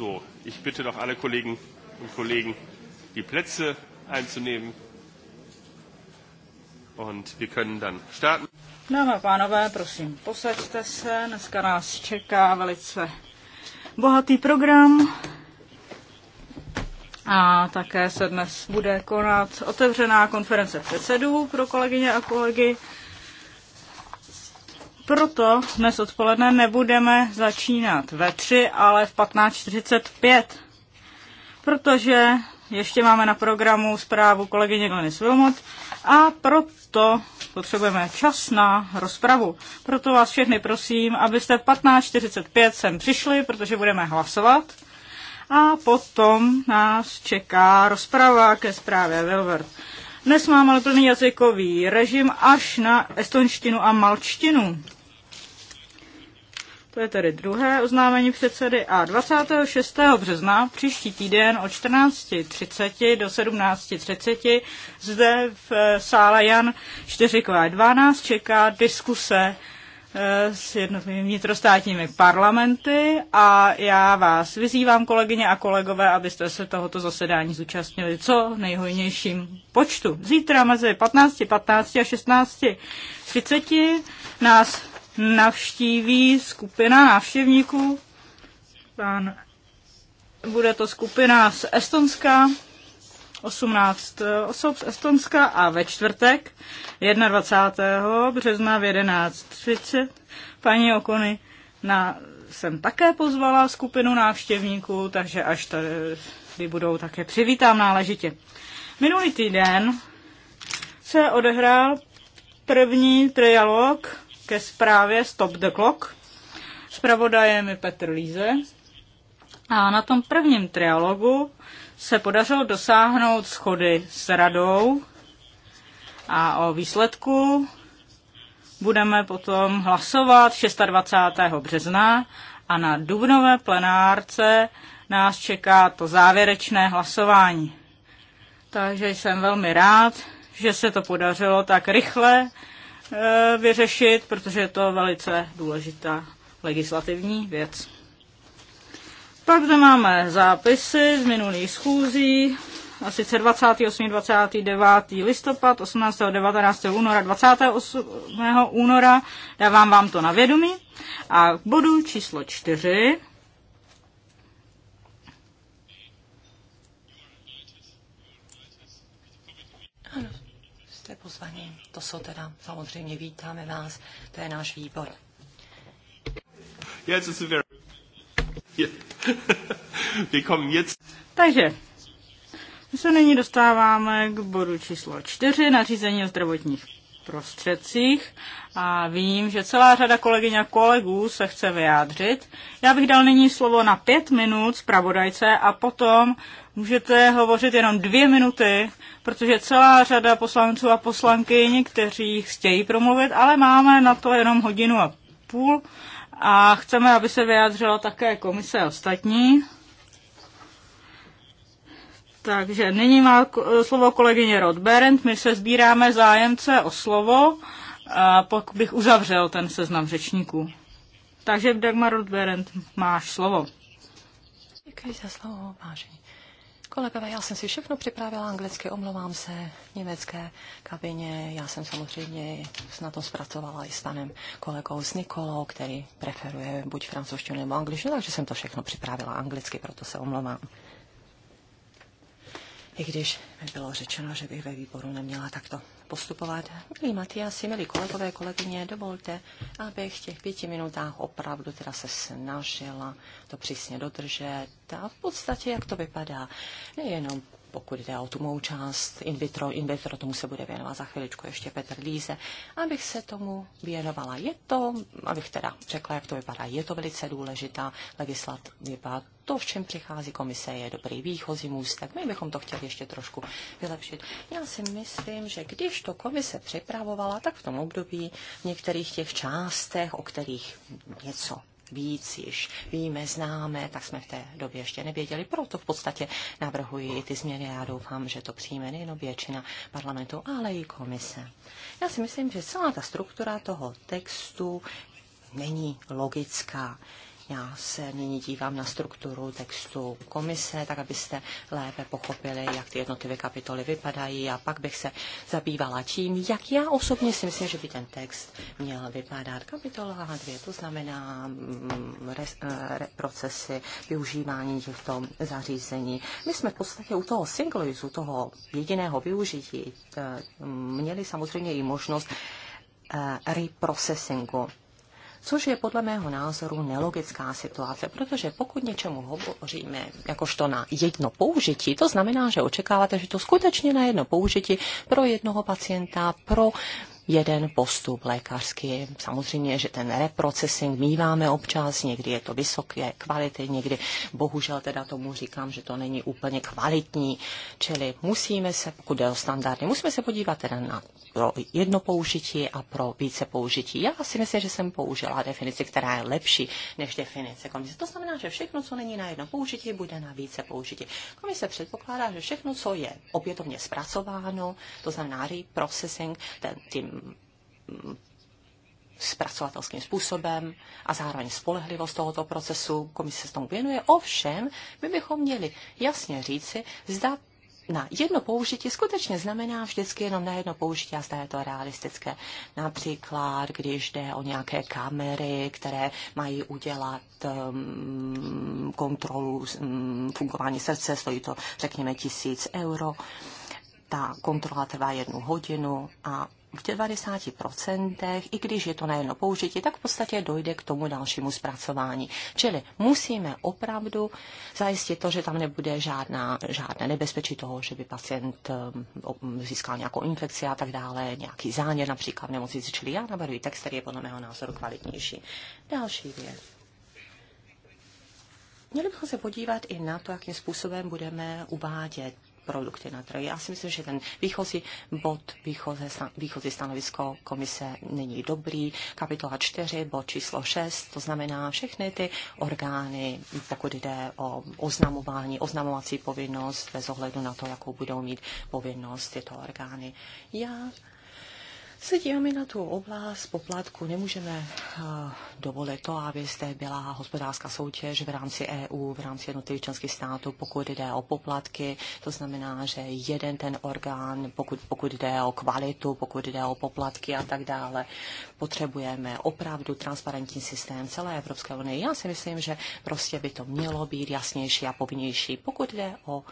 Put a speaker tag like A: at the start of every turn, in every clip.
A: So, ich bitte doch alle Kollegen und Kollegen, die Plätze einzunehmen. Und wir können dann starten.
B: Dámy a pánové, prosím, posaďte se. Dneska nás čeká velice bohatý program. A také se dnes bude konat otevřená konference předsedů pro kolegyně a kolegy. Proto dnes odpoledne nebudeme začínat ve 3, ale v 15.45, protože ještě máme na programu zprávu kolegyně Glenis Svilmot a proto potřebujeme čas na rozpravu. Proto vás všechny prosím, abyste v 15.45 sem přišli, protože budeme hlasovat. A potom nás čeká rozprava ke zprávě Wilbert. Dnes máme plný jazykový režim až na estonštinu a malčtinu. To je tedy druhé oznámení předsedy. A 26. března příští týden od 14.30 do 17.30 zde v eh, sále Jan 4 12 čeká diskuse eh, s jednotlivými vnitrostátními parlamenty a já vás vyzývám, kolegyně a kolegové, abyste se tohoto zasedání zúčastnili co nejhojnějším počtu. Zítra mezi 15.15 15 a 16.30 nás navštíví skupina návštěvníků. Pán, bude to skupina z Estonska, 18 eh, osob z Estonska a ve čtvrtek 21. března v 11.30 paní Okony na, jsem také pozvala skupinu návštěvníků, takže až tady budou také přivítám náležitě. Minulý týden se odehrál první trialog ke zprávě Stop the Clock. Zpravodajem je Petr Líze. A na tom prvním trialogu se podařilo dosáhnout schody s radou a o výsledku budeme potom hlasovat 26. března a na dubnové plenárce nás čeká to závěrečné hlasování. Takže jsem velmi rád, že se to podařilo tak rychle Eh, vyřešit, protože je to velice důležitá legislativní věc. Pak zde máme zápisy z minulých schůzí, a sice 28. 29. listopad, 18. 19. února, 28. února. Dávám vám to na vědomí. A k bodu číslo 4
C: Ano, jste pozvaním to, teda samozřejmě vítáme vás,
B: to je náš výbor. Takže my se nyní dostáváme k bodu číslo čtyři nařízení o zdravotních prostředcích. A vím, že celá řada kolegyň a kolegů se chce vyjádřit. Já bych dal nyní slovo na pět minut zpravodajce a potom Můžete hovořit jenom dvě minuty, protože celá řada poslanců a poslankyň, kteří chtějí promluvit, ale máme na to jenom hodinu a půl a chceme, aby se vyjádřila také komise ostatní. Takže nyní má slovo kolegyně Rod Berend. My se sbíráme zájemce o slovo a pak bych uzavřel ten seznam řečníků. Takže Dagmar Rod Berend, máš slovo.
C: Děkuji za slovo, vážení Kolegové, já jsem si všechno připravila anglicky, omlouvám se, německé kabině. Já jsem samozřejmě na tom zpracovala i s panem kolegou s Nikolou, který preferuje buď francouzštinu nebo angličtinu, takže jsem to všechno připravila anglicky, proto se omlouvám. I když mi bylo řečeno, že bych ve výboru neměla takto postupovat. Milí Matiasi, milí kolegové, kolegyně, dovolte, abych v těch pěti minutách opravdu teda se snažila to přísně dodržet a v podstatě, jak to vypadá, nejenom pokud jde o tu mou část in vitro, in vitro, tomu se bude věnovat za chviličku ještě Petr Líze, abych se tomu věnovala. Je to, abych teda řekla, jak to vypadá, je to velice důležitá legislativa. To, v čem přichází komise, je dobrý výchozí můstek. My bychom to chtěli ještě trošku vylepšit. Já si myslím, že když to komise připravovala, tak v tom období v některých těch částech, o kterých něco víc již víme, známe, tak jsme v té době ještě nevěděli. Proto v podstatě navrhuji i ty změny. Já doufám, že to přijme nejen většina parlamentu, ale i komise. Já si myslím, že celá ta struktura toho textu není logická. Já se nyní dívám na strukturu textu komise, tak abyste lépe pochopili, jak ty jednotlivé kapitoly vypadají a pak bych se zabývala tím, jak já osobně si myslím, že by ten text měl vypadat. Kapitola H2, to znamená mm, re, eh, re, procesy využívání těchto zařízení. My jsme v podstatě u toho single use, u toho jediného využití, t, eh, měli samozřejmě i možnost eh, reprocessingu což je podle mého názoru nelogická situace, protože pokud něčemu hovoříme jakožto na jedno použití, to znamená, že očekáváte, že to skutečně na jedno použití pro jednoho pacienta, pro jeden postup lékařský. Samozřejmě, že ten reprocessing míváme občas, někdy je to vysoké kvality, někdy bohužel teda tomu říkám, že to není úplně kvalitní, čili musíme se, pokud jde o standardy, musíme se podívat teda na pro jedno použití a pro více použití. Já si myslím, že jsem použila definici, která je lepší než definice komise. To znamená, že všechno, co není na jedno použití, bude na více použití. Komise předpokládá, že všechno, co je opětovně zpracováno, to znamená reprocessing, ten, tím zpracovatelským způsobem a zároveň spolehlivost tohoto procesu. Komise se tomu věnuje. Ovšem, my bychom měli jasně říci, zda na jedno použití skutečně znamená vždycky jenom na jedno použití a zda je to realistické. Například, když jde o nějaké kamery, které mají udělat um, kontrolu um, fungování srdce, stojí to řekněme tisíc euro. Ta kontrola trvá jednu hodinu a v 90%, i když je to na jedno použití, tak v podstatě dojde k tomu dalšímu zpracování. Čili musíme opravdu zajistit to, že tam nebude žádná, žádné nebezpečí toho, že by pacient eh, získal nějakou infekci a tak dále, nějaký zánět například v nemocnici, čili já navrhuji text, který je podle mého názoru kvalitnější. Další věc. Měli bychom se podívat i na to, jakým způsobem budeme uvádět produkty na trhy. Já si myslím, že ten výchozí bod, výchozí stanovisko komise není dobrý. Kapitola 4, bod číslo 6, to znamená všechny ty orgány, pokud jde o oznamování, oznamovací povinnost bez ohledu na to, jakou budou mít povinnost tyto orgány. Já se díváme na tu oblast poplatku, nemůžeme eh, dovolit to, aby zde byla hospodářská soutěž v rámci EU, v rámci jednotlivých členských států, pokud jde o poplatky. To znamená, že jeden ten orgán, pokud, pokud jde o kvalitu, pokud jde o poplatky a tak dále, potřebujeme opravdu transparentní systém celé Evropské unie. Já si myslím, že prostě by to mělo být jasnější a povinnější, pokud jde o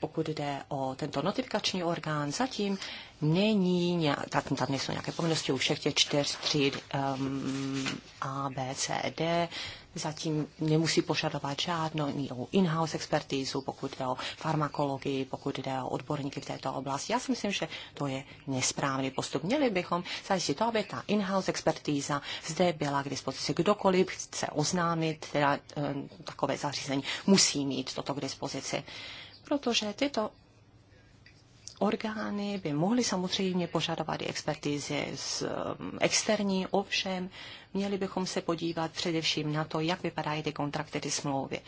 C: pokud jde o tento notifikační orgán, zatím není, nějak, tam, tam nejsou nějaké povinnosti u všech těch čtyř tříd um, A, B, C, D, zatím nemusí požadovat žádnou in-house expertizu, pokud jde o farmakologii, pokud jde o odborníky v této oblasti. Já si myslím, že to je nesprávný postup. Měli bychom zajistit to, aby ta in-house expertíza zde byla k dispozici. Kdokoliv chce oznámit, teda um, takové zařízení musí mít toto k dispozici protože tyto orgány by mohly samozřejmě požadovat i expertizy z um, externí, ovšem měli bychom se podívat především na to, jak vypadají ty kontrakty, ty smlouvy.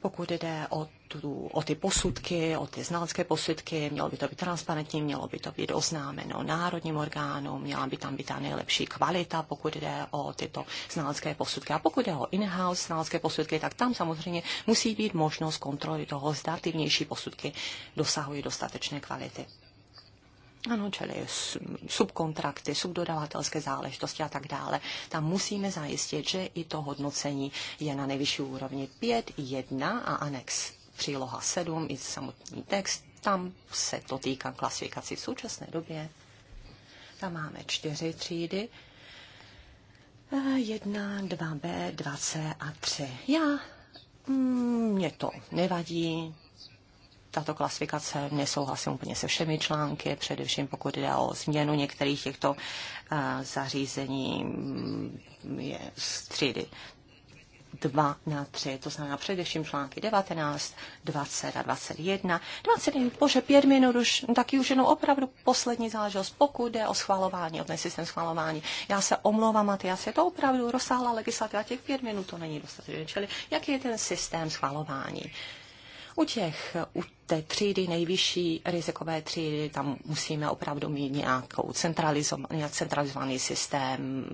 C: Pokud jde o tu, o ty posudky, o ty znalecké posudky, mělo by to být transparentní, mělo by to být oznámeno národním orgánům, měla by tam být ta nejlepší kvalita, pokud jde o tyto znalecké posudky. A pokud jde o in-house znalecké posudky, tak tam samozřejmě musí být možnost kontroly toho, zda ty vnější posudky dosahují dostatečné kvality. Ano, čili subkontrakty, subdodavatelské záležitosti a tak dále. Tam musíme zajistit, že i to hodnocení je na nejvyšší úrovni 5.1 a anex příloha 7 i samotný text, tam se to týká klasifikaci v současné době. Tam máme čtyři třídy. 1, 2B, 2C a 3. Já, mm, mě to nevadí, tato klasifikace nesouhlasím úplně se všemi články, především pokud jde o změnu některých těchto zařízení mm, je z třídy 2 na 3, to znamená především články 19, 20 a 21. 21, bože, pět minut už, no taky už jenom opravdu poslední záležitost, pokud jde o schvalování, o ten systém schvalování. Já se omlouvám, Matias, je to opravdu rozsáhlá legislativa, těch pět minut to není dostatečné. Čili jaký je ten systém schvalování? U těch, u té třídy, nejvyšší rizikové třídy, tam musíme opravdu mít nějakou centralizovaný, centralizovaný systém,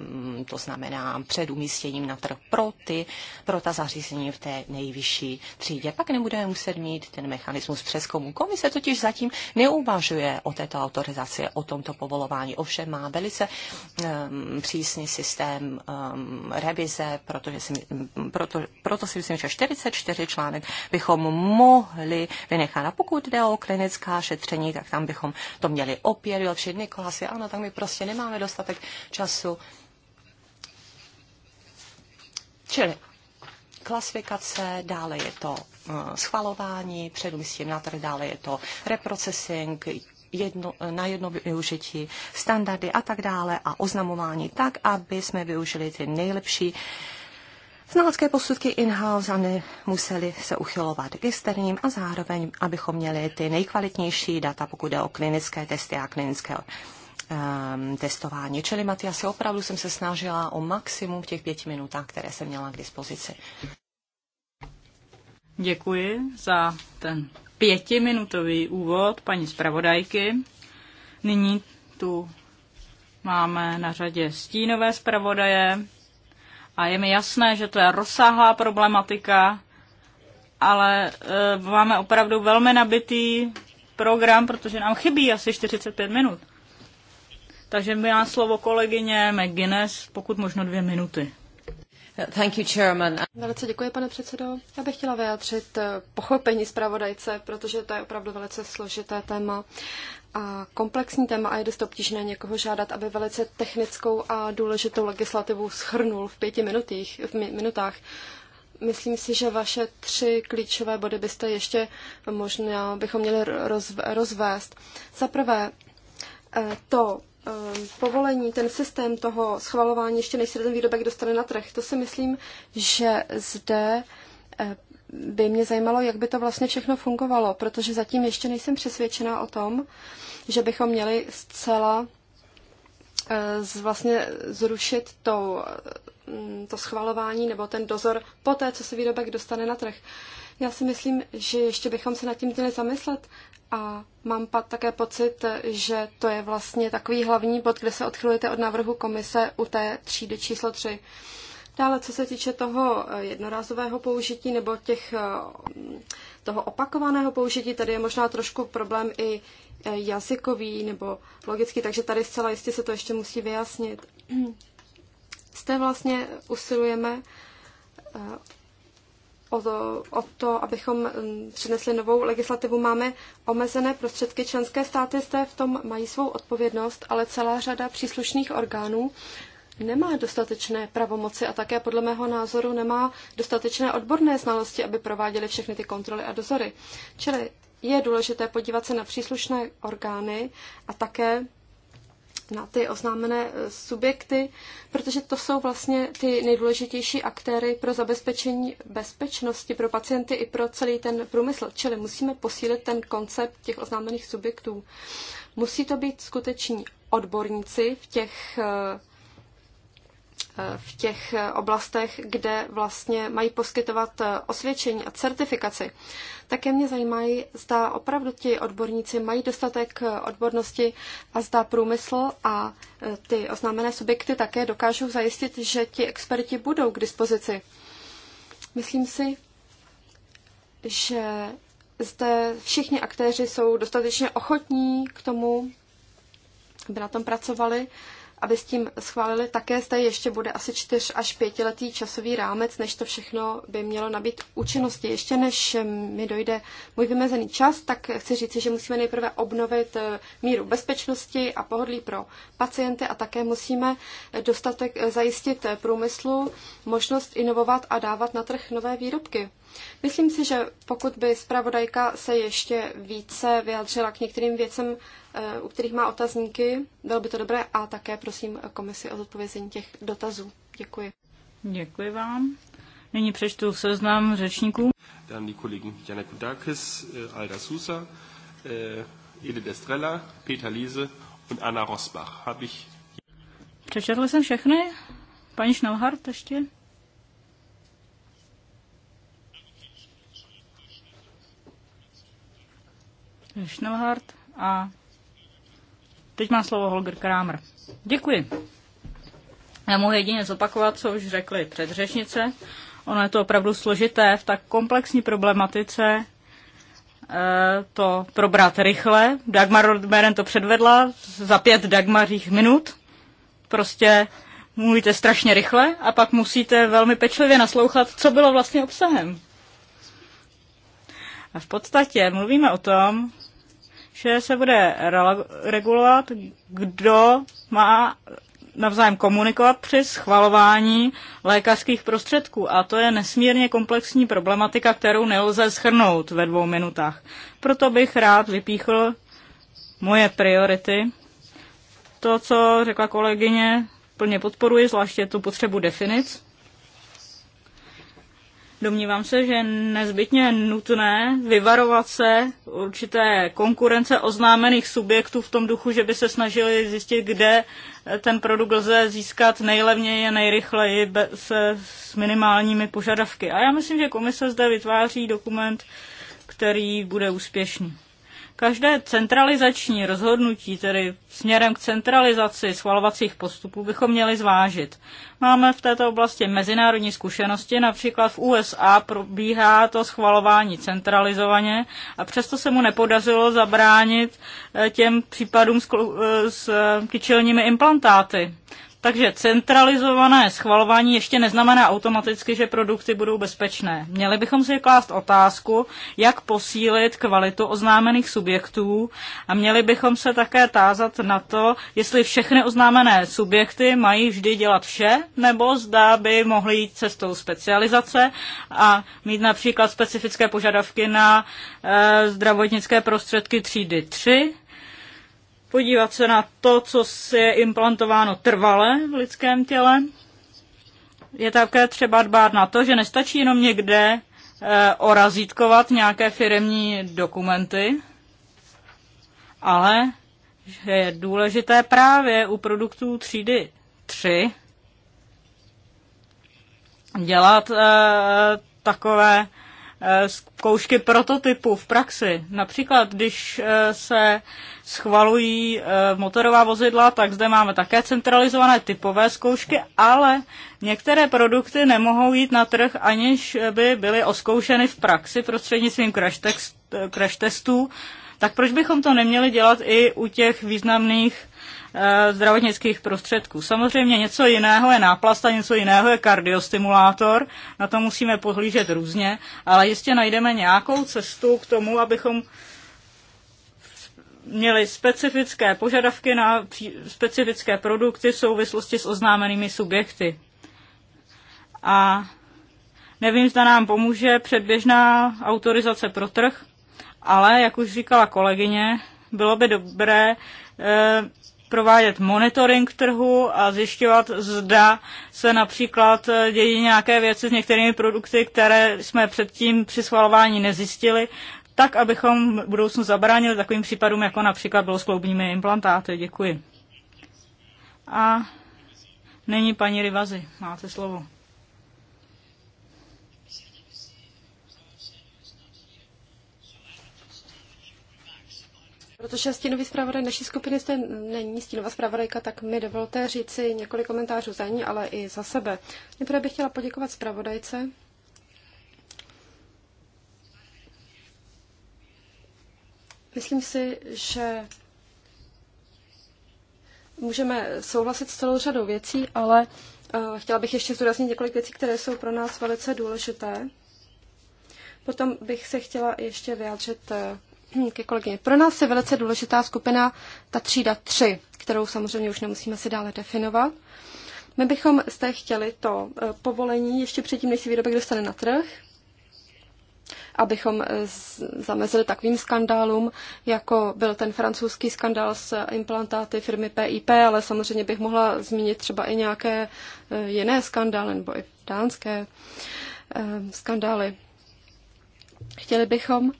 C: to znamená před umístěním na trh pro, ty, pro ta zařízení v té nejvyšší třídě. Pak nebudeme muset mít ten mechanismus přeskumu. Komise totiž zatím neuvažuje o této autorizaci, o tomto povolování. Ovšem má velice um, přísný systém um, revize, protože si, proto, proto si myslím, že 44 článek bychom mohli vynechat orgán. A pokud jde o klinická šetření, tak tam bychom to měli opět, jo, všechny klasy, ano, tak my prostě nemáme dostatek času. Čili klasifikace, dále je to eh, schvalování, předumístím na trh, dále je to reprocessing, jedno, eh, na jedno využití, standardy a tak dále a oznamování tak, aby jsme využili ty nejlepší uh, znalecké posudky in-house a museli se uchylovat k externím a zároveň, abychom měli ty nejkvalitnější data, pokud jde o klinické testy a klinické um, testování. Čili Matiasi, opravdu jsem se snažila o maximum v těch pěti minutách, které jsem měla k dispozici.
B: Děkuji za ten pětiminutový úvod paní zpravodajky. Nyní tu máme na řadě stínové zpravodaje. A je mi jasné, že to je rozsáhlá problematika, ale e, máme opravdu velmi nabitý program, protože nám chybí asi 45 minut. Takže mi má slovo kolegyně McGuinness, pokud možno dvě minuty. Thank you, Chairman.
D: Velice děkuji, pane předsedo. Já bych chtěla vyjádřit e, pochopení zpravodajce, protože to je opravdu velice složité téma a komplexní téma a je dost obtížné někoho žádat, aby velice technickou a důležitou legislativu schrnul v pěti minutích, v minutách. Myslím si, že vaše tři klíčové body byste ještě možná bychom měli rozvést. Za prvé, eh, to eh, povolení, ten systém toho schvalování, ještě než se ten výrobek dostane na trh, to si myslím, že zde eh, by mě zajímalo, jak by to vlastně všechno fungovalo, protože zatím ještě nejsem přesvědčená o tom, že bychom měli zcela eh, z vlastně zrušit to, mm, to schvalování nebo ten dozor po té, co se výrobek dostane na trh. Já si myslím, že ještě bychom se nad tím měli zamyslet a mám pak také pocit, že to je vlastně takový hlavní bod, kde se odchylujete od návrhu komise u té třídy číslo 3. Tři Dále, co se týče toho eh, jednorázového použití nebo těch, eh, toho opakovaného použití, tady je možná trošku problém i eh, jazykový nebo logický, takže tady zcela jistě se to ještě musí vyjasnit. Zde vlastně usilujeme o to, o to, abychom mm, přinesli novou legislativu. Máme omezené prostředky. Členské státy zde v tom mají svou odpovědnost, ale celá řada příslušných orgánů nemá dostatečné pravomoci a také podle mého názoru nemá dostatečné odborné znalosti, aby prováděly všechny ty kontroly a dozory. Čili je důležité podívat se na příslušné orgány a také na ty oznámené eh, subjekty, protože to jsou vlastně ty nejdůležitější aktéry pro zabezpečení bezpečnosti pro pacienty i pro celý ten průmysl. Čili musíme posílit ten koncept těch oznámených subjektů. Musí to být skuteční odborníci v těch eh, v těch oblastech, kde vlastně mají poskytovat eh, osvědčení a certifikaci. Také mě zajímají, zda opravdu ti odborníci mají dostatek eh, odbornosti a zda průmysl a eh, ty oznámené subjekty také dokážou zajistit, že ti experti budou k dispozici. Myslím si, že zde všichni aktéři jsou dostatečně ochotní k tomu, aby na tom pracovali aby s tím schválili také, zda ještě bude asi čtyř až pětiletý časový rámec, než to všechno by mělo nabít účinnosti. Ještě než mi dojde můj vymezený čas, tak chci říci, že musíme nejprve obnovit eh, míru bezpečnosti a pohodlí pro pacienty a také musíme eh, dostatek eh, zajistit průmyslu možnost inovovat a dávat na trh nové výrobky. Myslím si, že pokud by zpravodajka se ještě více vyjádřila k některým věcem, eh, u kterých má otazníky, bylo by to dobré a také prosím komisi o zodpovězení těch dotazů. Děkuji.
B: Děkuji vám. Nyní přečtu seznam řečníků.
A: Dan die Kollegen Janek Kudakis, eh, Alda Sousa, eh, Edith Estrella, Peter Liese und Anna Rosbach. Habe ich...
B: Přečetl jsem všechny? Paní Schnellhardt ještě? Schnellhardt a teď má slovo Holger Kramer. Děkuji. Já mohu jedině zopakovat, co už řekli předřečnice. Ono je to opravdu složité v tak komplexní problematice eh, to probrat rychle. Dagmar Rodmeren to předvedla za pět Dagmarých minut. Prostě mluvíte strašně rychle a pak musíte velmi pečlivě naslouchat, co bylo vlastně obsahem. A v podstatě mluvíme o tom, že se bude regulovat, kdo má navzájem komunikovat při schvalování lékařských prostředků. A to je nesmírně komplexní problematika, kterou nelze schrnout ve dvou minutách. Proto bych rád vypíchl moje priority. To, co řekla kolegyně, plně podporuji, zvláště tu potřebu definic. Domnívám se, že je nezbytně nutné vyvarovat se určité konkurence oznámených subjektů v tom duchu, že by se snažili zjistit, kde ten produkt lze získat nejlevněji a nejrychleji bez s minimálními požadavky. A já myslím, že komise zde vytváří dokument, který bude úspěšný. Každé centralizační rozhodnutí, tedy směrem k centralizaci schvalovacích postupů, bychom měli zvážit. Máme v této oblasti mezinárodní zkušenosti, například v USA probíhá to schvalování centralizovaně a přesto se mu nepodařilo zabránit eh, těm případům s, eh, eh, kyčelními implantáty. Takže centralizované schvalování ještě neznamená automaticky, že produkty budou bezpečné. Měli bychom si klást otázku, jak posílit kvalitu oznámených subjektů a měli bychom se také tázat na to, jestli všechny oznámené subjekty mají vždy dělat vše, nebo zda by mohly jít cestou specializace a mít například specifické požadavky na e, zdravotnické prostředky třídy 3, podívat se na to, co si je implantováno trvale v lidském těle. Je také třeba dbát na to, že nestačí jenom někde eh, orazítkovat nějaké firmní dokumenty, ale že je důležité právě u produktů třídy 3 dělat e, takové Eh, zkoušky prototypu v praxi. Například, když eh, se schvalují eh, motorová vozidla, tak zde máme také centralizované typové zkoušky, ale některé produkty nemohou jít na trh, aniž by byly oskoušeny v praxi prostřednictvím crash, text, crash testů tak proč bychom to neměli dělat i u těch významných eh, zdravotnických prostředků. Samozřejmě něco jiného je náplast a něco jiného je kardiostimulátor, na to musíme pohlížet různě, ale jistě najdeme nějakou cestu k tomu, abychom měli specifické požadavky na specifické produkty v souvislosti s oznámenými subjekty. A nevím, zda nám pomůže předběžná autorizace pro trh, ale jak už říkala kolegyně, bylo by dobré eh, provádět monitoring trhu a zjišťovat, zda se například eh, dějí nějaké věci s některými produkty, které jsme předtím při schvalování nezjistili, tak, abychom v budoucnu zabránili takovým případům, jako například bylo s kloubními implantáty. Děkuji. A nyní paní Rivazi, máte slovo.
D: Protože stínový zpravodaj naší skupiny jste není stínová zpravodajka, tak mi dovolte říci několik komentářů za ní, ale i za sebe. Nejprve bych chtěla poděkovat zpravodajce. Myslím si, že můžeme souhlasit s celou řadou věcí, ale eh, chtěla bych ještě zdůraznit několik věcí, které jsou pro nás velice důležité. Potom bych se chtěla ještě vyjádřit eh, ke kolegyně. Pro nás je velice důležitá skupina ta třída 3, kterou samozřejmě už nemusíme si dále definovat. My bychom zde chtěli to eh, povolení ještě předtím, než se výrobek dostane na trh, abychom eh, zamezili takovým skandálům, jako byl ten francouzský skandál s implantáty firmy PIP, ale samozřejmě bych mohla zmínit třeba i nějaké eh, jiné skandály nebo i dánské skandály. Chtěli bychom,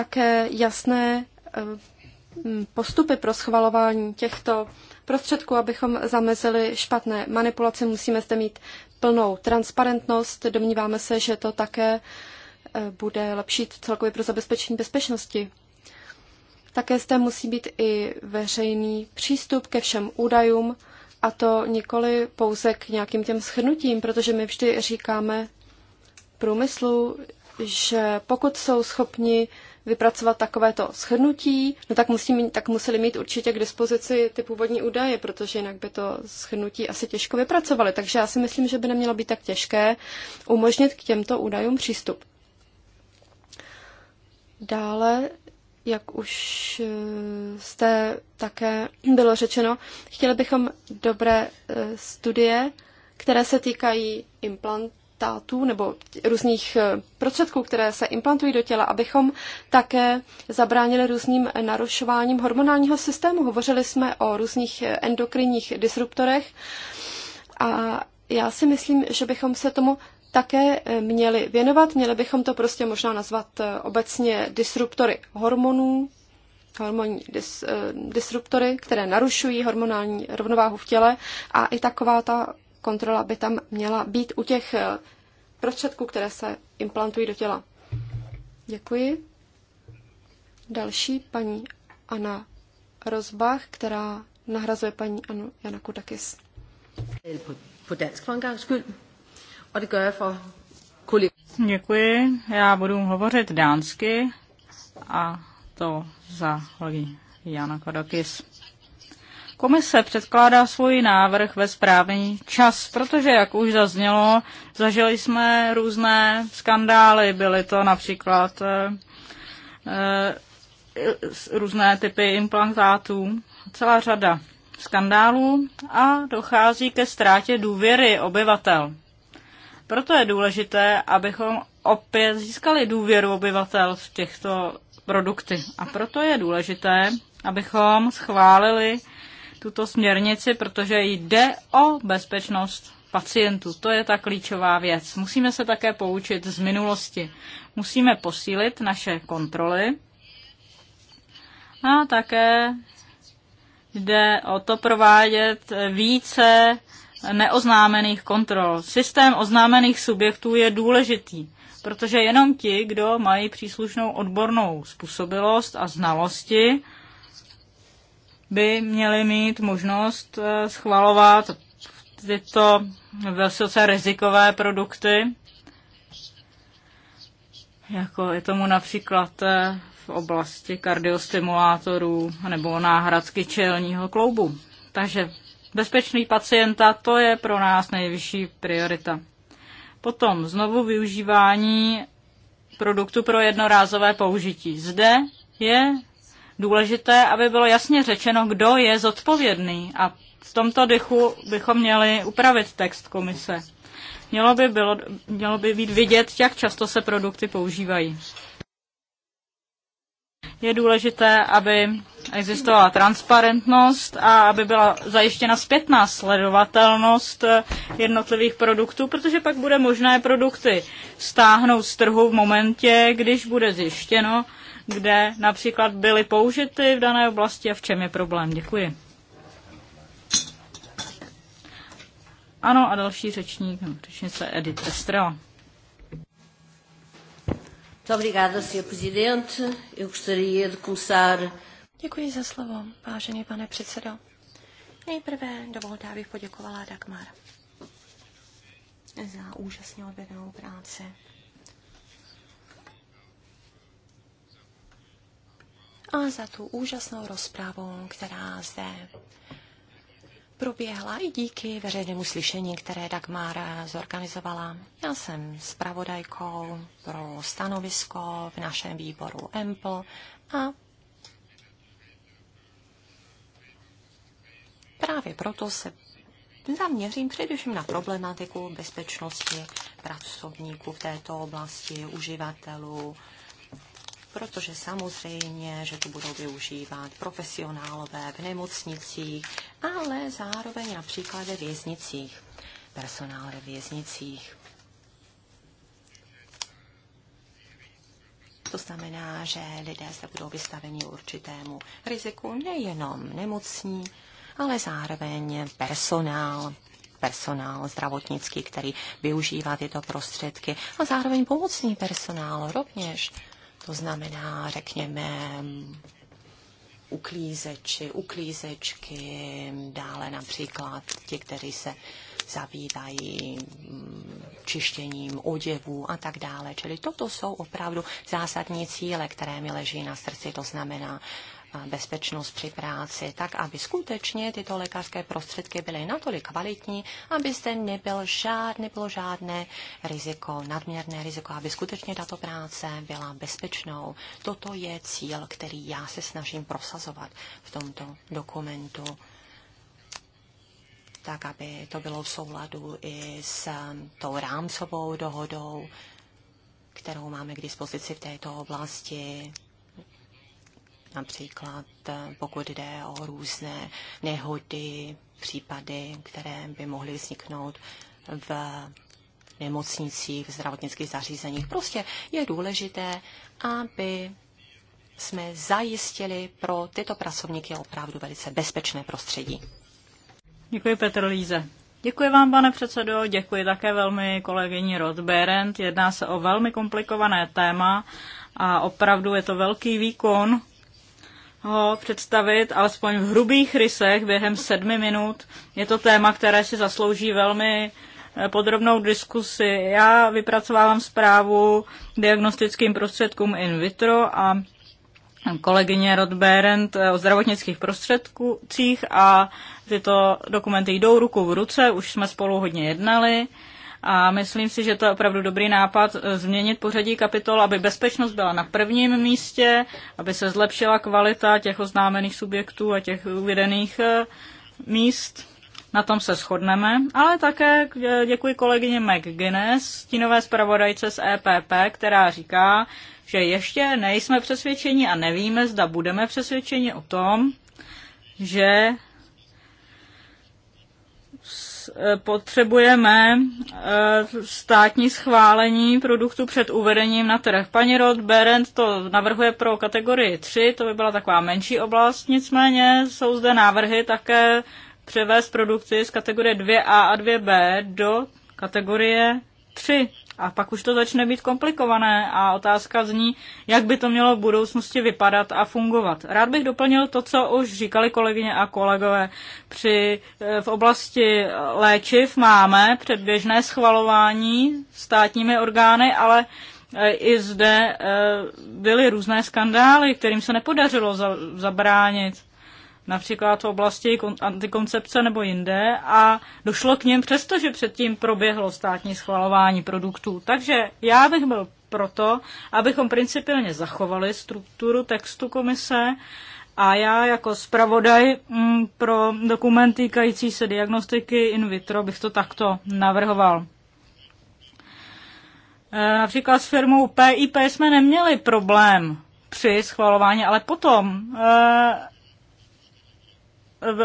D: také jasné eh, postupy pro schvalování těchto prostředků, abychom zamezili špatné manipulace. Musíme zde mít plnou transparentnost. Domníváme se, že to také eh, bude lepší celkově pro zabezpečení bezpečnosti. Také zde musí být i veřejný přístup ke všem údajům, a to nikoli pouze k nějakým těm schrnutím, protože my vždy říkáme průmyslu, že pokud jsou schopni vypracovat takovéto schrnutí, no tak, musí mít, tak museli mít určitě k dispozici ty původní údaje, protože jinak by to schrnutí asi těžko vypracovali. Takže já si myslím, že by nemělo být tak těžké umožnit k těmto údajům přístup. Dále, jak už eh, jste také bylo řečeno, chtěli bychom dobré eh, studie, které se týkají implantů implantátů nebo různých eh, prostředků, které se implantují do těla, abychom také zabránili různým narušováním hormonálního systému. Hovořili jsme o různých eh, endokrinních disruptorech a já si myslím, že bychom se tomu také eh, měli věnovat. Měli bychom to prostě možná nazvat obecně disruptory hormonů, hormonní dis, disruptory, které narušují hormonální rovnováhu v těle a i taková ta kontrola by tam měla být u těch eh, prostředků, které se implantují do těla. Děkuji. Další paní Anna Rozbach, která nahrazuje paní Anu
B: Janaku Takis. Děkuji. Já budu hovořit dánsky a to za lidi Jana Kudakis. Komise předkládá svůj návrh ve správný čas, protože, jak už zaznělo, zažili jsme různé skandály. Byly to například eh, eh, různé typy implantátů, celá řada skandálů a dochází ke ztrátě důvěry obyvatel. Proto je důležité, abychom opět získali důvěru obyvatel v těchto produkty. A proto je důležité, abychom schválili tuto směrnici, protože jde o bezpečnost pacientů. To je ta klíčová věc. Musíme se také poučit z minulosti. Musíme posílit naše kontroly a také jde o to provádět více neoznámených kontrol. Systém oznámených subjektů je důležitý, protože jenom ti, kdo mají příslušnou odbornou způsobilost a znalosti, by měli mít možnost eh, schvalovat tyto velice rizikové produkty, jako je tomu například eh, v oblasti kardiostimulátorů nebo náhradky čelního kloubu. Takže bezpečný pacienta, to je pro nás nejvyšší priorita. Potom znovu využívání produktu pro jednorázové použití. Zde je důležité, aby bylo jasně řečeno, kdo je zodpovědný. A v tomto dechu bychom měli upravit text komise. Mělo by, bylo, mělo by být vidět, jak často se produkty používají. Je důležité, aby existovala transparentnost a aby byla zajištěna zpětná sledovatelnost eh, jednotlivých produktů, protože pak bude možné produkty stáhnout z trhu v momentě, když bude zjištěno, kde například byly použity v dané oblasti a v čem je problém. Děkuji. Ano, a další řečník, řečnice Edith Estrela.
C: Děkuji za slovo, vážený pane předsedo. Nejprve dovolte, abych poděkovala Dagmar za úžasně odvedenou práci. a za tu úžasnou rozpravu, která zde proběhla i díky veřejnému slyšení, které Dagmar zorganizovala. Já jsem zpravodajkou pro stanovisko v našem výboru EMPL a právě proto se zaměřím především na problematiku bezpečnosti pracovníků v této oblasti, uživatelů, protože samozřejmě, že to budou využívat profesionálové v nemocnicích, ale zároveň například ve věznicích, personál ve věznicích. To znamená, že lidé se budou vystaveni určitému riziku nejenom nemocní, ale zároveň personál, personál zdravotnický, který využívá tyto prostředky a zároveň pomocný personál rovněž. To znamená, řekněme, uklízeči, uklízečky, dále například ti, kteří se zabývají mm, čištěním oděvů a tak dále. Čili toto jsou opravdu zásadní cíle, které mi leží na srdci. To znamená bezpečnost při práci, tak aby skutečně tyto lékařské prostředky byly natolik kvalitní, aby zde nebyl žád, nebylo žádné riziko, nadměrné riziko, aby skutečně tato práce byla bezpečnou. Toto je cíl, který já se snažím prosazovat v tomto dokumentu tak, aby to bylo v souladu i s um, tou rámcovou dohodou, kterou máme k dispozici v této oblasti, například eh, pokud jde o různé nehody, případy, které by mohly vzniknout v nemocnicích, v zdravotnických zařízeních. Prostě je důležité, aby jsme zajistili pro tyto pracovníky opravdu velice bezpečné prostředí.
B: Děkuji Petr Líze. Děkuji vám, pane předsedo, děkuji také velmi kolegyni Rodberend. Jedná se o velmi komplikované téma a opravdu je to velký výkon, ho představit alespoň v hrubých rysech během sedmi minut. Je to téma, které si zaslouží velmi eh, podrobnou diskusi. Já vypracovávám zprávu diagnostickým prostředkům in vitro a kolegyně Rod Berend eh, o zdravotnických prostředcích a tyto dokumenty jdou ruku v ruce, už jsme spolu hodně jednali a myslím si, že to je opravdu dobrý nápad eh, změnit pořadí kapitol, aby bezpečnost byla na prvním místě, aby se zlepšila kvalita těch oznámených subjektů a těch uvedených eh, míst. Na tom se shodneme, ale také eh, děkuji kolegyně McGuinness, stínové zpravodajce z EPP, která říká, že ještě nejsme přesvědčeni a nevíme, zda budeme přesvědčeni o tom, že Eh, potřebujeme eh, státní schválení produktu před uvedením na trh. Paní Rod Berend to navrhuje pro kategorii 3, to by byla taková menší oblast, nicméně jsou zde návrhy také převést produkty z kategorie 2A a 2B do kategorie 3. A pak už to začne být komplikované a otázka zní, jak by to mělo v budoucnosti vypadat a fungovat. Rád bych doplnil to, co už říkali kolegyně a kolegové. Při, eh, v oblasti léčiv máme předběžné schvalování státními orgány, ale eh, i zde eh, byly různé skandály, kterým se nepodařilo zabránit například v oblasti antikoncepce nebo jinde a došlo k něm přesto, že předtím proběhlo státní schvalování produktů. Takže já bych byl proto, abychom principiálně zachovali strukturu textu komise a já jako zpravodaj mm, pro dokument týkající se diagnostiky in vitro bych to takto navrhoval. E, například s firmou PIP jsme neměli problém při schvalování, ale potom e,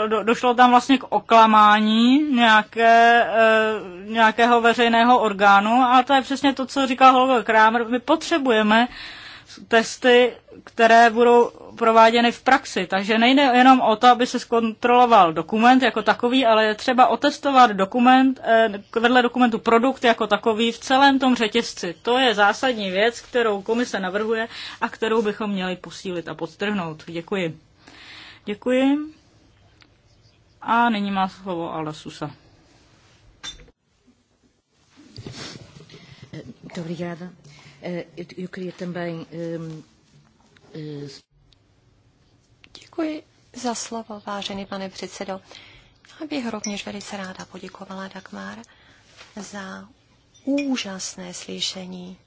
B: do, došlo tam vlastně k oklamání nějaké, e, nějakého veřejného orgánu a to je přesně to, co říkal Holger Kramer. My potřebujeme testy, které budou prováděny v praxi. Takže nejde jenom o to, aby se zkontroloval dokument jako takový, ale je třeba otestovat dokument, eh, vedle dokumentu produkt jako takový v celém tom řetězci. To je zásadní věc, kterou komise navrhuje a kterou bychom měli posílit a podtrhnout. Děkuji. Děkuji. A nyní má slovo Muito obrigada. eu queria também.
C: Děkuji za slovo, vážený pane předsedo. Já bych rovněž velice ráda poděkovala Dagmar za úžasné slyšení.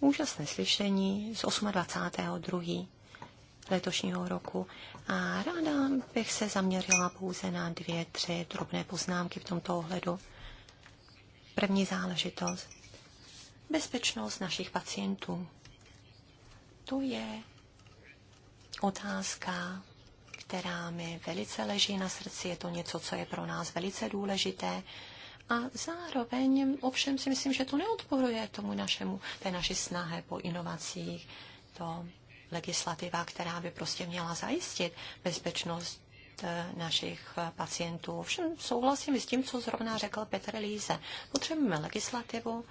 C: Úžasné slyšení z 28.2 letošního roku. A ráda bych se zaměřila pouze na dvě, tři drobné poznámky v tomto ohledu. První záležitost. Bezpečnost našich pacientů. To je otázka, která mi velice leží na srdci. Je to něco, co je pro nás velice důležité. A zároveň ovšem si myslím, že to neodporuje tomu našemu, té naší snahe po inovacích. To legislativa, která by prostě měla zajistit bezpečnost eh, našich eh, pacientů. Ovšem souhlasím s tím, co zrovna řekl Petr Líze. Potřebujeme legislativu,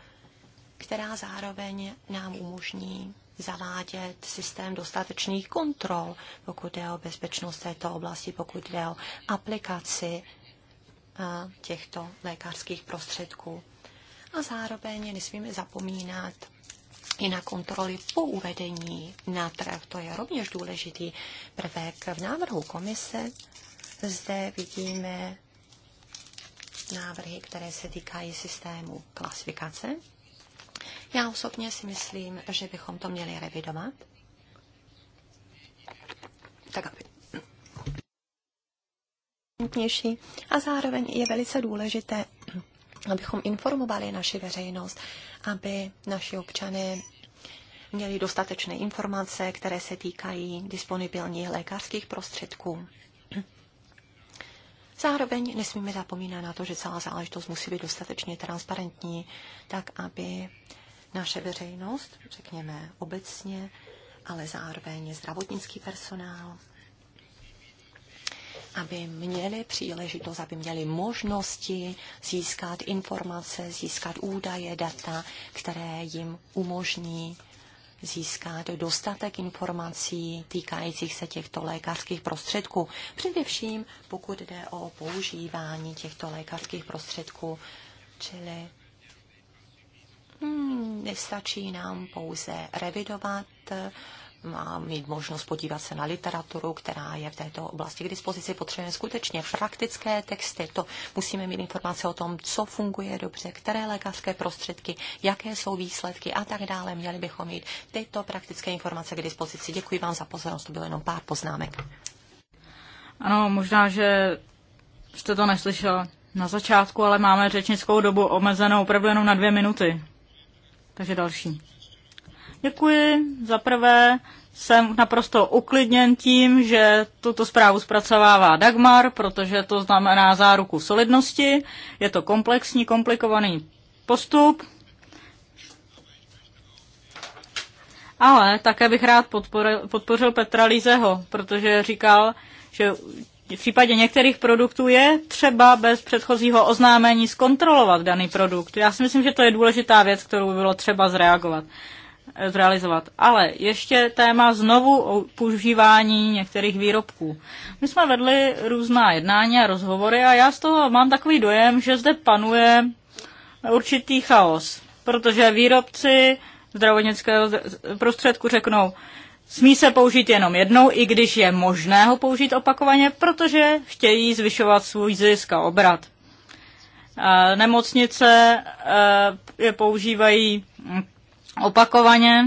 C: která zároveň nám umožní zavádět systém dostatečných kontrol, pokud jde o bezpečnost této oblasti, pokud jde o aplikaci eh, těchto lékařských prostředků. A zároveň nesmíme zapomínat i na kontroly po uvedení na trh. To je rovněž důležitý prvek. V návrhu komise zde vidíme návrhy, které se týkají systému klasifikace. Já osobně si myslím, že bychom to měli revidovat, tak aby a zároveň je velice důležité abychom informovali naši veřejnost, aby naši občany měli dostatečné informace, které se týkají disponibilních lékařských prostředků. Zároveň nesmíme zapomínat na to, že celá záležitost musí být dostatečně transparentní, tak aby naše veřejnost, řekněme obecně, ale zároveň zdravotnický personál, aby měli příležitost, aby měli možnosti získat informace, získat údaje, data, které jim umožní získat dostatek informací týkajících se těchto lékařských prostředků. Především pokud jde o používání těchto lékařských prostředků, čili hmm, nestačí nám pouze revidovat má mít možnost podívat se na literaturu, která je v této oblasti k dispozici. Potřebujeme skutečně praktické texty. To musíme mít informace o tom, co funguje dobře, které lékařské prostředky, jaké jsou výsledky a tak dále. Měli bychom mít tyto praktické
B: informace k dispozici. Děkuji vám za pozornost. To bylo jenom pár poznámek. Ano, možná, že jste to neslyšel na začátku, ale máme řečnickou dobu omezenou opravdu jenom na dvě minuty. Takže další. Děkuji. Za prvé jsem naprosto uklidněn tím, že tuto zprávu zpracovává Dagmar, protože to znamená záruku solidnosti. Je to komplexní, komplikovaný postup. Ale také bych rád podporil, podpořil Petra Lízeho, protože říkal, že v případě některých produktů je třeba bez předchozího oznámení zkontrolovat daný produkt. Já si myslím, že to je důležitá věc, kterou by bylo třeba zreagovat zrealizovat. Ale ještě téma znovu používání některých výrobků. My jsme vedli různá jednání a rozhovory a já z toho mám takový dojem, že zde panuje určitý chaos, protože výrobci zdravotnického prostředku řeknou, smí se použít jenom jednou, i když je možné ho použít opakovaně, protože chtějí zvyšovat svůj zisk a obrat. Nemocnice eh, je používají opakovaně.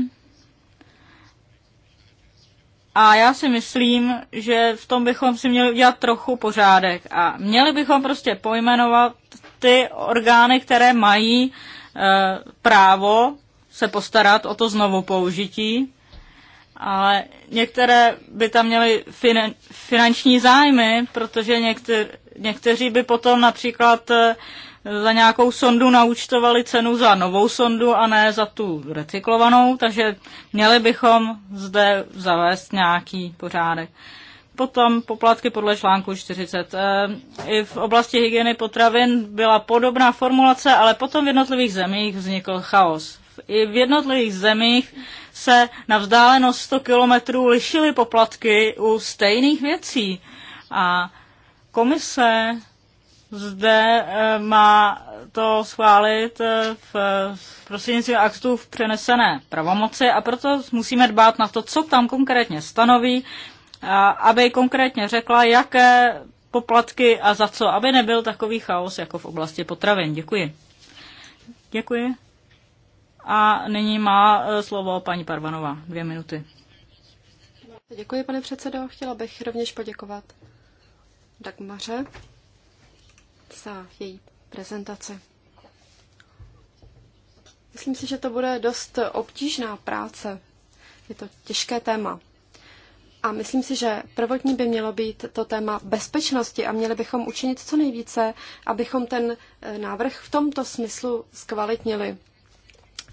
B: A já si myslím, že v tom bychom si měli udělat trochu pořádek a měli bychom prostě pojmenovat ty orgány, které mají e, právo se postarat o to znovu použití, ale některé by tam měly finanční zájmy, protože někteří by potom například e, za nějakou sondu naučtovali cenu za novou sondu a ne za tu recyklovanou, takže měli bychom zde zavést nějaký pořádek. Potom poplatky podle článku 40. Eh, I v oblasti hygieny potravin byla podobná formulace, ale potom v jednotlivých zemích vznikl chaos. I v jednotlivých zemích se na vzdálenost 100 kilometrů lišily poplatky u stejných věcí. A komise zde eh, má to schválit eh, v prostřednictvím aktu v přenesené pravomoci a proto musíme dbát na to, co tam konkrétně stanoví, aby konkrétně řekla, jaké poplatky a za co, aby nebyl takový chaos jako v oblasti potravin. Děkuji. Děkuji. A nyní má eh, slovo paní Parvanová. Dvě minuty.
D: Děkuji, pane předsedo. Chtěla bych rovněž poděkovat Dagmaře za její prezentace. Myslím si, že to bude dost obtížná práce. Je to těžké téma. A myslím si, že prvotní by mělo být to téma bezpečnosti a měli bychom učinit co nejvíce, abychom ten eh, návrh v tomto smyslu zkvalitnili.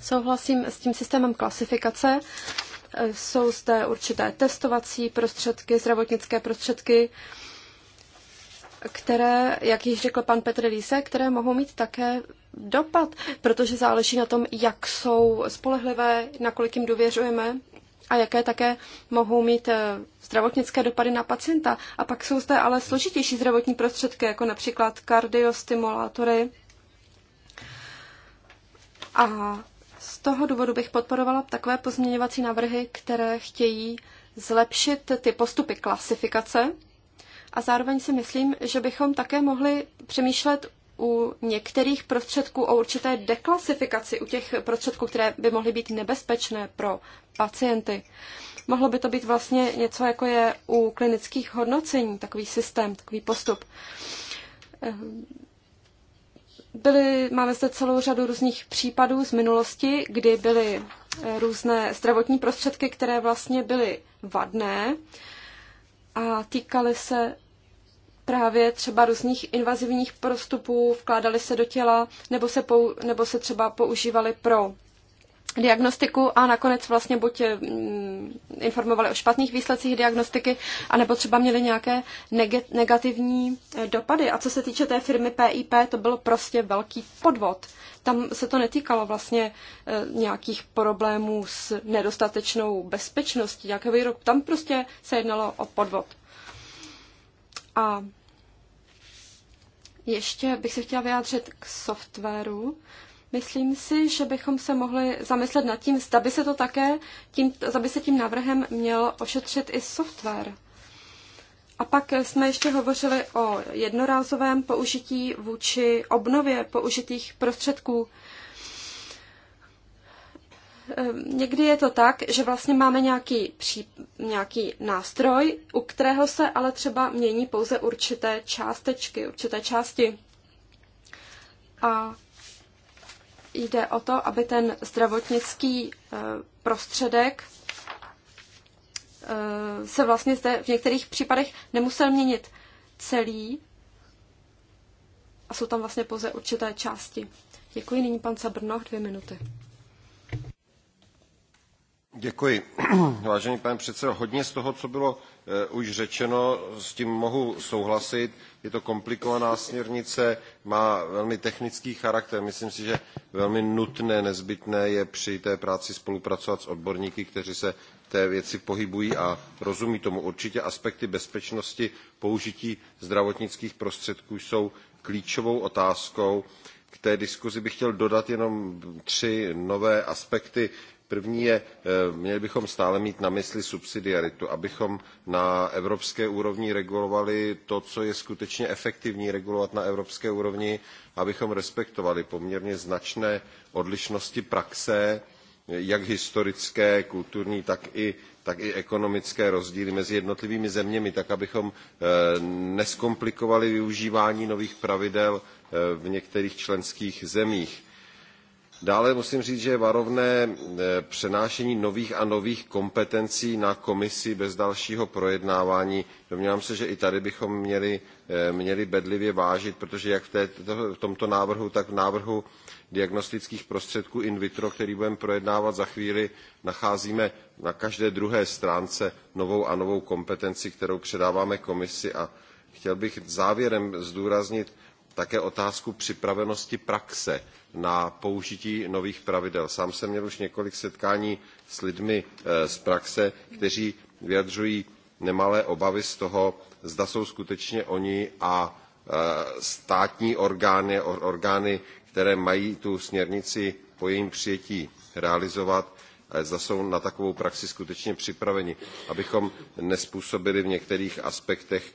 D: Souhlasím s tím systémem klasifikace. Eh, jsou zde určité testovací prostředky, zdravotnické prostředky, které, jak již řekl pan Petr Líse, které mohou mít také dopad, protože záleží na tom, jak jsou spolehlivé, nakolik jim důvěřujeme a jaké také mohou mít eh, zdravotnické dopady na pacienta. A pak jsou zde ale složitější zdravotní prostředky, jako například kardiostimulátory. A z toho důvodu bych podporovala takové pozměňovací návrhy, které chtějí zlepšit ty postupy klasifikace a zároveň si myslím, že bychom také mohli přemýšlet u některých prostředků o určité deklasifikaci, u těch prostředků, které by mohly být nebezpečné pro pacienty. Mohlo by to být vlastně něco, jako je u klinických hodnocení, takový systém, takový postup. Ehm, byly, máme zde celou řadu různých případů z minulosti, kdy byly eh, různé zdravotní prostředky, které vlastně byly vadné a týkaly se právě třeba různých invazivních prostupů, vkládaly se do těla nebo se, pou, nebo se třeba používaly pro diagnostiku a nakonec vlastně buď mm, informovali o špatných výsledcích diagnostiky, anebo třeba měli nějaké negativní eh, dopady. A co se týče té firmy PIP, to byl prostě velký podvod. Tam se to netýkalo vlastně eh, nějakých problémů s nedostatečnou bezpečností nějakého výroku. Tam prostě se jednalo o podvod. A ještě bych se chtěla vyjádřit k softwaru. Myslím si, že bychom se mohli zamyslet nad tím, zda by se to také, tím, zda by se tím návrhem měl ošetřit i software. A pak jsme ještě hovořili o jednorázovém použití vůči obnově použitých prostředků. Ehm, někdy je to tak, že vlastně máme nějaký, pří, nějaký nástroj, u kterého se ale třeba mění pouze určité částečky, určité části. A jde o to, aby ten zdravotnický eh, prostředek eh, se vlastně zde v některých případech nemusel měnit celý a jsou tam vlastně pouze určité části. Děkuji, nyní pan Sabrnoch, dvě minuty.
A: Děkuji. Vážený pane předsedo, hodně z toho, co bylo eh, už řečeno, s tím mohu souhlasit. Je to komplikovaná směrnice, má velmi technický charakter. Myslím si, že velmi nutné, nezbytné je při té práci spolupracovat s odborníky, kteří se té věci pohybují a rozumí tomu. Určitě aspekty bezpečnosti použití zdravotnických prostředků jsou klíčovou otázkou. K té diskuzi bych chtěl dodat jenom tři nové aspekty. První je, eh, měli bychom stále mít na mysli subsidiaritu, abychom na evropské úrovni regulovali to, co je skutečně efektivní regulovat na evropské úrovni, abychom respektovali poměrně značné odlišnosti praxe, jak historické, kulturní, tak i, tak i ekonomické rozdíly mezi jednotlivými zeměmi, tak abychom eh, neskomplikovali využívání nových pravidel eh, v některých členských zemích Dále musím říct, že je varovné e, přenášení nových a nových kompetencí na komisi bez dalšího projednávání. Domnívám se, že i tady bychom měli, e, měli bedlivě vážit, protože jak v, této, v tomto návrhu, tak v návrhu diagnostických prostředků in vitro, který budeme projednávat za chvíli, nacházíme na každé druhé stránce novou a novou kompetenci, kterou předáváme komisi. A chtěl bych závěrem zdůraznit, také otázku připravenosti praxe na použití nových pravidel. Sám jsem měl už několik setkání s lidmi eh, z praxe, kteří vyjadřují nemalé obavy z toho, zda jsou skutečně oni a eh, státní orgány, orgány, které mají tu směrnici po jejím přijetí realizovat, eh, zda jsou na takovou praxi skutečně připraveni, abychom nespůsobili v některých aspektech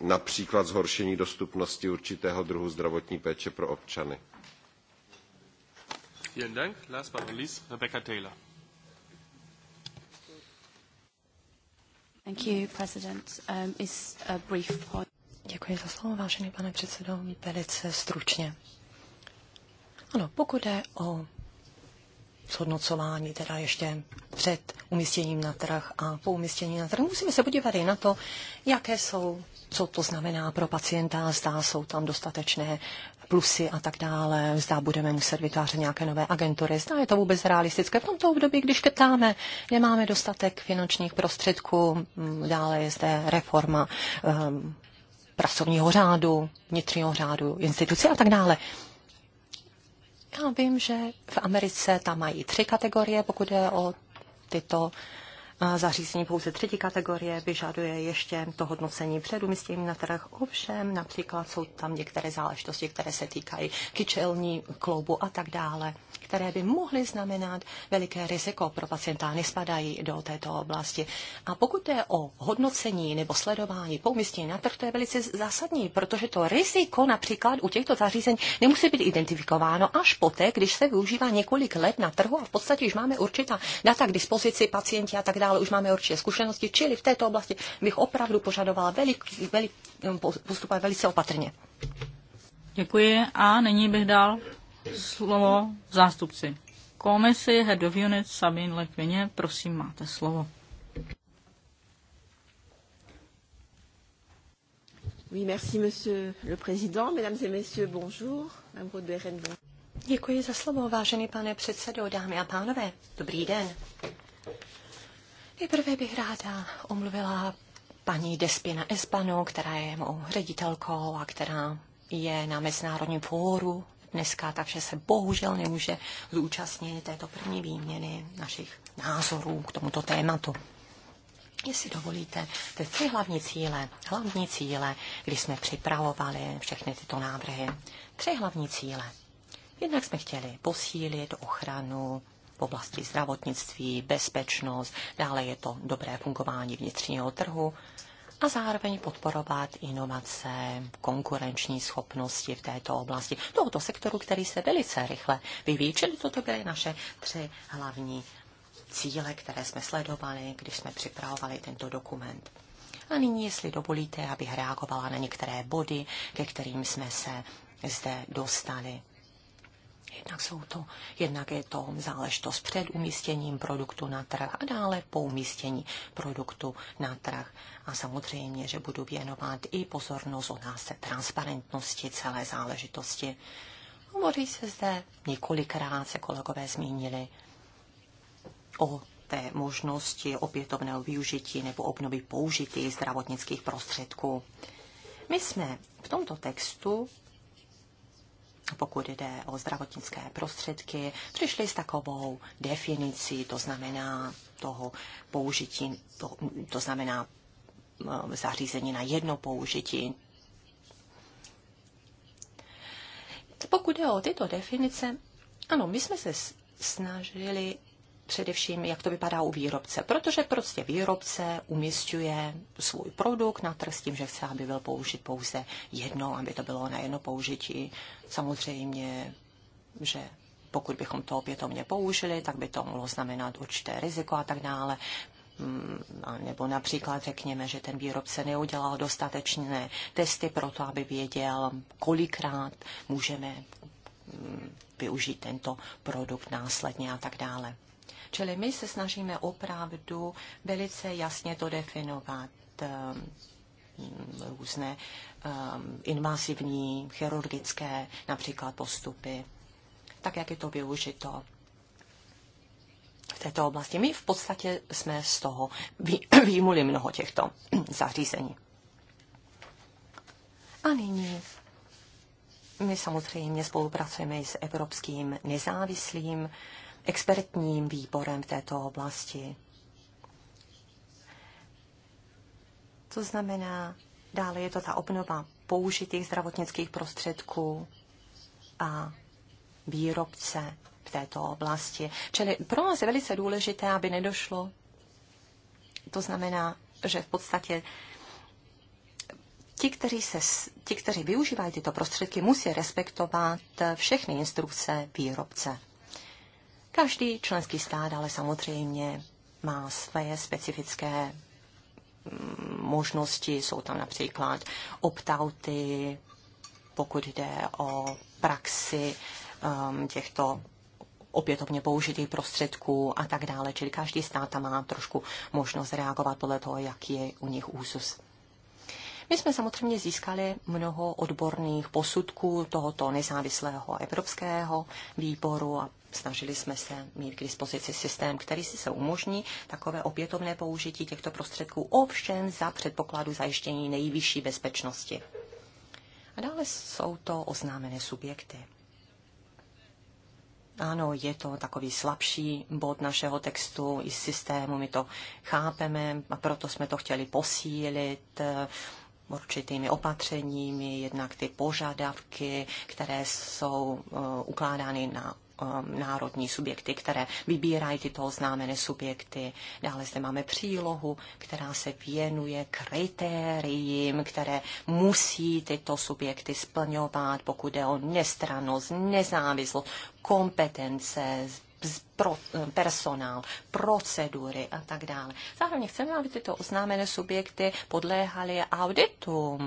A: například zhoršení dostupnosti určitého druhu zdravotní péče pro občany.
C: Thank you, President. Um, is a brief point. Děkuji za slovo, vážený pane předsedo, velice stručně. Ano, pokud je o zhodnocování, teda ještě před umístěním na trh a po umístění na trh, musíme se podívat i na to, jaké jsou co to znamená pro pacienta, zda jsou tam dostatečné plusy a tak dále, zda budeme muset vytvářet nějaké nové agentury, zda je to vůbec realistické. V tomto období, když ketáme, nemáme dostatek finančních prostředků, mm, dále je zde reforma um, pracovního řádu, vnitřního řádu, instituce a tak dále. Já vím, že v Americe tam mají tři kategorie, pokud je o tyto zařízení pouze třetí kategorie vyžaduje ještě to hodnocení před umístěním na trh. Ovšem, například jsou tam některé záležitosti, které se týkají kyčelní kloubu a tak dále, které by mohly znamenat veliké riziko pro pacienta, nespadají do této oblasti. A pokud je o hodnocení nebo sledování po umístění na trh, to je velice zásadní, protože to riziko například u těchto zařízení nemusí být identifikováno až poté, když se využívá několik let na trhu a v podstatě už máme určitá data k dispozici pacienti a tak dále ale už máme určitě zkušenosti, čili v této oblasti bych opravdu požadovala velik, velik, eh, postupovat velice opatrně.
B: Děkuji a nyní bych dal slovo zástupci komisi Head of Unit Sabine Lekvině. Prosím, máte slovo. Oui,
C: merci, monsieur le président. Mesdames et messieurs, bonjour. Madame Rodberen, bonjour. Děkuji za slovo, vážený pane předsedo, dámy a pánové. Dobrý den. Nejprve bych ráda omluvila paní Despina Espanu, která je mou ředitelkou a která je na Mezinárodním fóru dneska, takže se bohužel nemůže zúčastnit této první výměny našich názorů k tomuto tématu. Jestli dovolíte, ty tři hlavní cíle, hlavní cíle, když jsme připravovali všechny tyto návrhy, tři hlavní cíle. Jednak jsme chtěli posílit ochranu v oblasti zdravotnictví, bezpečnost, dále je to dobré fungování vnitřního trhu a zároveň podporovat inovace, konkurenční schopnosti v této oblasti, tohoto sektoru, který se velice rychle vyvíjí. Čili toto byly naše tři hlavní cíle, které jsme sledovali, když jsme připravovali tento dokument. A nyní, jestli dovolíte, abych reagovala na některé body, ke kterým jsme se zde dostali. Jednak, jsou to, jednak je to záležitost před umístěním produktu na trh a dále po umístění produktu na trh. A samozřejmě, že budu věnovat i pozornost se transparentnosti celé záležitosti. Hovoří se zde několikrát, se kolegové zmínili, o té možnosti opětovného využití nebo obnovy použitých zdravotnických prostředků. My jsme v tomto textu pokud jde o zdravotnické prostředky, přišli s takovou definicí, to znamená toho použití, to, to znamená eh, zařízení na jedno použití. Pokud jde o tyto definice, ano, my jsme se snažili především, jak to vypadá u výrobce. Protože prostě výrobce umistuje svůj produkt na trh s tím, že chce, aby byl použit pouze jednou, aby to bylo na jedno použití. Samozřejmě, že pokud bychom to opětovně použili, tak by to mohlo znamenat určité riziko a tak dále mm, nebo například řekněme, že ten výrobce neudělal dostatečné testy pro to, aby věděl, kolikrát můžeme mm, využít tento produkt následně a tak dále. Čili my se snažíme opravdu velice jasně to definovat ehm, různé ehm, invazivní, chirurgické například postupy, tak jak je to využito v této oblasti. My v podstatě jsme z toho výjimuli mnoho těchto zařízení. A nyní my samozřejmě spolupracujeme s Evropským nezávislým expertním výborem v této oblasti. To znamená, dále je to ta obnova použitých zdravotnických prostředků a výrobce v této oblasti. Čili pro nás je velice důležité, aby nedošlo. To znamená, že v podstatě ti, kteří, se, ti, kteří využívají tyto prostředky, musí respektovat všechny instrukce výrobce. Každý členský stát ale samozřejmě má své specifické mm, možnosti. Jsou tam například optauty, pokud jde o praxi um, těchto opětovně použitých prostředků a tak dále. Čili každý stát tam má trošku možnost reagovat podle toho, jaký je u nich úzus. My jsme samozřejmě získali mnoho odborných posudků tohoto nezávislého evropského výboru a snažili jsme se mít k dispozici systém, který si se umožní takové opětovné použití těchto prostředků, ovšem za předpokladu zajištění nejvyšší bezpečnosti. A dále jsou to oznámené subjekty. Ano, je to takový slabší bod našeho textu i systému, my to chápeme a proto jsme to chtěli posílit eh, určitými opatřeními, jednak ty požadavky, které jsou eh, ukládány na Um, národní subjekty, které vybírají tyto oznámené subjekty. Dále zde máme přílohu, která se věnuje kritériím, které musí tyto subjekty splňovat, pokud je o nestranost, nezávislost, kompetence, pro, eh, personál, procedury a tak dále. Zároveň chceme, aby tyto oznámené subjekty podléhaly auditu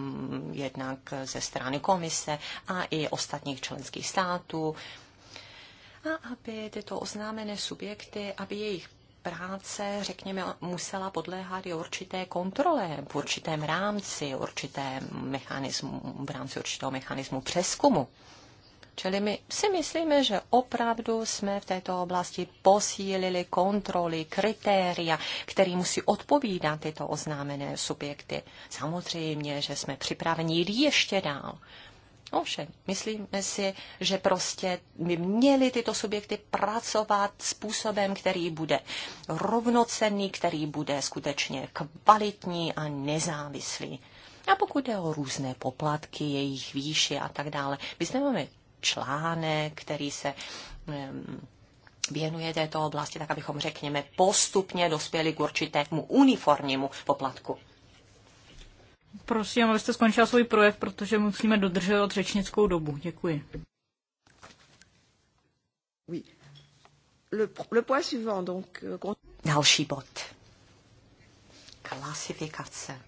C: jednak ze strany komise a i ostatních členských států a aby tyto oznámené subjekty, aby jejich práce, řekněme, musela podléhat i určité kontrole v určitém rámci, určité mechanismu, v rámci určitého mechanismu přeskumu. Čili my si myslíme, že opravdu jsme v této oblasti posílili kontroly, kritéria, který musí odpovídat tyto oznámené subjekty. Samozřejmě, že jsme připraveni jít ještě dál Ovšem, myslíme si, že prostě by měly tyto subjekty pracovat způsobem, který bude rovnocenný, který bude skutečně kvalitní a nezávislý. A pokud jde o různé poplatky, jejich výši a tak dále, my jsme máme článek, který se um, věnuje této oblasti, tak abychom, řekněme, postupně dospěli k určitému
B: uniformnímu poplatku. Prosím, abyste skončila svůj projev, protože musíme dodržovat řečnickou dobu. Děkuji.
C: Oui. Le, le point suivant, donc... Euh, Další bod. Klasifikace.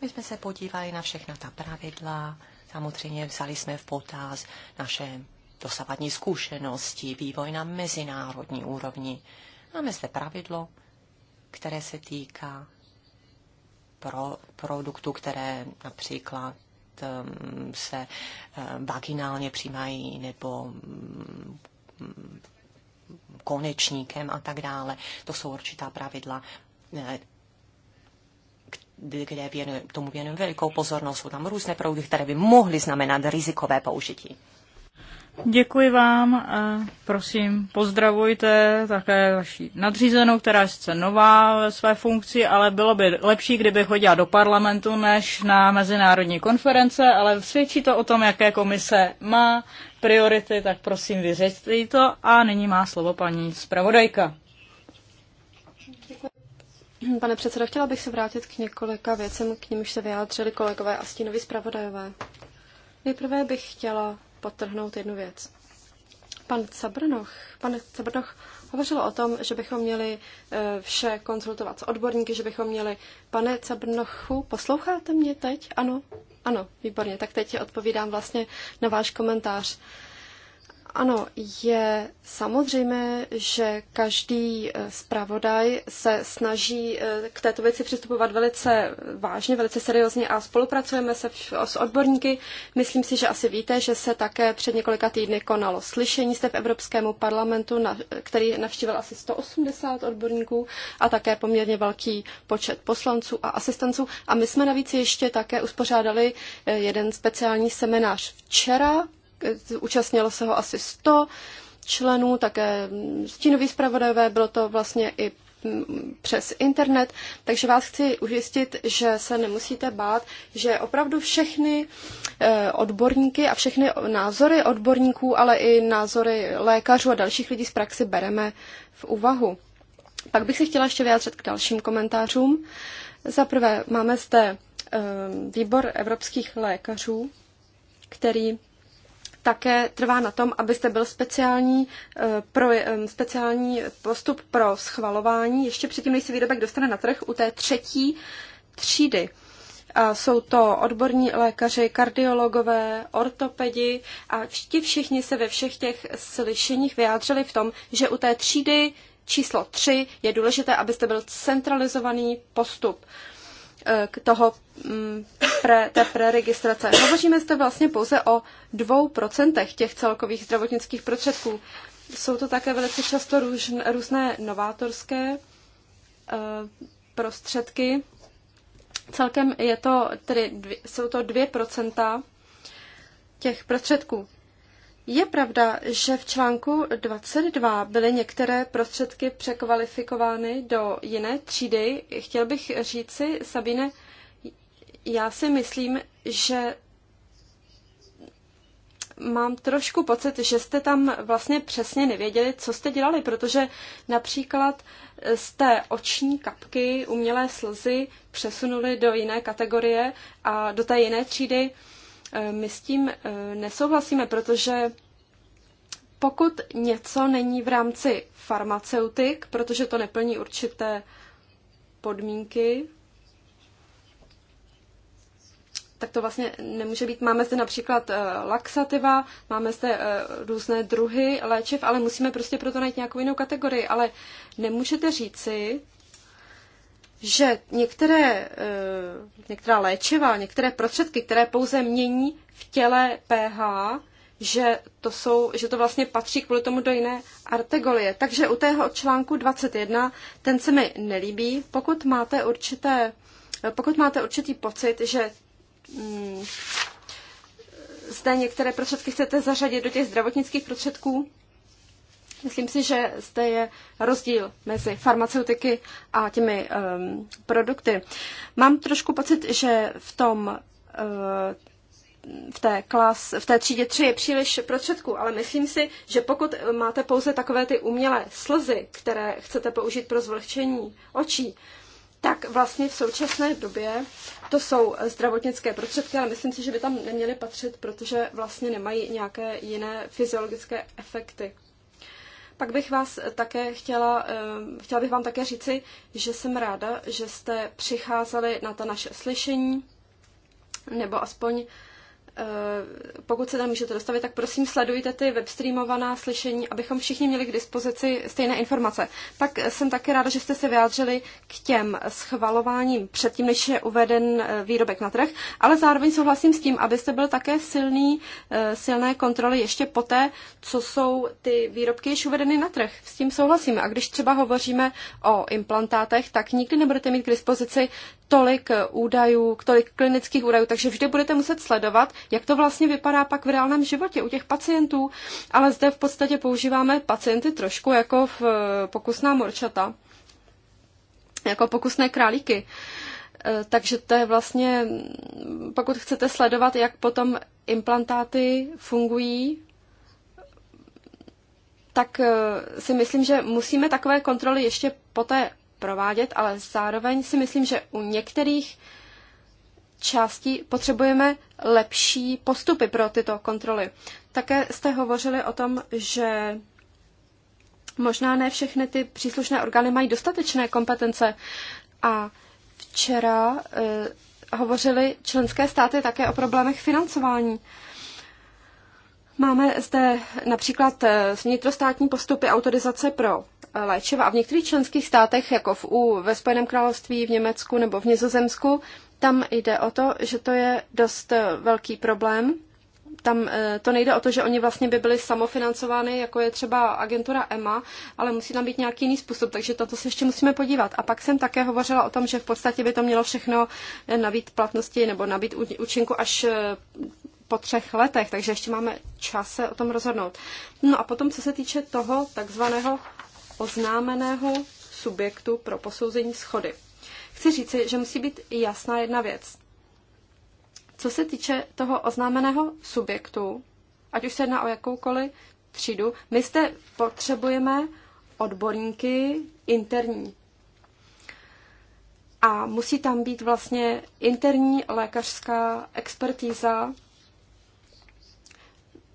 C: My jsme se podívali na všechna ta pravidla, samozřejmě vzali jsme v potaz naše dosavadní zkušenosti, vývoj na mezinárodní úrovni. Máme zde pravidlo, které se týká pro produktů, které například um, se eh, vaginálně přijímají nebo mm, konečníkem a tak dále. To jsou určitá pravidla, eh, kde věnuje, tomu věnujeme velikou pozornost. Jsou tam různé produkty, které by mohly znamenat rizikové použití.
B: Děkuji vám a prosím, pozdravujte také vaši nadřízenou, která je sice nová ve své funkci, ale bylo by lepší, kdyby chodila do parlamentu než na mezinárodní konference, ale svědčí to o tom, jaké komise má priority, tak prosím vyřešte to a nyní má slovo paní zpravodajka.
D: Pane předsedo, chtěla bych se vrátit k několika věcem, k nimž se vyjádřili kolegové a stínoví zpravodajové. Nejprve bych chtěla potrhnout jednu věc. Pan Cabrnoch, pan Cabrnoch hovořil o tom, že bychom měli e, vše konzultovat s odborníky, že bychom měli... Pane Cabrnochu, posloucháte mě teď? Ano, ano, výborně. Tak teď odpovídám vlastně na váš komentář. Ano, je samozřejmé, že každý eh, zpravodaj se snaží eh, k této věci přistupovat velice vážně, velice seriózně a spolupracujeme se v, s odborníky. Myslím si, že asi víte, že se také před několika týdny konalo slyšení jste v Evropskému parlamentu, na, který navštívil asi 180 odborníků a také poměrně velký počet poslanců a asistenců. A my jsme navíc ještě také uspořádali eh, jeden speciální seminář včera účastnilo se ho asi 100 členů, také stínoví zpravodajové, bylo to vlastně i mm, přes internet, takže vás chci ujistit, že se nemusíte bát, že opravdu všechny eh, odborníky a všechny názory odborníků, ale i názory lékařů a dalších lidí z praxi bereme v úvahu. Pak bych se chtěla ještě vyjádřit k dalším komentářům. Za prvé, máme zde eh, výbor evropských lékařů, který také trvá na tom, abyste byl speciální, eh, pro, eh, speciální postup pro schvalování, ještě předtím, než se výrobek dostane na trh, u té třetí třídy. A jsou to odborní lékaři, kardiologové, ortopedi a ti všichni se ve všech těch slyšeních vyjádřili v tom, že u té třídy číslo 3 je důležité, abyste byl centralizovaný postup. Eh, k toho mm, pre, té preregistrace. Hovoříme zde vlastně pouze o dvou procentech těch celkových zdravotnických prostředků. Jsou to také velice často růž, různé novátorské eh, prostředky. Celkem je to, tedy dvě, jsou to 2% těch prostředků. Je pravda, že v článku 22 byly některé prostředky překvalifikovány do jiné třídy. Chtěl bych říci, Sabine, já si myslím, že mám trošku pocit, že jste tam vlastně přesně nevěděli, co jste dělali, protože například z té oční kapky umělé slzy přesunuli do jiné kategorie a do té jiné třídy E, my s tím e, nesouhlasíme, protože pokud něco není v rámci farmaceutik, protože to neplní určité podmínky, tak to vlastně nemůže být. Máme zde například e, laxativa, máme zde různé druhy léčiv, ale musíme prostě proto najít nějakou jinou kategorii. Ale nemůžete říci, že některé, eh, některá léčiva, některé prostředky, které pouze mění v těle pH, že to, jsou, že to vlastně patří kvůli tomu do jiné artegolie. Takže u tého článku 21, ten se mi nelíbí. Pokud máte, určité, eh, pokud máte určitý pocit, že hmm, zde některé prostředky chcete zařadit do těch zdravotnických prostředků, Myslím si, že zde je rozdíl mezi farmaceutiky a těmi um, produkty. Mám trošku pocit, že v tom uh, v té, klas, v té třídě 3 je příliš prostředků, ale myslím si, že pokud máte pouze takové ty umělé slzy, které chcete použít pro zvlhčení očí, tak vlastně v současné době to jsou zdravotnické prostředky, ale myslím si, že by tam neměly patřit, protože vlastně nemají nějaké jiné fyziologické efekty. Pak bych vás také chtěla, eh, chtěla bych vám také říci, že jsem ráda, že jste přicházeli na ta naše slyšení, nebo aspoň Eh, pokud se tam můžete dostavit, tak prosím sledujte ty webstreamovaná slyšení, abychom všichni měli k dispozici stejné informace. Pak jsem také ráda, že jste se vyjádřili k těm schvalováním předtím, než je uveden eh, výrobek na trh, ale zároveň souhlasím s tím, abyste byl také silný, eh, silné kontroly ještě poté, co jsou ty výrobky již uvedeny na trh. S tím souhlasím. A když třeba hovoříme o implantátech, tak nikdy nebudete mít k dispozici tolik údajů, tolik klinických údajů, takže vždy budete muset sledovat, jak to vlastně vypadá pak v reálném životě u těch pacientů, ale zde v podstatě používáme pacienty trošku jako v eh, pokusná morčata, jako pokusné králíky. Eh, takže to je vlastně, pokud chcete sledovat, jak potom implantáty fungují, tak eh, si myslím, že musíme takové kontroly ještě poté provádět, ale zároveň si myslím, že u některých částí potřebujeme lepší postupy pro tyto kontroly. Také jste hovořili o tom, že možná ne všechny ty příslušné orgány mají dostatečné kompetence a včera e, hovořili členské státy také o problémech financování. Máme zde například eh, vnitrostátní postupy autorizace pro eh, léčiva a v některých členských státech, jako v U, ve Spojeném království, v Německu nebo v Nizozemsku, tam jde o to, že to je dost eh, velký problém. Tam eh, to nejde o to, že oni vlastně by byli samofinancovány, jako je třeba agentura EMA, ale musí tam být nějaký jiný způsob, takže toto se ještě musíme podívat. A pak jsem také hovořila o tom, že v podstatě by to mělo všechno eh, nabít platnosti nebo nabít účinku až po třech letech, takže ještě máme čas se o tom rozhodnout. No a potom, co se týče toho takzvaného oznámeného subjektu pro posouzení schody. Chci říci, že musí být jasná jedna věc. Co se týče toho oznámeného subjektu, ať už se jedná o jakoukoliv třídu, my zde potřebujeme odborníky interní. A musí tam být vlastně interní lékařská expertíza.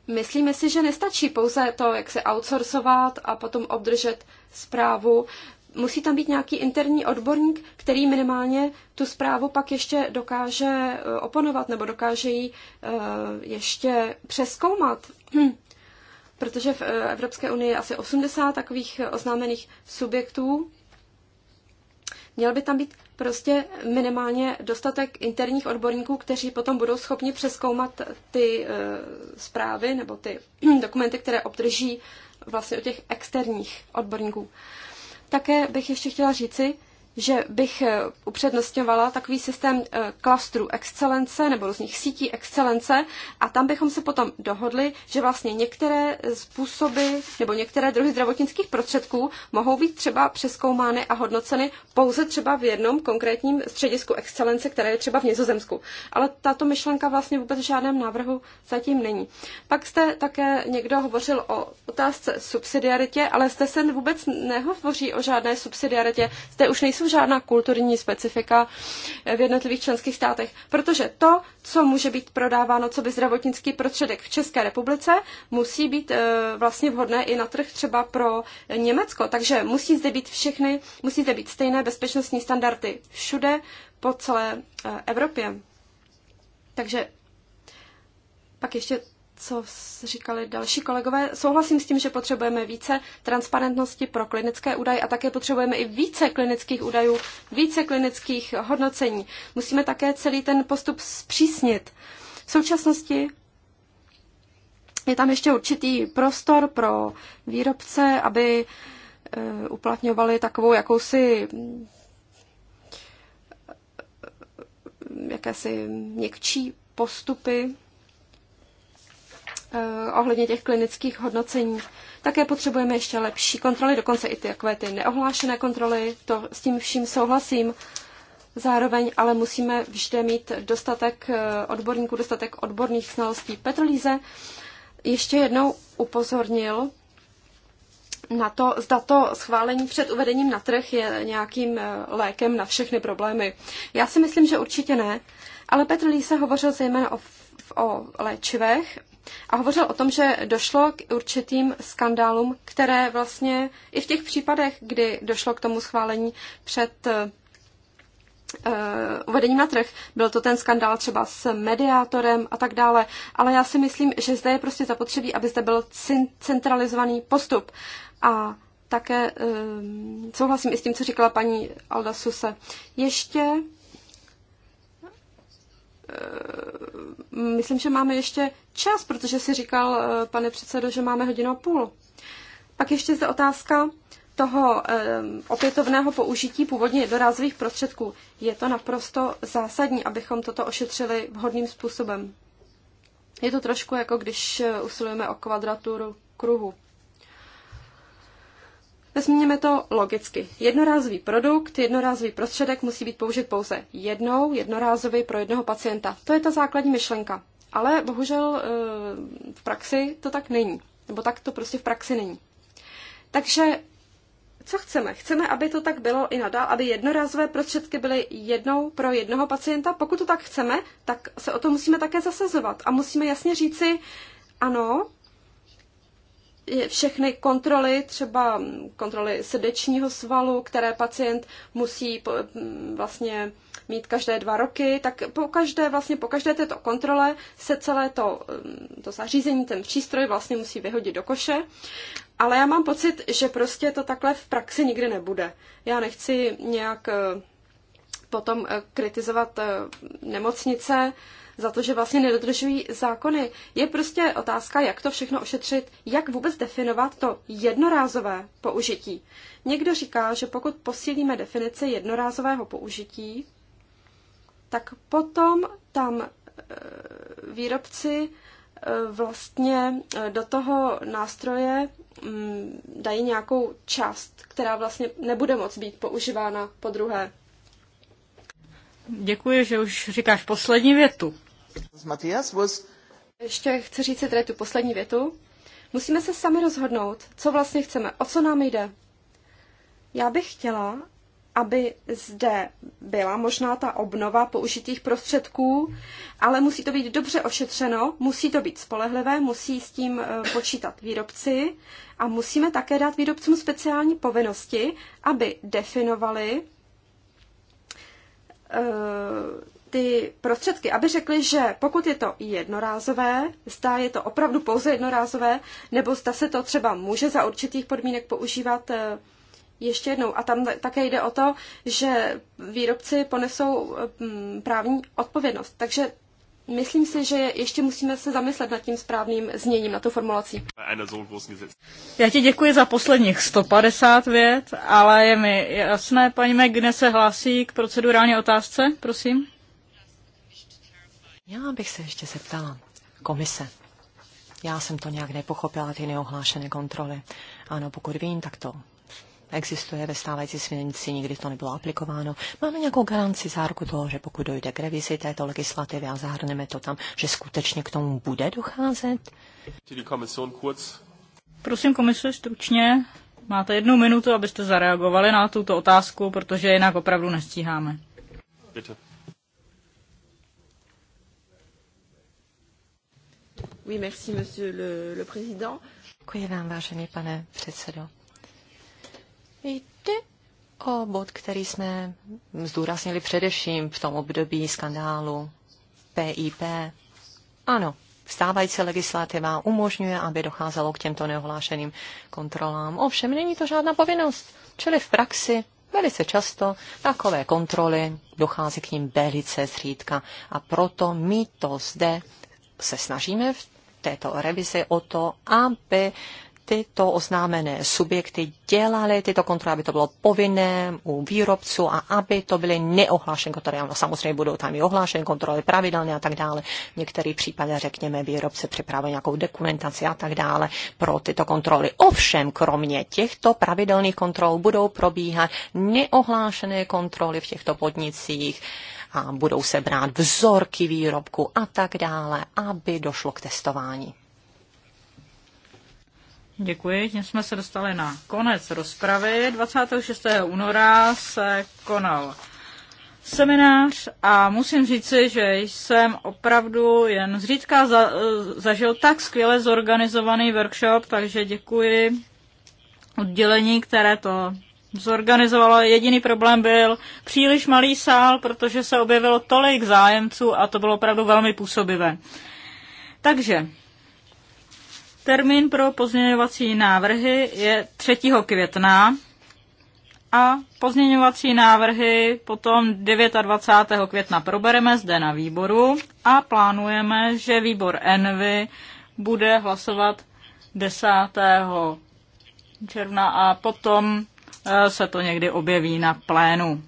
D: Myslíme si, že nestačí pouze to, jak se outsourcovat a potom obdržet zprávu musí tam být nějaký interní odborník, který minimálně tu zprávu pak ještě dokáže eh, oponovat nebo dokáže ji eh, ještě přeskoumat. Hm. Protože v eh, Evropské unii je asi 80 takových oznámených subjektů. Měl by tam být prostě minimálně dostatek interních odborníků, kteří potom budou schopni přeskoumat ty zprávy nebo ty dokumenty, které obdrží vlastně od těch externích odborníků. Také bych ještě chtěla říci, že bych eh, upřednostňovala takový systém eh, klastru excelence nebo různých sítí excelence a tam bychom se potom dohodli, že vlastně některé způsoby nebo některé druhy zdravotnických prostředků mohou být třeba přeskoumány a hodnoceny pouze třeba v jednom konkrétním středisku excelence, které je třeba v Nizozemsku. Ale tato myšlenka vlastně vůbec v žádném návrhu zatím není. Pak jste také někdo hovořil o otázce subsidiaritě, ale jste se vůbec nehovoří o žádné subsidiaritě. Zde už nejsou nejsou žádná kulturní specifika v jednotlivých členských státech, protože to, co může být prodáváno, co by zdravotnický prostředek v České republice, musí být eh, vlastně vhodné i na trh třeba pro Německo. Takže musí zde být všechny, musí zde být stejné bezpečnostní standardy všude po celé eh, Evropě. Takže pak ještě co říkali další kolegové. Souhlasím s tím, že potřebujeme více transparentnosti pro klinické údaje a také potřebujeme i více klinických údajů, více klinických hodnocení. Musíme také celý ten postup zpřísnit. V současnosti je tam ještě určitý prostor pro výrobce, aby e, uplatňovali takovou jakousi jakési měkčí postupy Eh, ohledně těch klinických hodnocení. Také potřebujeme ještě lepší kontroly, dokonce i ty, takové ty neohlášené kontroly, to s tím vším souhlasím. Zároveň ale musíme vždy mít dostatek eh, odborníků, dostatek odborných znalostí. Petr Líze ještě jednou upozornil na to, zda to schválení před uvedením na trh je nějakým eh, lékem na všechny problémy. Já si myslím, že určitě ne, ale Petr Líse hovořil zejména o, o léčivech a hovořil o tom, že došlo k určitým skandálům, které vlastně i v těch případech, kdy došlo k tomu schválení před eh, eh, uvedením na trh. Byl to ten skandál třeba s mediátorem a tak dále, ale já si myslím, že zde je prostě zapotřebí, aby zde byl centralizovaný postup. A také um, souhlasím i s tím, co říkala paní Alda Suse. Ještě
B: Eh,
D: myslím, že máme ještě čas, protože si říkal, eh, pane předsedo, že máme hodinu a půl. Pak ještě zde otázka toho eh, opětovného použití původně jednorázových prostředků. Je to naprosto zásadní, abychom toto ošetřili vhodným způsobem. Je to trošku jako když usilujeme o kvadraturu kruhu. Vezměme to logicky. Jednorázový produkt, jednorázový prostředek musí být použit pouze jednou, jednorázový pro jednoho pacienta. To je ta základní myšlenka. Ale bohužel eh, v praxi to tak není. Nebo tak to prostě v praxi není. Takže co chceme? Chceme, aby to tak bylo i nadál, aby jednorázové prostředky byly jednou pro jednoho pacienta. Pokud to tak chceme, tak se o to musíme také zasazovat a musíme jasně říci, ano, všechny kontroly, třeba kontroly srdečního svalu, které pacient musí mm, vlastně mít každé dva roky, tak po každé, vlastně po každé této kontrole se celé to, mm, to zařízení, ten přístroj vlastně musí vyhodit do koše. Ale já mám pocit, že prostě to takhle v praxi nikdy nebude. Já nechci nějak eh, potom eh, kritizovat eh, nemocnice, za to, že vlastně nedodržují zákony. Je prostě otázka, jak to všechno ošetřit, jak vůbec definovat to jednorázové použití. Někdo říká, že pokud posílíme definici jednorázového použití, tak potom tam e, výrobci e, vlastně e, do toho nástroje mm, dají nějakou část, která vlastně nebude moc být používána po druhé.
B: Děkuji, že už říkáš poslední větu.
D: Ještě chci říct si tady tu poslední větu. Musíme se sami rozhodnout, co vlastně chceme, o co nám jde. Já bych chtěla, aby zde byla možná ta obnova použitých prostředků, ale musí to být dobře ošetřeno, musí to být spolehlivé, musí s tím eh, počítat výrobci a musíme také dát výrobcům speciální povinnosti, aby definovali eh, ty prostředky, aby řekli, že pokud je to jednorázové, zda je to opravdu pouze jednorázové, nebo zda se to třeba může za určitých podmínek používat eh, ještě jednou. A tam také jde o to, že výrobci ponesou eh, právní odpovědnost. Takže myslím si, že ještě musíme se zamyslet nad tím správným zněním, na tu formulací.
B: Já ti děkuji za posledních 150 vět, ale je mi jasné, paní Meg, se hlásí k procedurální otázce, prosím. Já bych se ještě
C: zeptala komise. Já jsem to nějak nepochopila, ty neohlášené kontroly. Ano, pokud vím, tak to existuje ve stávající směrnici, nikdy to nebylo aplikováno. Máme nějakou garanci záruku toho, že pokud dojde k revizi této legislativy a zahrneme to tam, že skutečně k tomu
B: bude docházet? Prosím komise stručně, máte jednu minutu, abyste zareagovali na tuto otázku, protože jinak opravdu nestíháme.
A: Bitte.
D: Děkuji
B: vám, vážený pane
C: předsedo. Jde o bod, který jsme zdůraznili především v tom období skandálu PIP. Ano, Stávající legislativa umožňuje, aby docházelo k těmto neohlášeným kontrolám. Ovšem není to žádná povinnost, čili v praxi velice často takové kontroly dochází k ním velice zřídka. A proto my to zde se snažíme v této revize o to, aby tyto oznámené subjekty dělaly tyto kontroly, aby to bylo povinné u výrobců a aby to byly neohlášené kontroly. Ano, samozřejmě budou tam i ohlášené kontroly pravidelné a tak dále. V některých případech, řekněme, výrobce připravuje nějakou dokumentaci a tak dále pro tyto kontroly. Ovšem, kromě těchto pravidelných kontrol budou probíhat neohlášené kontroly v těchto podnicích a budou se brát vzorky výrobku a tak dále,
B: aby došlo k testování. Děkuji, tím jsme se dostali na konec rozpravy. 26. února se konal seminář a musím říci, že jsem opravdu jen zřídka za, zažil tak skvěle zorganizovaný workshop, takže děkuji oddělení, které to zorganizovala. Jediný problém byl příliš malý sál, protože se objevilo tolik zájemců a to bylo opravdu velmi působivé. Takže termín pro pozměňovací návrhy je 3. května a pozměňovací návrhy potom 29. května probereme zde na výboru a plánujeme, že výbor Envy bude hlasovat 10. června a potom Eh, se to někdy objeví na plénu.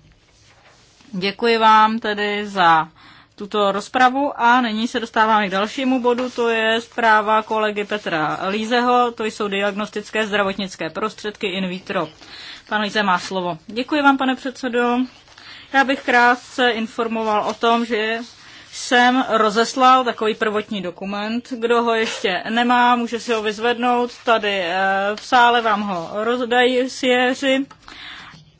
B: Děkuji vám tedy za tuto rozpravu a nyní se dostáváme k dalšímu bodu, to je zpráva kolegy Petra Lízeho, to jsou diagnostické zdravotnické prostředky in vitro. Pan Líze má slovo. Děkuji vám, pane předsedo. Já bych krátce informoval o tom, že jsem rozeslal takový prvotní dokument. Kdo ho ještě nemá, může si ho vyzvednout. Tady eh, v sále vám ho rozdají siéři.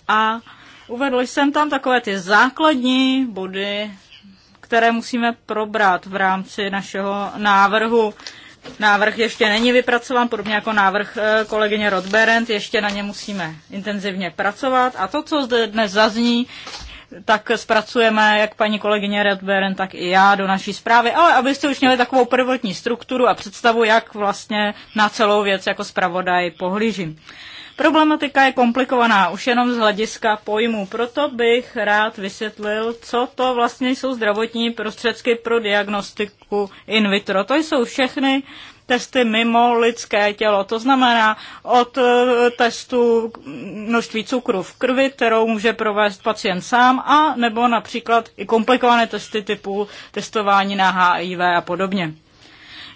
B: A uvedl jsem tam takové ty základní body, které musíme probrat v rámci našeho návrhu. Návrh ještě není vypracován, podobně jako návrh eh, kolegyně Rodberend, ještě na ně musíme intenzivně pracovat. A to, co zde dnes zazní, tak zpracujeme, jak paní kolegyně Redberen, tak i já do naší zprávy, ale abyste už měli takovou prvotní strukturu a představu, jak vlastně na celou věc jako zpravodaj pohlížím. Problematika je komplikovaná už jenom z hlediska pojmů, proto bych rád vysvětlil, co to vlastně jsou zdravotní prostředky pro diagnostiku in vitro. To jsou všechny testy mimo lidské tělo. To znamená od eh, testu množství cukru v krvi, kterou může provést pacient sám, a nebo například i komplikované testy typu testování na HIV a podobně.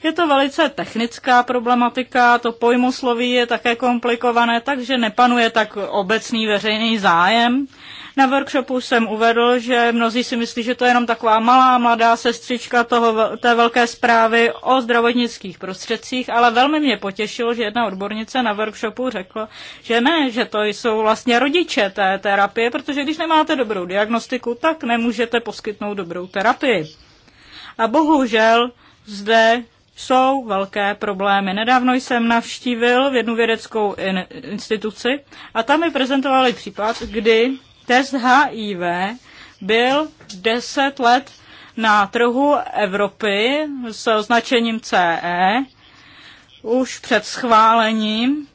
B: Je to velice technická problematika, to pojmosloví je také komplikované, takže nepanuje tak obecný veřejný zájem. Na workshopu jsem uvedl, že mnozí si myslí, že to je jenom taková malá, mladá sestřička toho, té velké zprávy o zdravotnických prostředcích, ale velmi mě potěšilo, že jedna odbornice na workshopu řekla, že ne, že to jsou vlastně rodiče té terapie, protože když nemáte dobrou diagnostiku, tak nemůžete poskytnout dobrou terapii. A bohužel zde jsou velké problémy. Nedávno jsem navštívil v jednu vědeckou in- instituci a tam mi prezentovali případ, kdy test HIV byl 10 let na trhu Evropy s označením CE už před schválením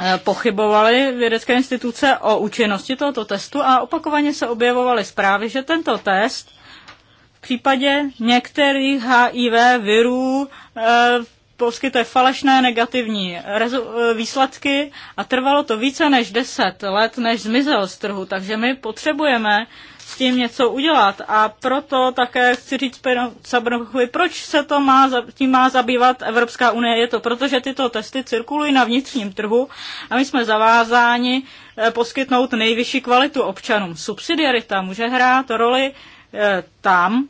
B: eh, pochybovaly vědecké instituce o účinnosti tohoto testu a opakovaně se objevovaly zprávy, že tento test případě některých HIV virů eh, poskytuje falešné negativní eh, výsledky a trvalo to více než 10 let, než zmizel z trhu, takže my potřebujeme s tím něco udělat. A proto také chci říct Sabrnochovi, proč se to má, tím má zabývat Evropská unie. Je to proto, že tyto testy cirkulují na vnitřním trhu a my jsme zavázáni eh, poskytnout nejvyšší kvalitu občanům. Subsidiarita může hrát roli tam,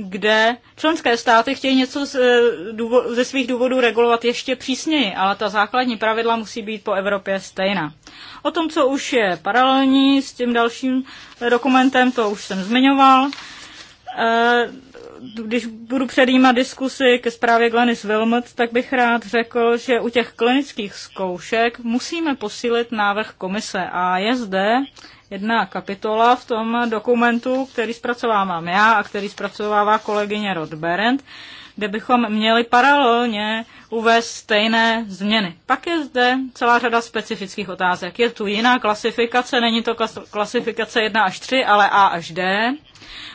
B: kde členské státy chtějí něco z, eh, ze svých důvodů regulovat ještě přísněji, ale ta základní pravidla musí být po Evropě stejná. O tom, co už je paralelní s tím dalším dokumentem, to už jsem zmiňoval. Eh, když budu předjímat diskusy ke zprávě Glenis Wilmot, tak bych rád řekl, že u těch klinických zkoušek musíme posílit návrh komise a je zde jedna kapitola v tom dokumentu, který zpracovávám já a který zpracovává kolegyně Rod Berend, kde bychom měli paralelně uvést stejné změny. Pak je zde celá řada specifických otázek. Je tu jiná klasifikace, není to klasifikace 1 až 3, ale A až D.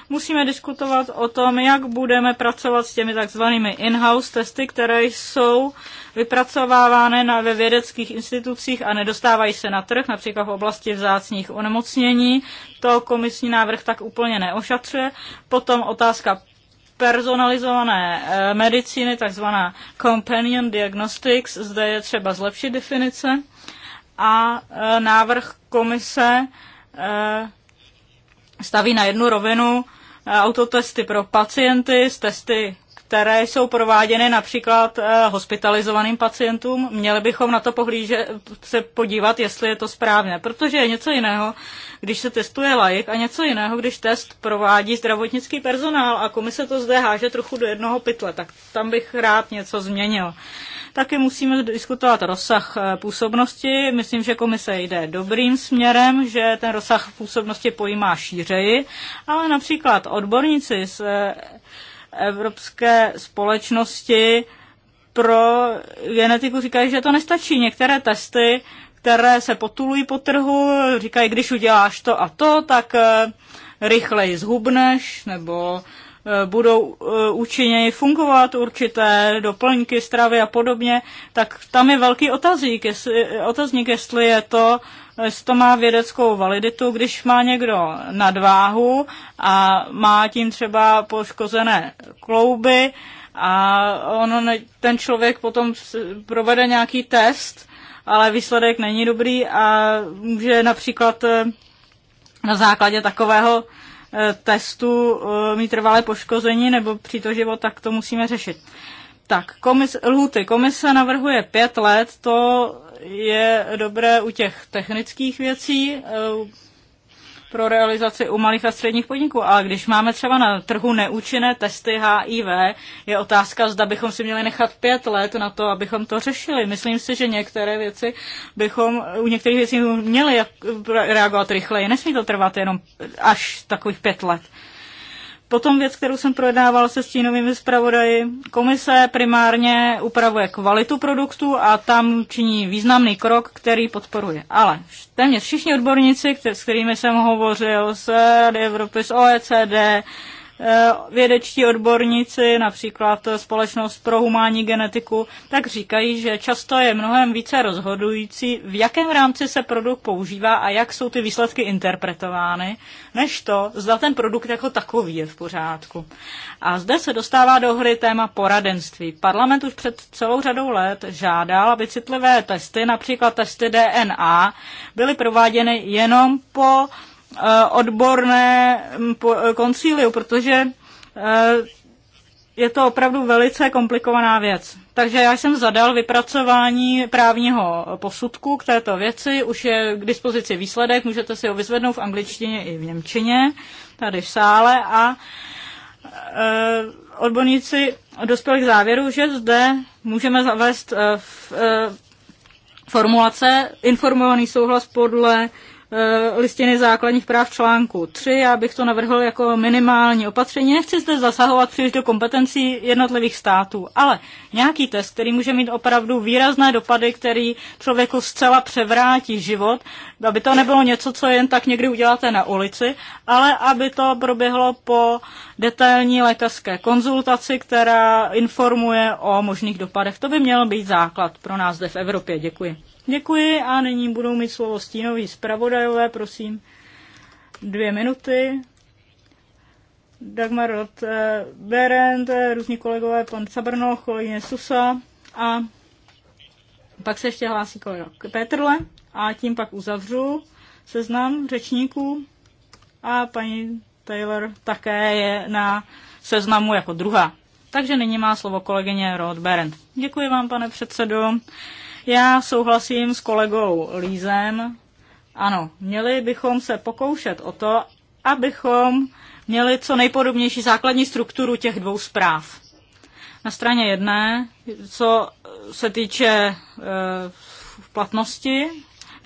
B: Musíme diskutovat o tom, jak budeme pracovat s těmi takzvanými in-house testy, které jsou vypracovávány na, ve vědeckých institucích a nedostávají se na trh, například v oblasti vzácných onemocnění. To komisní návrh tak úplně neošatřuje. Potom otázka personalizované eh, medicíny, takzvaná companion diagnostics, zde je třeba zlepšit definice a eh, návrh komise eh, staví na jednu rovinu autotesty pro pacienty z testy které jsou prováděny například hospitalizovaným pacientům, měli bychom na to pohlíže, se podívat, jestli je to správné, protože je něco jiného, když se testuje lajek a něco jiného, když test provádí zdravotnický personál a komise to zde háže trochu do jednoho pytle, tak tam bych rád něco změnil. Taky musíme diskutovat rozsah eh, působnosti. Myslím, že komise jde dobrým směrem, že ten rozsah působnosti pojímá šířeji, ale například odborníci z eh, Evropské společnosti pro genetiku říkají, že to nestačí. Některé testy které se potulují po trhu, říkají, když uděláš to a to, tak eh, rychleji zhubneš, nebo eh, budou eh, účinněji fungovat určité doplňky, stravy a podobně, tak tam je velký otazník, jestli, otazník, jestli je to, jestli to má vědeckou validitu, když má někdo nadváhu a má tím třeba poškozené klouby a on, ten člověk potom provede nějaký test, ale výsledek není dobrý a může například eh, na základě takového eh, testu eh, mít trvalé poškození nebo příto život, tak to musíme řešit. Tak, komis, lhuty. Komise navrhuje pět let, to je dobré u těch technických věcí, pro realizaci u malých a středních podniků. Ale když máme třeba na trhu neúčinné testy HIV, je otázka, zda bychom si měli nechat pět let na to, abychom to řešili. Myslím si, že některé věci bychom, u některých věcí měli reagovat rychleji. Nesmí to trvat jenom až takových pět let. Potom věc, kterou jsem projednával se stínovými zpravodaji. Komise primárně upravuje kvalitu produktu a tam činí významný krok, který podporuje. Ale téměř všichni odborníci, kter- s kterými jsem hovořil, z Rady Evropy, z OECD, Eh, vědečtí odborníci, například eh, Společnost pro humánní genetiku, tak říkají, že často je mnohem více rozhodující, v jakém rámci se produkt používá a jak jsou ty výsledky interpretovány, než to, zda ten produkt jako takový je v pořádku. A zde se dostává do hry téma poradenství. Parlament už před celou řadou let žádal, aby citlivé testy, například testy DNA, byly prováděny jenom po Eh, odborné mm, eh, koncíliu, protože eh, je to opravdu velice komplikovaná věc. Takže já jsem zadal vypracování právního posudku k této věci, už je k dispozici výsledek, můžete si ho vyzvednout v angličtině i v němčině, tady v sále a odborníci dospěli k závěru, že zde můžeme zavést v, formulace informovaný souhlas podle Eh, listiny základních práv článku 3. Já bych to navrhl jako minimální opatření. Nechci zde zasahovat příliš do kompetencí jednotlivých států, ale nějaký test, který může mít opravdu výrazné dopady, který člověku zcela převrátí život, aby to nebylo něco, co jen tak někdy uděláte na ulici, ale aby to proběhlo po detailní lékařské konzultaci, která informuje o možných dopadech. To by měl být základ pro nás zde v Evropě. Děkuji. Děkuji a nyní budou mít slovo stínový zpravodajové, prosím, dvě minuty. Dagmar Rot, eh, Berend, eh, různí kolegové, pan Cabrno, kolegyně Susa a pak se ještě hlásí kolega Petrle a tím pak uzavřu seznam řečníků a paní Taylor také je na seznamu jako druhá. Takže nyní má slovo kolegyně Roth Berend. Děkuji vám, pane předsedo. Já souhlasím s kolegou Lízem. Ano, měli bychom se pokoušet o to, abychom měli co nejpodobnější základní strukturu těch dvou zpráv. Na straně jedné, co se týče e, platnosti,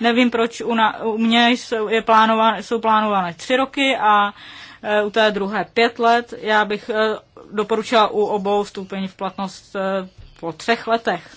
B: nevím, proč u, na, u mě jsou, je plánován, jsou plánované tři roky a e, u té druhé pět let. Já bych e, doporučila u obou stupeň v platnost e, po třech letech.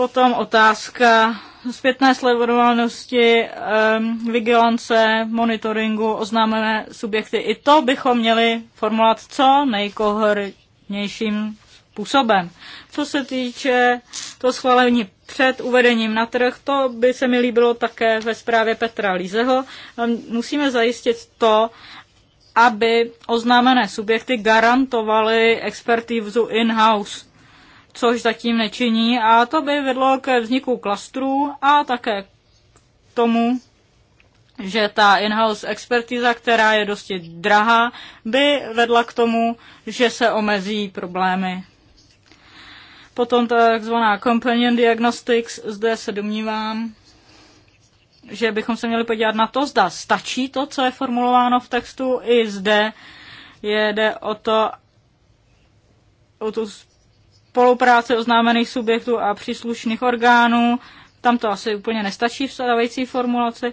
B: Potom otázka zpětné sledovanosti, ehm, vigilance, monitoringu, oznámené subjekty. I to bychom měli formulovat co nejkohornějším způsobem. Co se týče to schválení před uvedením na trh, to by se mi líbilo také ve zprávě Petra Lízeho. Ehm, musíme zajistit to, aby oznámené subjekty garantovaly expertivzu in-house což zatím nečiní a to by vedlo ke vzniku klastrů a také k tomu, že ta in-house expertiza, která je dosti drahá, by vedla k tomu, že se omezí problémy. Potom takzvaná companion diagnostics, zde se domnívám, že bychom se měli podívat na to, zda stačí to, co je formulováno v textu, i zde jde o to, o tu spolupráce oznámených subjektů a příslušných orgánů. Tam to asi úplně nestačí v stávající formulaci.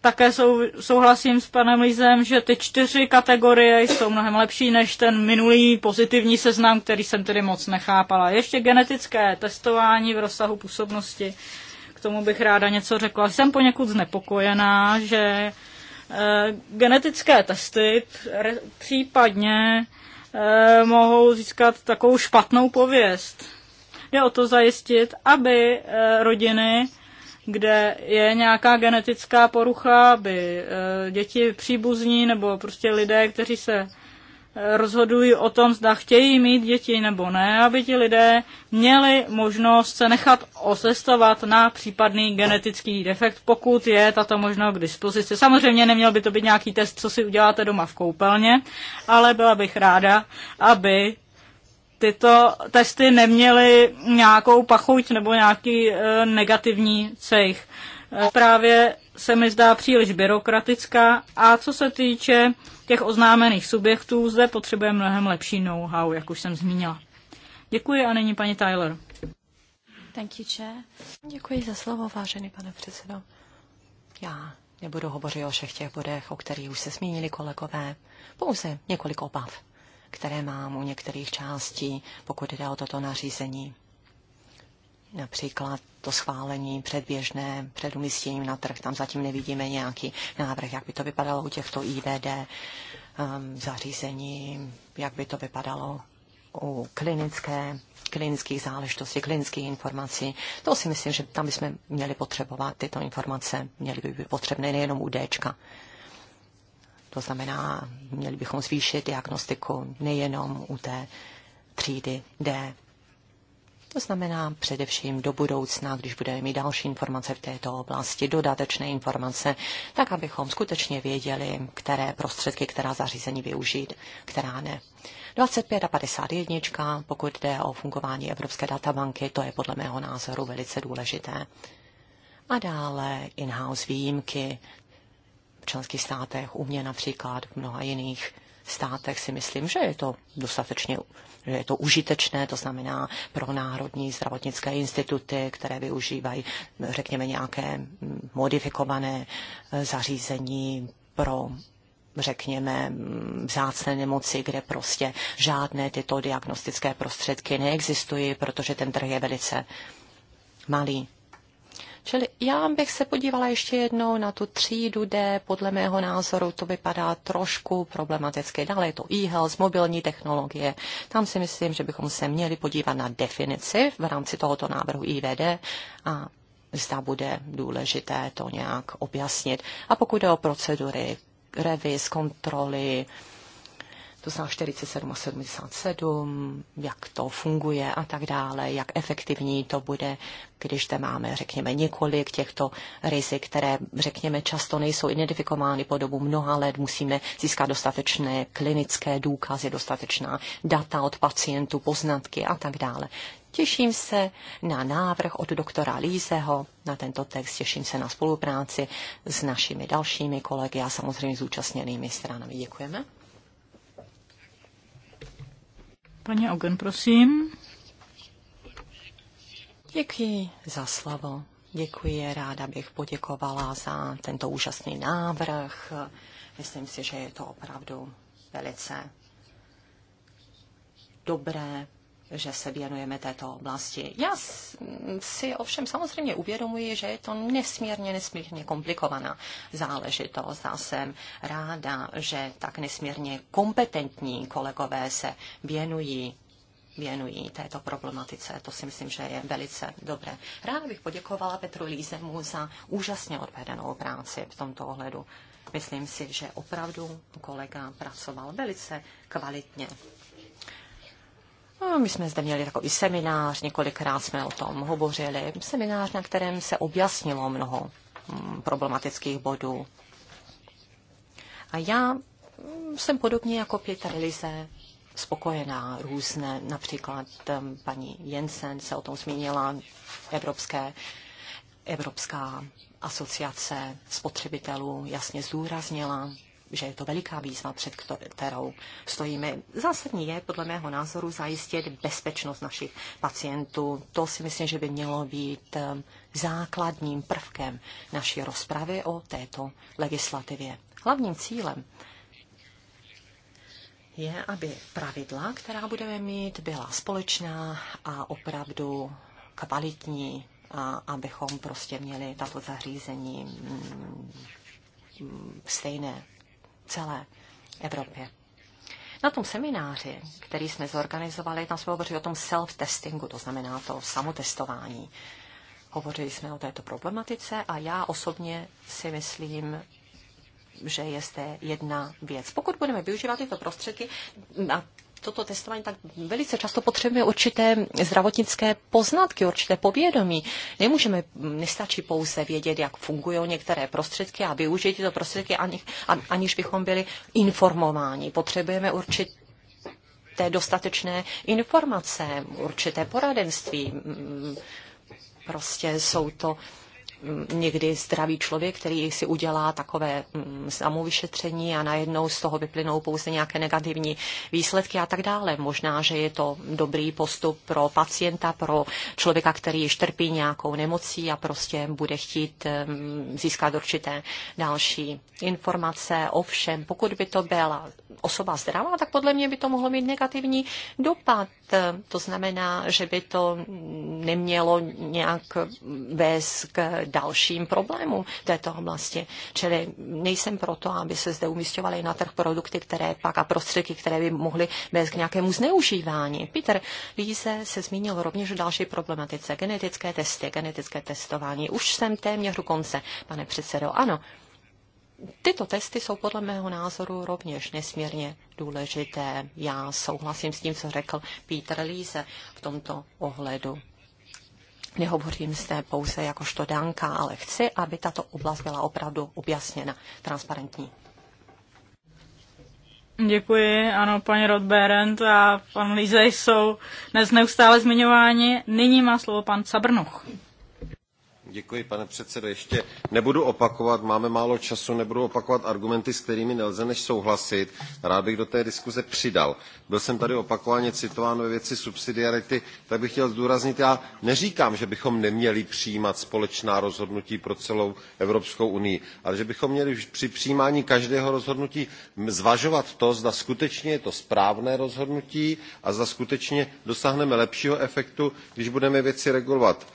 B: Také sou, souhlasím s panem Lízem, že ty čtyři kategorie jsou mnohem lepší než ten minulý pozitivní seznam, který jsem tedy moc nechápala. Ještě genetické testování v rozsahu působnosti. K tomu bych ráda něco řekla. Jsem poněkud znepokojená, že eh, genetické testy, případně Eh, mohou získat takovou špatnou pověst. Je o to zajistit, aby eh, rodiny, kde je nějaká genetická porucha, aby eh, děti příbuzní nebo prostě lidé, kteří se rozhodují o tom, zda chtějí mít děti nebo ne, aby ti lidé měli možnost se nechat osestovat na případný genetický defekt, pokud je tato možnost k dispozici. Samozřejmě neměl by to být nějaký test, co si uděláte doma v koupelně, ale byla bych ráda, aby tyto testy neměly nějakou pachuť nebo nějaký e, negativní cejch. Eh, právě se mi zdá příliš byrokratická a co se týče těch oznámených subjektů, zde potřebuje mnohem lepší know-how, jak už jsem zmínila. Děkuji a nyní paní Tyler. Thank you,
C: chair. Děkuji za slovo, vážený pane předsedo.
B: Já nebudu hovořit o
C: všech těch bodech, o kterých už se zmínili kolegové. Pouze několik obav, které mám u některých částí, pokud jde o toto nařízení například to schválení předběžné před umístěním na trh. Tam zatím nevidíme nějaký návrh, jak by to vypadalo u těchto IVD um, zařízení, jak by to vypadalo u klinické, klinických záležitostí, klinických informací. To si myslím, že tam bychom měli potřebovat tyto informace. Měly by být potřebné nejenom u Dčka. To znamená, měli bychom zvýšit diagnostiku nejenom u té třídy D, to znamená především do budoucna, když budeme mít další informace v této oblasti, dodatečné informace, tak abychom skutečně věděli, které prostředky, která zařízení využít, která ne. 25 a 51, pokud jde o fungování Evropské databanky, to je podle mého názoru velice důležité. A dále in-house výjimky v členských státech, u mě například, v mnoha jiných státech si myslím, že je to dostatečně že je to užitečné, to znamená pro národní zdravotnické instituty, které využívají, řekněme, nějaké modifikované eh, zařízení pro řekněme, mm, vzácné nemoci, kde prostě žádné tyto diagnostické prostředky neexistují, protože ten trh je velice malý. Čili já bych se podívala ještě jednou na tu třídu D. Podle mého názoru to vypadá trošku problematicky. Dále je to e-health, mobilní technologie. Tam si myslím, že bychom se měli podívat na definici v rámci tohoto návrhu IVD a zda bude důležité to nějak objasnit. A pokud jde o procedury, revis, kontroly, to znamená 47 a 77, jak to funguje a tak dále, jak efektivní to bude, když zde máme, řekněme, několik těchto rizik, které, řekněme, často nejsou identifikovány po dobu mnoha let. Musíme získat dostatečné klinické důkazy, dostatečná data od pacientů, poznatky a tak dále. Těším se na návrh od doktora Lízeho, na tento text, těším se na spolupráci s našimi dalšími kolegy a samozřejmě zúčastněnými stranami. Děkujeme. Paní Ogen, prosím. Děkuji za slovo. Děkuji, ráda bych poděkovala za tento úžasný návrh. Myslím si, že je to opravdu velice dobré že se věnujeme této oblasti. Já si ovšem samozřejmě uvědomuji, že je to nesmírně, nesmírně komplikovaná záležitost. Já jsem ráda, že tak nesmírně kompetentní kolegové se věnují věnují této problematice. To si myslím, že je velice dobré. Ráda bych poděkovala Petru Lízemu za úžasně odvedenou práci v tomto ohledu. Myslím si, že opravdu kolega pracoval velice kvalitně. No, my jsme zde měli takový seminář, několikrát jsme o tom hovořili. Seminář, na kterém se objasnilo mnoho mm, problematických bodů. A já mm, jsem podobně jako Pěta Lize spokojená různé, například mm, paní Jensen se o tom zmínila, Evropské, Evropská asociace spotřebitelů jasně zdůraznila že je to veliká výzva, před kterou stojíme. Zásadní je, podle mého názoru, zajistit bezpečnost našich pacientů. To si myslím, že by mělo být ehm, základním prvkem naší rozpravy o této legislativě. Hlavním cílem je, aby pravidla, která budeme mít, byla společná a opravdu kvalitní, a abychom prostě měli tato zařízení mm, stejné celé Evropě. Na tom semináři, který jsme zorganizovali, tam jsme hovořili o tom self-testingu, to znamená to samotestování. Hovořili jsme o této problematice a já osobně si myslím, že je zde jedna věc. Pokud budeme využívat tyto prostředky, na toto testování, tak velice často potřebujeme určité zdravotnické poznatky, určité povědomí. Nemůžeme, nestačí pouze vědět, jak fungují některé prostředky a využít tyto prostředky, ani, aniž bychom byli informováni. Potřebujeme určit té dostatečné informace, určité poradenství. Prostě jsou to Mm, někdy zdravý člověk, který si udělá takové mm, samovyšetření a najednou z toho vyplynou pouze nějaké negativní výsledky a tak dále. Možná, že je to dobrý postup pro pacienta, pro člověka, který již trpí nějakou nemocí a prostě bude chtít mm, získat určité další informace. Ovšem, pokud by to byla osoba zdravá, tak podle mě by to mohlo mít negativní dopad. To znamená, že by to nemělo nějak vést k dalším problémům této oblasti. Čili nejsem proto, aby se zde umistovaly na trh produkty, které pak a prostředky, které by mohly vést k nějakému zneužívání. Peter Líze se zmínil rovněž o další problematice. Genetické testy, genetické testování. Už jsem téměř u konce, pane předsedo. Ano, Tyto testy jsou podle mého názoru rovněž nesmírně důležité. Já souhlasím s tím, co řekl Peter Líze v tomto ohledu. Nehovořím zde pouze jakožto dánka, ale chci, aby tato oblast byla opravdu objasněna, transparentní.
B: Děkuji, ano, paní Rodberent a pan Líze jsou dnes neustále zmiňováni. Nyní má slovo pan Cabrnoch.
A: Děkuji, pane předsedo. Ještě nebudu opakovat, máme málo času, nebudu opakovat argumenty, s kterými nelze než souhlasit. Rád bych do té diskuze přidal. Byl jsem tady opakovaně citován ve věci subsidiarity, tak bych chtěl zdůraznit, já neříkám, že bychom neměli přijímat společná rozhodnutí pro celou Evropskou unii, ale že bychom měli při přijímání každého rozhodnutí zvažovat to, zda skutečně je to správné rozhodnutí a zda skutečně dosáhneme lepšího efektu, když budeme věci regulovat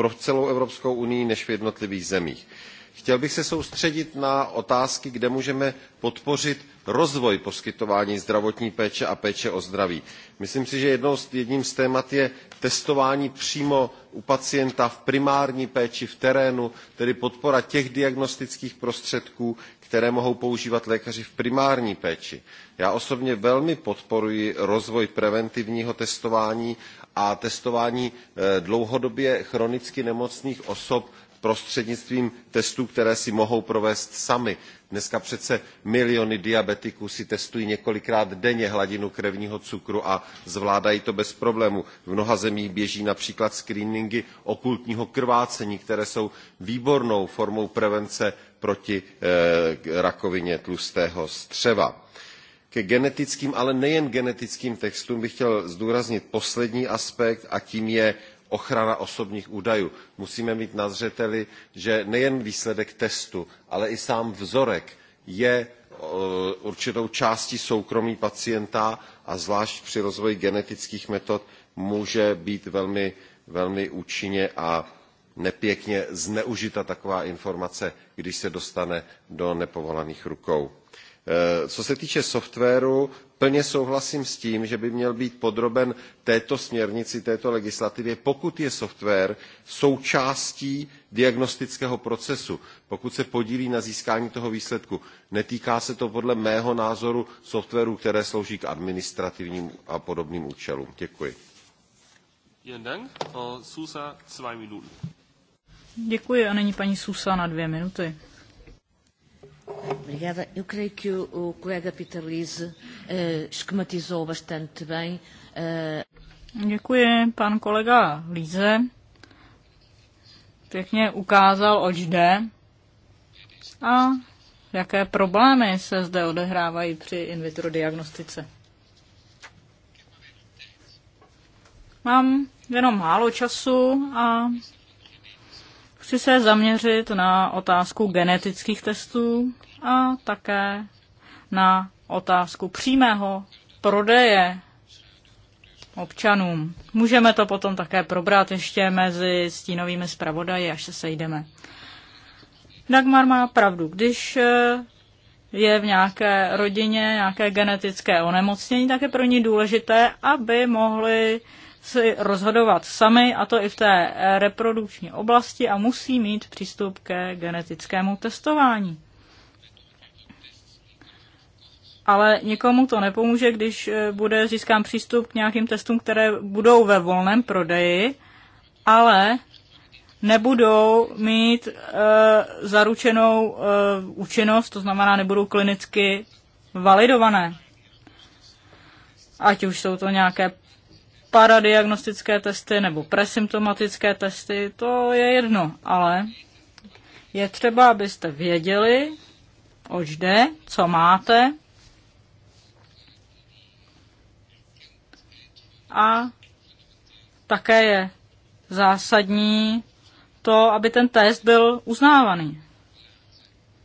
A: pro celou Evropskou unii než v jednotlivých zemích. Chtěl bych se soustředit na otázky, kde můžeme podpořit rozvoj poskytování zdravotní péče a péče o zdraví. Myslím si, že jedním z témat je testování přímo u pacienta v primární péči v terénu, tedy podpora těch diagnostických prostředků, které mohou používat lékaři v primární péči. Já osobně velmi podporuji rozvoj preventivního testování a testování eh, dlouhodobě chronicky nemocných osob prostřednictvím testů, které si mohou provést sami. Dneska přece miliony diabetiků si testují několikrát denně hladinu krevního cukru a zvládají to bez problému. V mnoha zemích běží například screeningy okultního krvácení, které jsou výbornou formou prevence proti eh, rakovině tlustého střeva ke genetickým, ale nejen genetickým textům bych chtěl zdůraznit poslední aspekt a tím je ochrana osobních údajů. Musíme mít na zřeteli, že nejen výsledek testu, ale i sám vzorek je e, určitou částí soukromí pacienta a zvlášť při rozvoji genetických metod může být velmi, velmi účinně a nepěkně zneužita taková informace, když se dostane do nepovolaných rukou. Eh, co se týče softwaru, plně souhlasím s tím, že by měl být podroben této směrnici, této legislativě, pokud je software součástí diagnostického procesu, pokud se podílí na získání toho výsledku. Netýká se to podle mého názoru softwarů, které slouží k administrativním a podobným účelům. Děkuji.
B: Děkuji a paní Susa na dvě minuty. Obrigada. Eu creio que o, o colega Peter Lise uh, esquematizou bastante bem. Uh... Děkuji, pan kolega Líze. Pěkně ukázal, oč jde a jaké problémy se zde odehrávají při in vitro diagnostice. Mám jenom málo času a chci se zaměřit na otázku genetických testů, a také na otázku přímého prodeje občanům. Můžeme to potom také probrat ještě mezi stínovými zpravodaji, až se sejdeme. Dagmar má pravdu, když eh, je v nějaké rodině nějaké genetické onemocnění, tak je pro ní důležité, aby mohli si rozhodovat sami, a to i v té reprodukční oblasti, a musí mít přístup ke genetickému testování ale nikomu to nepomůže, když eh, bude získán přístup k nějakým testům, které budou ve volném prodeji, ale nebudou mít e, zaručenou e, účinnost, to znamená, nebudou klinicky validované. Ať už jsou to nějaké paradiagnostické testy nebo presymptomatické testy, to je jedno, ale je třeba, abyste věděli, oč jde, co máte a také je zásadní to, aby ten test byl uznávaný.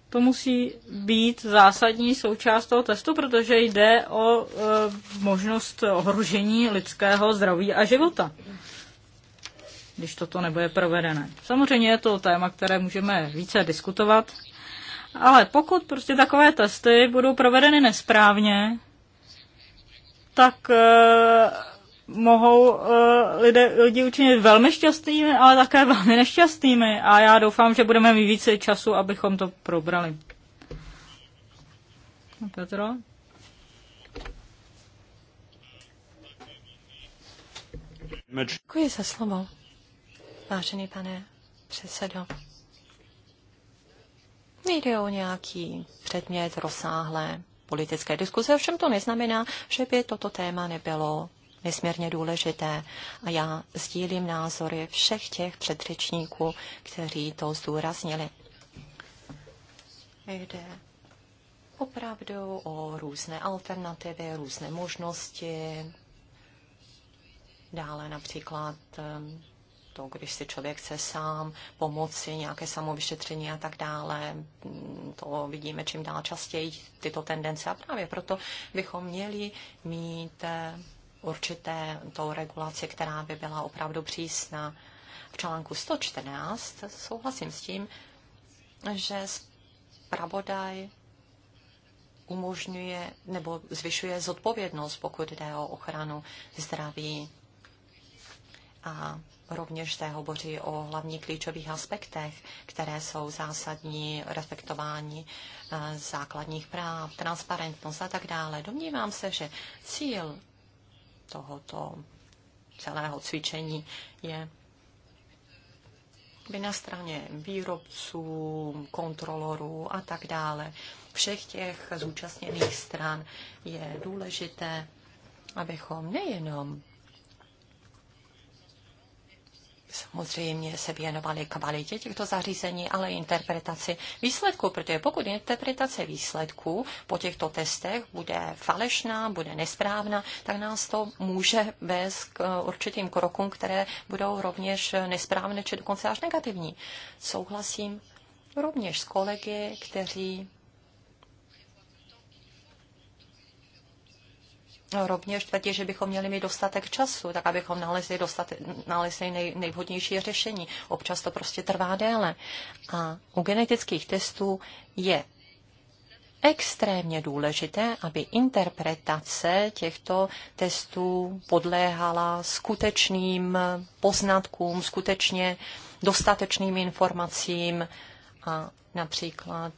B: To musí být zásadní součást toho testu, protože jde o e, možnost ohrožení lidského zdraví a života, když toto nebude provedené. Samozřejmě je to téma, které můžeme více diskutovat, ale pokud prostě takové testy budou provedeny nesprávně, tak e, mohou eh, lidé, lidi učinit velmi šťastnými, ale také velmi nešťastnými. A já doufám, že budeme mít více času, abychom to probrali. Petro?
C: Děkuji za slovo, vážený pane předsedo. Nejde o nějaký předmět rozsáhlé politické diskuse, ovšem to neznamená, že by toto téma nebylo nesmírně důležité. A já sdílím názory všech těch předřečníků, kteří to zdůraznili. Jde opravdu o různé alternativy, různé možnosti. Dále například ehm, to, když si člověk chce sám pomoci, nějaké samovyšetření a tak dále. Mm, to vidíme čím dál častěji, tyto tendence. A právě proto bychom měli mít eh, určité tou regulaci, která by byla opravdu přísná. V článku 114 souhlasím s tím, že zpravodaj umožňuje nebo zvyšuje zodpovědnost, pokud jde o ochranu zdraví. A rovněž se hovoří o hlavních klíčových aspektech, které jsou zásadní, respektování eh, základních práv, transparentnost a tak dále. Domnívám se, že cíl tohoto celého cvičení je by na straně výrobců, kontrolorů a tak dále, všech těch zúčastněných stran je důležité, abychom nejenom samozřejmě se věnovali kvalitě těchto zařízení, ale interpretaci výsledků, protože pokud interpretace výsledků po těchto testech bude falešná, bude nesprávná, tak nás to může vést k eh, určitým krokům, které budou rovněž nesprávné či dokonce až negativní. Souhlasím rovněž s kolegy, kteří rovněž tvrdí, že bychom měli mít dostatek času, tak abychom nalezli, dostate, nalezli nej, nejvhodnější řešení. Občas to prostě trvá déle. A u genetických testů je extrémně důležité, aby interpretace těchto testů podléhala skutečným poznatkům, skutečně dostatečným informacím a například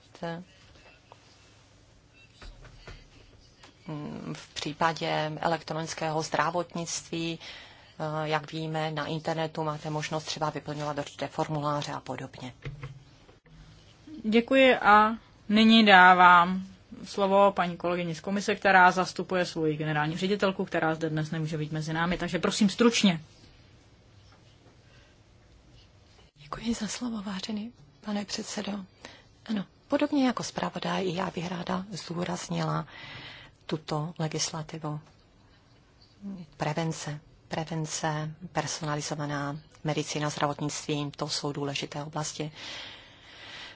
C: Mm, v případě elektronického zdravotnictví, eh, jak víme, na internetu máte možnost třeba vyplňovat určité formuláře a podobně.
B: Děkuji a nyní dávám slovo paní kolegyni z komise, která zastupuje svoji generální ředitelku, která zde dnes nemůže být mezi námi, takže prosím stručně.
C: Děkuji za slovo, vážený pane předsedo. Ano, podobně jako zpravodaj, i já bych ráda zdůraznila tuto legislativu. Prevence, prevence, personalizovaná medicína, zdravotnictví, to jsou důležité oblasti.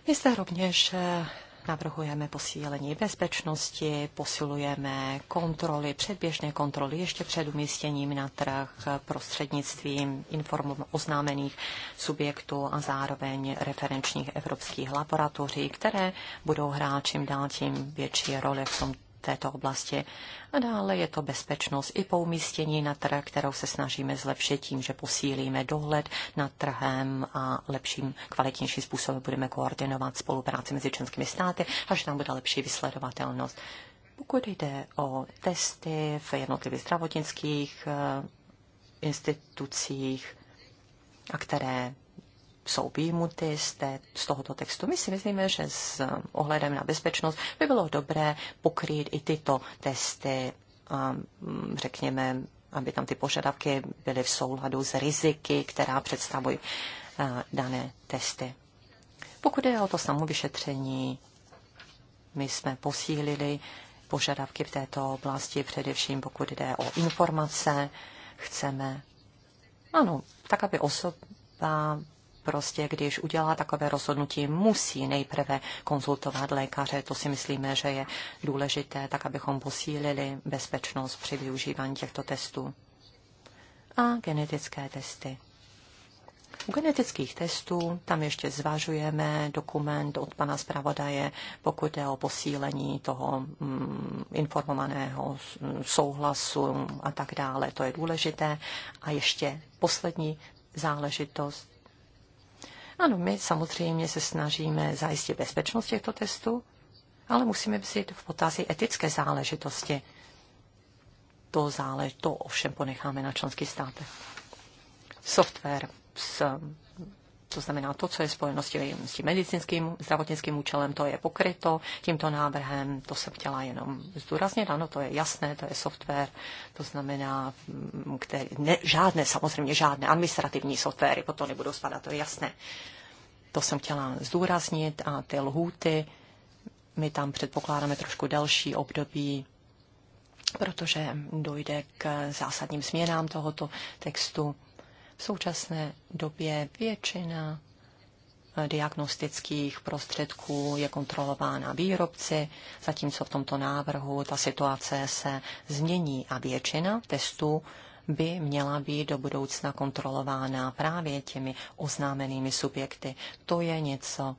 C: My zde rovněž eh, navrhujeme posílení bezpečnosti, posilujeme kontroly, předběžné kontroly ještě před umístěním na trh prostřednictvím inform- oznámených subjektů a zároveň referenčních evropských laboratoří, které budou hrát čím dál tím větší roli v tom této oblasti. A dále je to bezpečnost i po umístění na trh, kterou se snažíme zlepšit tím, že posílíme dohled nad trhem a lepším, kvalitnějším způsobem budeme koordinovat spolupráci mezi členskými státy, až tam bude lepší vysledovatelnost. Pokud jde o testy v jednotlivých zdravotnických eh, institucích, a které jsou výjimuty z, té, z tohoto textu. My si myslíme, že s um, ohledem na bezpečnost by bylo dobré pokrýt i tyto testy, um, řekněme, aby tam ty požadavky byly v souladu s riziky, která představují uh, dané testy. Pokud je o to samovyšetření, my jsme posílili požadavky v této oblasti, především pokud jde o informace, chceme, ano, tak, aby osoba prostě, když udělá takové rozhodnutí, musí nejprve konzultovat lékaře. To si myslíme, že je důležité, tak abychom posílili bezpečnost při využívání těchto testů. A genetické testy. U genetických testů tam ještě zvažujeme dokument od pana zpravodaje, pokud je o posílení toho mm, informovaného souhlasu a tak dále. To je důležité. A ještě poslední záležitost ano, my samozřejmě se snažíme zajistit bezpečnost těchto testů, ale musíme vzít v potazí etické záležitosti. To, zále, to ovšem ponecháme na členských státech. Software s to znamená to, co je spojeno s tím, s tím medicínským zdravotnickým účelem, to je pokryto tímto návrhem, to jsem chtěla jenom zdůraznit, ano, to je jasné, to je software, to znamená, mm, který, ne, žádné, samozřejmě žádné administrativní softwary, potom nebudou spadat, to je jasné. To jsem chtěla zdůraznit a ty lhůty, my tam předpokládáme trošku delší období, protože dojde k zásadním změnám tohoto textu v současné době většina eh, diagnostických prostředků je kontrolována výrobci, zatímco v tomto návrhu ta situace se změní a většina testů by měla být do budoucna kontrolována právě těmi oznámenými subjekty. To je něco,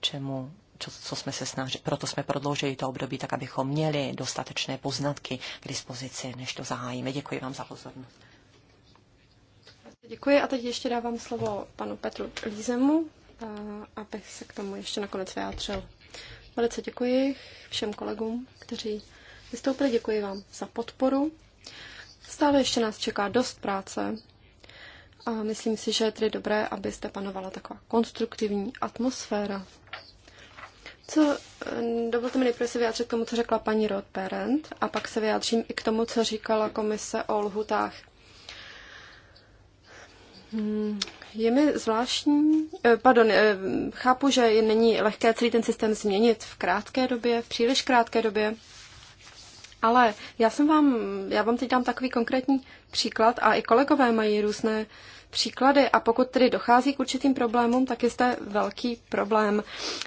C: čemu co, co jsme se snažili, proto jsme prodloužili to období, tak abychom měli dostatečné poznatky k dispozici, než to zahájíme. Děkuji vám za pozornost.
D: Děkuji a teď ještě dávám slovo panu Petru Lízemu, abych se k tomu ještě nakonec vyjádřil. Velice děkuji všem kolegům, kteří vystoupili. Děkuji vám za podporu. Stále ještě nás čeká dost práce a myslím si, že je tedy dobré, abyste panovala taková konstruktivní atmosféra. Co, eh, dovolte mi nejprve se vyjádřit k tomu, co řekla paní Roth Parent a pak se vyjádřím i k tomu, co říkala komise o lhutách. Hmm, je mi zvláštní, eh, pardon, eh, chápu, že není lehké celý ten systém změnit v krátké době, v příliš krátké době, ale já jsem vám, já vám teď dám takový konkrétní příklad a i kolegové mají různé příklady a pokud tedy dochází k určitým problémům, tak je zde velký problém.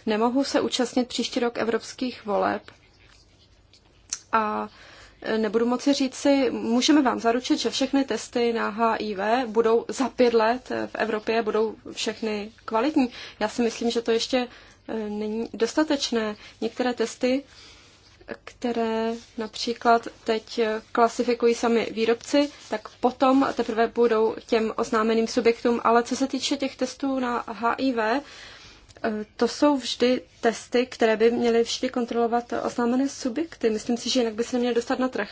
D: Nemohu se účastnit příští rok evropských voleb a nebudu moci říct si, můžeme vám zaručit, že všechny testy na HIV budou za pět let v Evropě, budou všechny kvalitní. Já si myslím, že to ještě eh, není dostatečné. Některé testy, které například teď klasifikují sami výrobci, tak potom teprve budou těm oznámeným subjektům. Ale co se týče těch testů na HIV, to jsou vždy testy, které by měly vždy kontrolovat oznámené subjekty. Myslím si, že jinak by se neměly dostat na trh.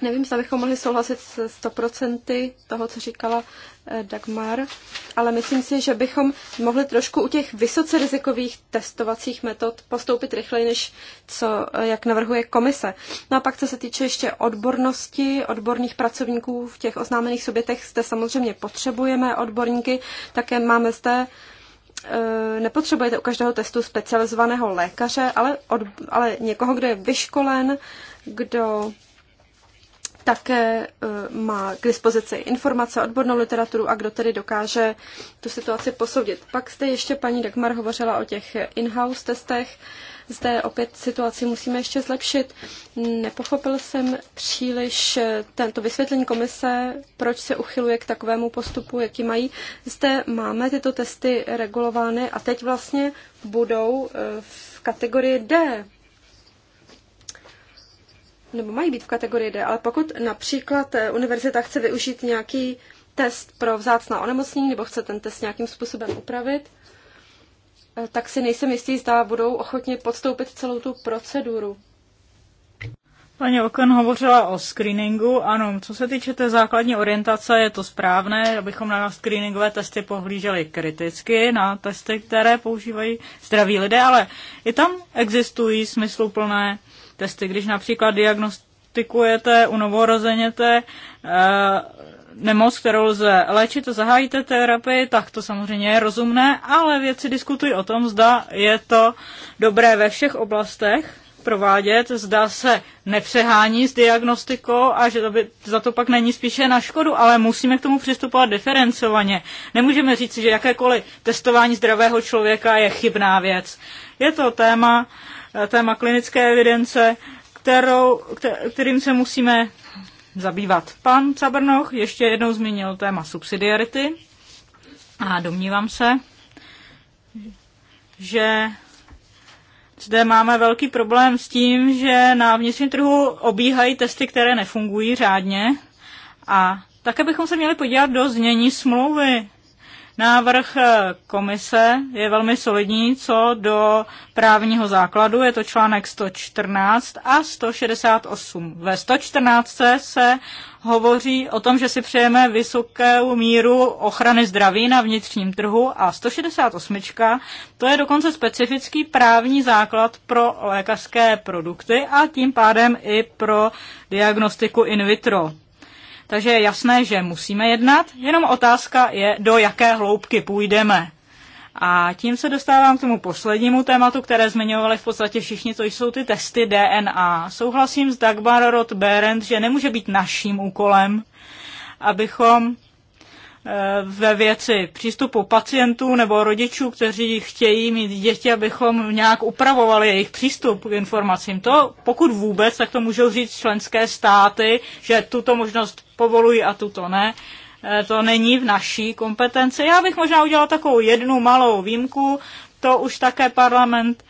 D: Nevím, zda bychom mohli souhlasit s 100% toho, co říkala eh, Dagmar, ale myslím si, že bychom mohli trošku u těch vysoce rizikových testovacích metod postoupit rychleji, než co, eh, jak navrhuje komise. No a pak, co se týče ještě odbornosti, odborných pracovníků v těch oznámených subjektech, zde samozřejmě potřebujeme odborníky, také máme zde Eh, nepotřebujete u každého testu specializovaného lékaře, ale, od, ale někoho, kdo je vyškolen, kdo také eh, má k dispozici informace, odbornou literaturu a kdo tedy dokáže tu situaci posoudit. Pak jste ještě paní Dagmar hovořila o těch in-house testech zde opět situaci musíme ještě zlepšit. Nepochopil jsem příliš eh, tento vysvětlení komise, proč se uchyluje k takovému postupu, jaký mají. Zde máme tyto testy regulovány a teď vlastně budou eh, v kategorii D nebo mají být v kategorii D, ale pokud například eh, univerzita chce využít nějaký test pro vzácná onemocnění nebo chce ten test nějakým způsobem upravit, Eh, tak si nejsem jistý, zda budou ochotně podstoupit celou tu proceduru.
B: Paní Oken hovořila o screeningu. Ano, co se týče té základní orientace, je to správné, abychom na screeningové testy pohlíželi kriticky, na testy, které používají zdraví lidé, ale i tam existují smysluplné testy. Když například diagnostikujete u novorozeněte eh, nemoc, kterou lze léčit, zahájíte terapii, tak to samozřejmě je rozumné, ale věci diskutují o tom, zda je to dobré ve všech oblastech provádět, zda se nepřehání s diagnostikou a že to by, za to pak není spíše na škodu, ale musíme k tomu přistupovat diferencovaně. Nemůžeme říct, že jakékoliv testování zdravého člověka je chybná věc. Je to téma, téma klinické evidence, kterou, kterým se musíme zabývat. Pan Cabrnoch ještě jednou zmínil téma subsidiarity a domnívám se, že zde máme velký problém s tím, že na vnitřním trhu obíhají testy, které nefungují řádně a také bychom se měli podívat do znění smlouvy Návrh eh, komise je velmi solidní co do právního základu, je to článek 114 a 168. Ve 114 se hovoří o tom, že si přejeme vysokou míru ochrany zdraví na vnitřním trhu a 168. to je dokonce specifický právní základ pro lékařské produkty a tím pádem i pro diagnostiku in vitro. Takže je jasné, že musíme jednat, jenom otázka je, do jaké hloubky půjdeme. A tím se dostávám k tomu poslednímu tématu, které zmiňovali v podstatě všichni, to jsou ty testy DNA. Souhlasím s Dagmar Roth Berend, že nemůže být naším úkolem, abychom eh, ve věci přístupu pacientů nebo rodičů, kteří chtějí mít děti, abychom nějak upravovali jejich přístup k informacím. To, pokud vůbec, tak to můžou říct členské státy, že tuto možnost povoluji a tuto ne. E, to není v naší kompetenci. Já bych možná udělala takovou jednu malou výjimku, to už také parlament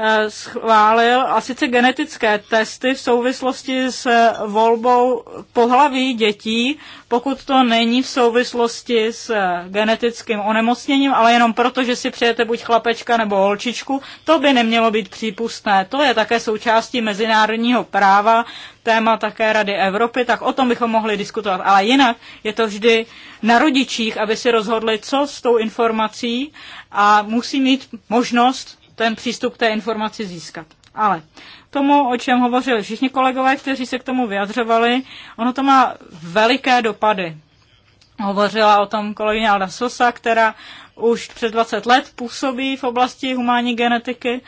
B: Eh, schválil, a sice genetické testy v souvislosti s volbou pohlaví dětí, pokud to není v souvislosti s eh, genetickým onemocněním, ale jenom proto, že si přejete buď chlapečka nebo holčičku, to by nemělo být přípustné. To je také součástí mezinárodního práva, téma také Rady Evropy, tak o tom bychom mohli diskutovat. Ale jinak je to vždy na rodičích, aby si rozhodli, co s tou informací a musí mít možnost ten přístup k té informaci získat. Ale tomu, o čem hovořili všichni kolegové, kteří se k tomu vyjadřovali, ono to má veliké dopady. Hovořila o tom kolegyně Alda Sosa, která už před 20 let působí v oblasti humánní genetiky.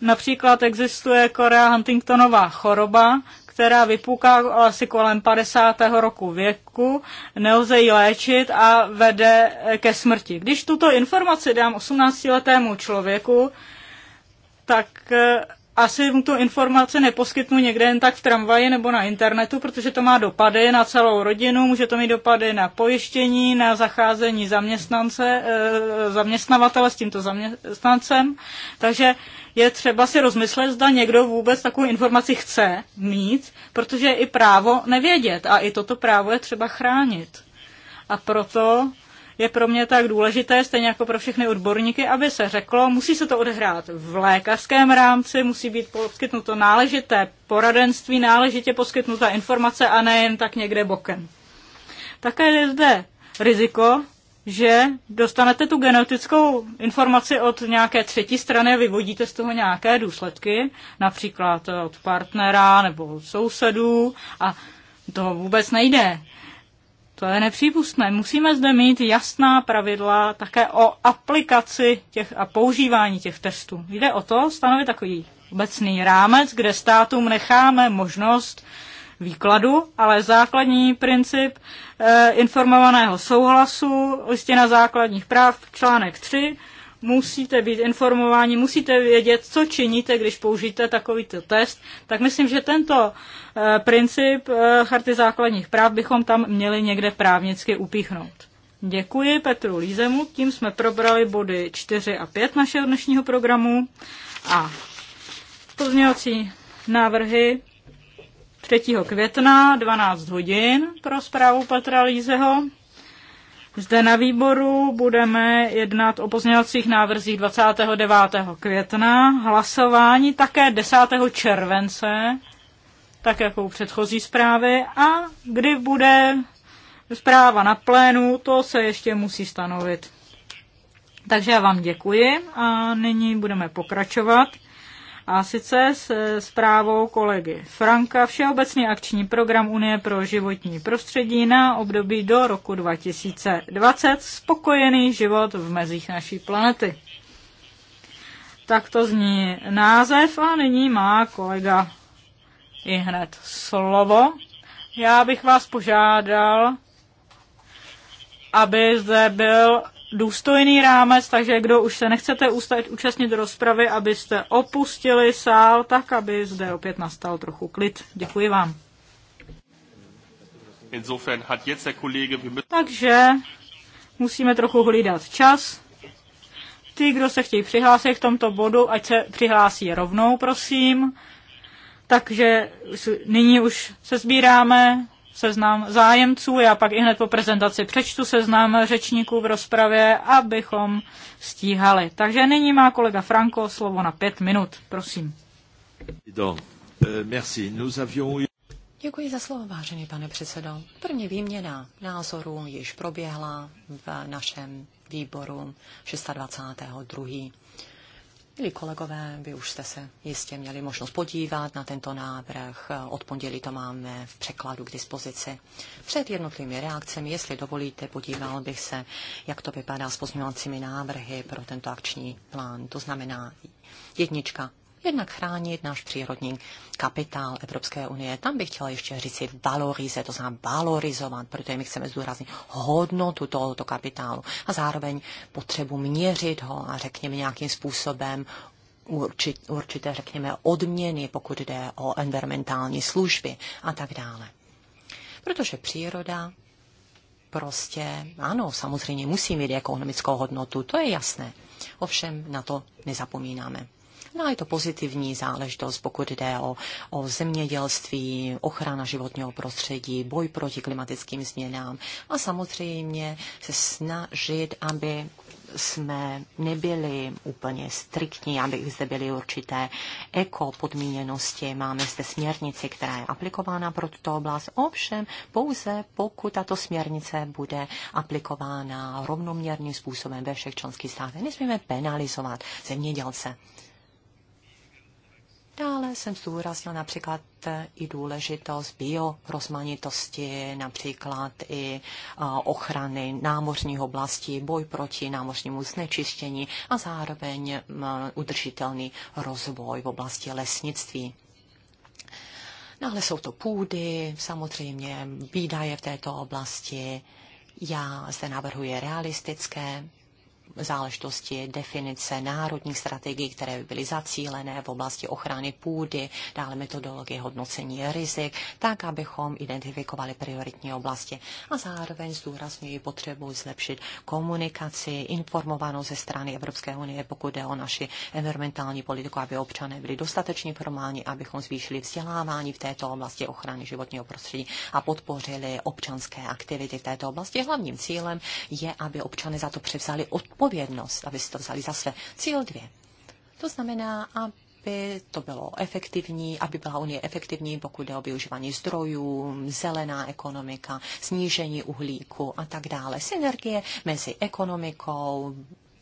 B: Například existuje Korea Huntingtonová choroba, která vypuká asi kolem 50. roku věku, nelze ji léčit a vede ke smrti. Když tuto informaci dám 18-letému člověku, tak eh, asi mu tu informaci neposkytnu někde jen tak v tramvaji nebo na internetu, protože to má dopady na celou rodinu, může to mít dopady na pojištění, na zacházení zaměstnance, eh, zaměstnavatele s tímto zaměstnancem. Takže je třeba si rozmyslet, zda někdo vůbec takovou informaci chce mít, protože je i právo nevědět a i toto právo je třeba chránit. A proto je pro mě tak důležité, stejně jako pro všechny odborníky, aby se řeklo, musí se to odehrát v lékařském rámci, musí být poskytnuto náležité poradenství, náležitě poskytnuta informace a nejen tak někde bokem. Také je zde riziko, že dostanete tu genetickou informaci od nějaké třetí strany a vyvodíte z toho nějaké důsledky, například od partnera nebo od sousedů a to vůbec nejde. To je nepřípustné. Musíme zde mít jasná pravidla také o aplikaci těch a používání těch testů. Jde o to stanovit takový obecný rámec, kde státům necháme možnost výkladu, ale základní princip eh, informovaného souhlasu, listina základních práv, článek 3, musíte být informováni, musíte vědět, co činíte, když použijete takovýto test, tak myslím, že tento eh, princip eh, Charty základních práv bychom tam měli někde právnicky upíchnout. Děkuji Petru Lízemu, tím jsme probrali body 4 a 5 našeho dnešního programu a pozměňovací návrhy 3. května 12 hodin pro zprávu Petra Lízeho. Zde na výboru budeme jednat o pozměňovacích návrzích 29. května, hlasování také 10. července, tak jako u předchozí zprávy, a kdy bude zpráva na plénu, to se ještě musí stanovit. Takže já vám děkuji a nyní budeme pokračovat. A sice s eh, zprávou kolegy Franka Všeobecný akční program Unie pro životní prostředí na období do roku 2020 Spokojený život v mezích naší planety. Tak to zní název a nyní má kolega i hned slovo. Já bych vás požádal, aby zde byl důstojný rámec, takže kdo už se nechcete účastnit rozpravy, abyste opustili sál, tak aby zde opět nastal trochu klid. Děkuji vám. Takže musíme trochu hlídat čas. Ty, kdo se chtějí přihlásit k tomto bodu, ať se přihlásí rovnou, prosím. Takže nyní už se sbíráme, seznam zájemců. Já pak i hned po prezentaci přečtu seznam řečníků v rozpravě, abychom stíhali. Takže nyní má kolega Franko slovo na pět minut. Prosím. Děkuji za slovo, vážený pane předsedo.
C: První výměna názorů již proběhla v našem výboru 26.2. Milí kolegové, vy už jste se jistě měli možnost podívat na tento návrh. Od pondělí to máme v překladu k dispozici. Před jednotlivými reakcemi, jestli dovolíte, podíval bych se, jak to vypadá s pozměňovacími návrhy pro tento akční plán. To znamená jednička jednak chránit náš přírodní kapitál Evropské unie. Tam bych chtěla ještě říct si valorize, to znamená valorizovat, protože my chceme zdůraznit hodnotu tohoto kapitálu a zároveň potřebu měřit ho a řekněme nějakým způsobem určit, určité, řekněme, odměny, pokud jde o environmentální služby a tak dále. Protože příroda prostě, ano, samozřejmě musí mít ekonomickou hodnotu, to je jasné. Ovšem na to nezapomínáme. No a je to pozitivní záležitost, pokud jde o, o zemědělství, ochrana životního prostředí, boj proti klimatickým změnám a samozřejmě se snažit, aby jsme nebyli úplně striktní, aby zde byly určité ekopodmíněnosti. Máme zde směrnici, která je aplikována pro tuto oblast. Ovšem, pouze pokud tato směrnice bude aplikována rovnoměrným způsobem ve všech členských státech, nesmíme penalizovat zemědělce. Dále jsem zdůraznil například eh, i důležitost biorozmanitosti, například i eh, ochrany námořní oblasti, boj proti námořnímu znečištění a zároveň eh, udržitelný rozvoj v oblasti lesnictví. No ale jsou to půdy, samozřejmě výdaje v této oblasti. Já zde navrhuji realistické záležitosti definice národních strategií, které by byly zacílené v oblasti ochrany půdy, dále metodologie hodnocení rizik, tak, abychom identifikovali prioritní oblasti. A zároveň zdůrazňuji potřebu zlepšit komunikaci, informovanost ze strany Evropské unie, pokud jde o naši environmentální politiku, aby občané byli dostatečně formální, abychom zvýšili vzdělávání v této oblasti ochrany životního prostředí a podpořili občanské aktivity v této oblasti. Hlavním cílem je, aby občany za to převzali odpovědnost odpovědnost, si to vzali za své. Cíl dvě. To znamená, aby to bylo efektivní, aby byla Unie efektivní, pokud jde o využívání zdrojů, zelená ekonomika, snížení uhlíku a tak dále. Synergie mezi ekonomikou,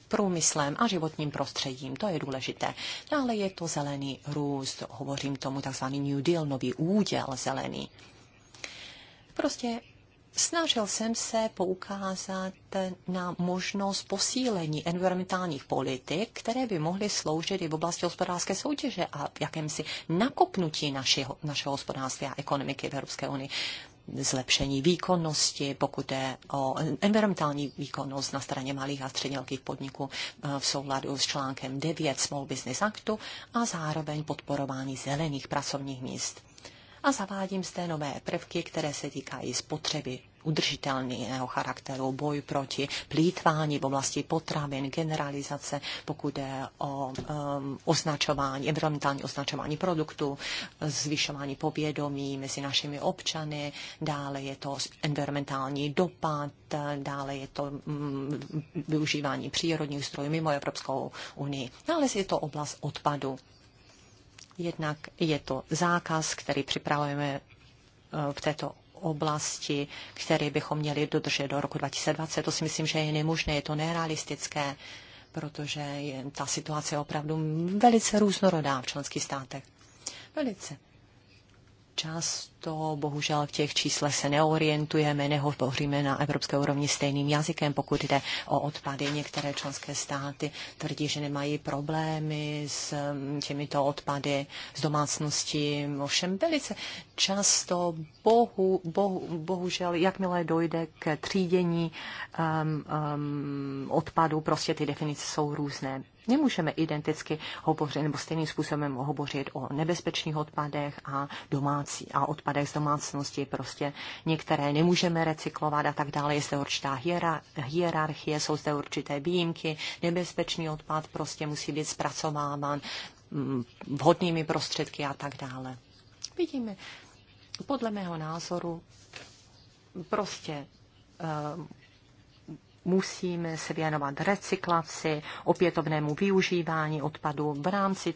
C: průmyslem a životním prostředím. To je důležité. Dále je to zelený růst, hovořím tomu takzvaný New Deal, nový úděl zelený. Prostě Snažil jsem se poukázat na možnost posílení environmentálních politik, které by mohly sloužit i v oblasti hospodářské soutěže a v jakémsi nakopnutí našeho, našeho hospodářství a ekonomiky v Evropské unii zlepšení výkonnosti, pokud je o environmentální výkonnost na straně malých a středně velkých podniků eh, v souladu s článkem 9 Small Business Actu a zároveň podporování zelených pracovních míst a zavádím zde nové prvky, které se týkají spotřeby udržitelného charakteru, boj proti plítvání v oblasti potravin, generalizace, pokud jde o um, označování, environmentální označování produktů, zvyšování povědomí mezi našimi občany, dále je to environmentální dopad, dále je to um, využívání přírodních zdrojů mimo Evropskou unii, dále je to oblast odpadu Jednak je to zákaz, který připravujeme e, v této oblasti, který bychom měli dodržet do roku 2020. To si myslím, že je nemožné, je to nerealistické, protože je ta situace opravdu velice různorodá v členských státech. Velice často bohužel v těch číslech se neorientujeme, nehovoříme na evropské úrovni stejným jazykem, pokud jde o odpady. Některé členské státy tvrdí, že nemají problémy s mm, těmito odpady z domácností. Ovšem velice často bohu, bohu, bohužel, jakmile dojde k třídění um, um, odpadu, prostě ty definice jsou různé. Nemůžeme identicky hovořit nebo stejným způsobem hovořit o nebezpečných odpadech a, domácí, a odpadech z domácnosti. Prostě některé nemůžeme recyklovat a tak dále. Je zde určitá hierarchie, jsou zde určité výjimky. Nebezpečný odpad prostě musí být zpracováván mm, vhodnými prostředky a tak dále. Vidíme, podle mého názoru prostě eh, musíme se věnovat recyklaci, opětovnému využívání odpadu, v rámci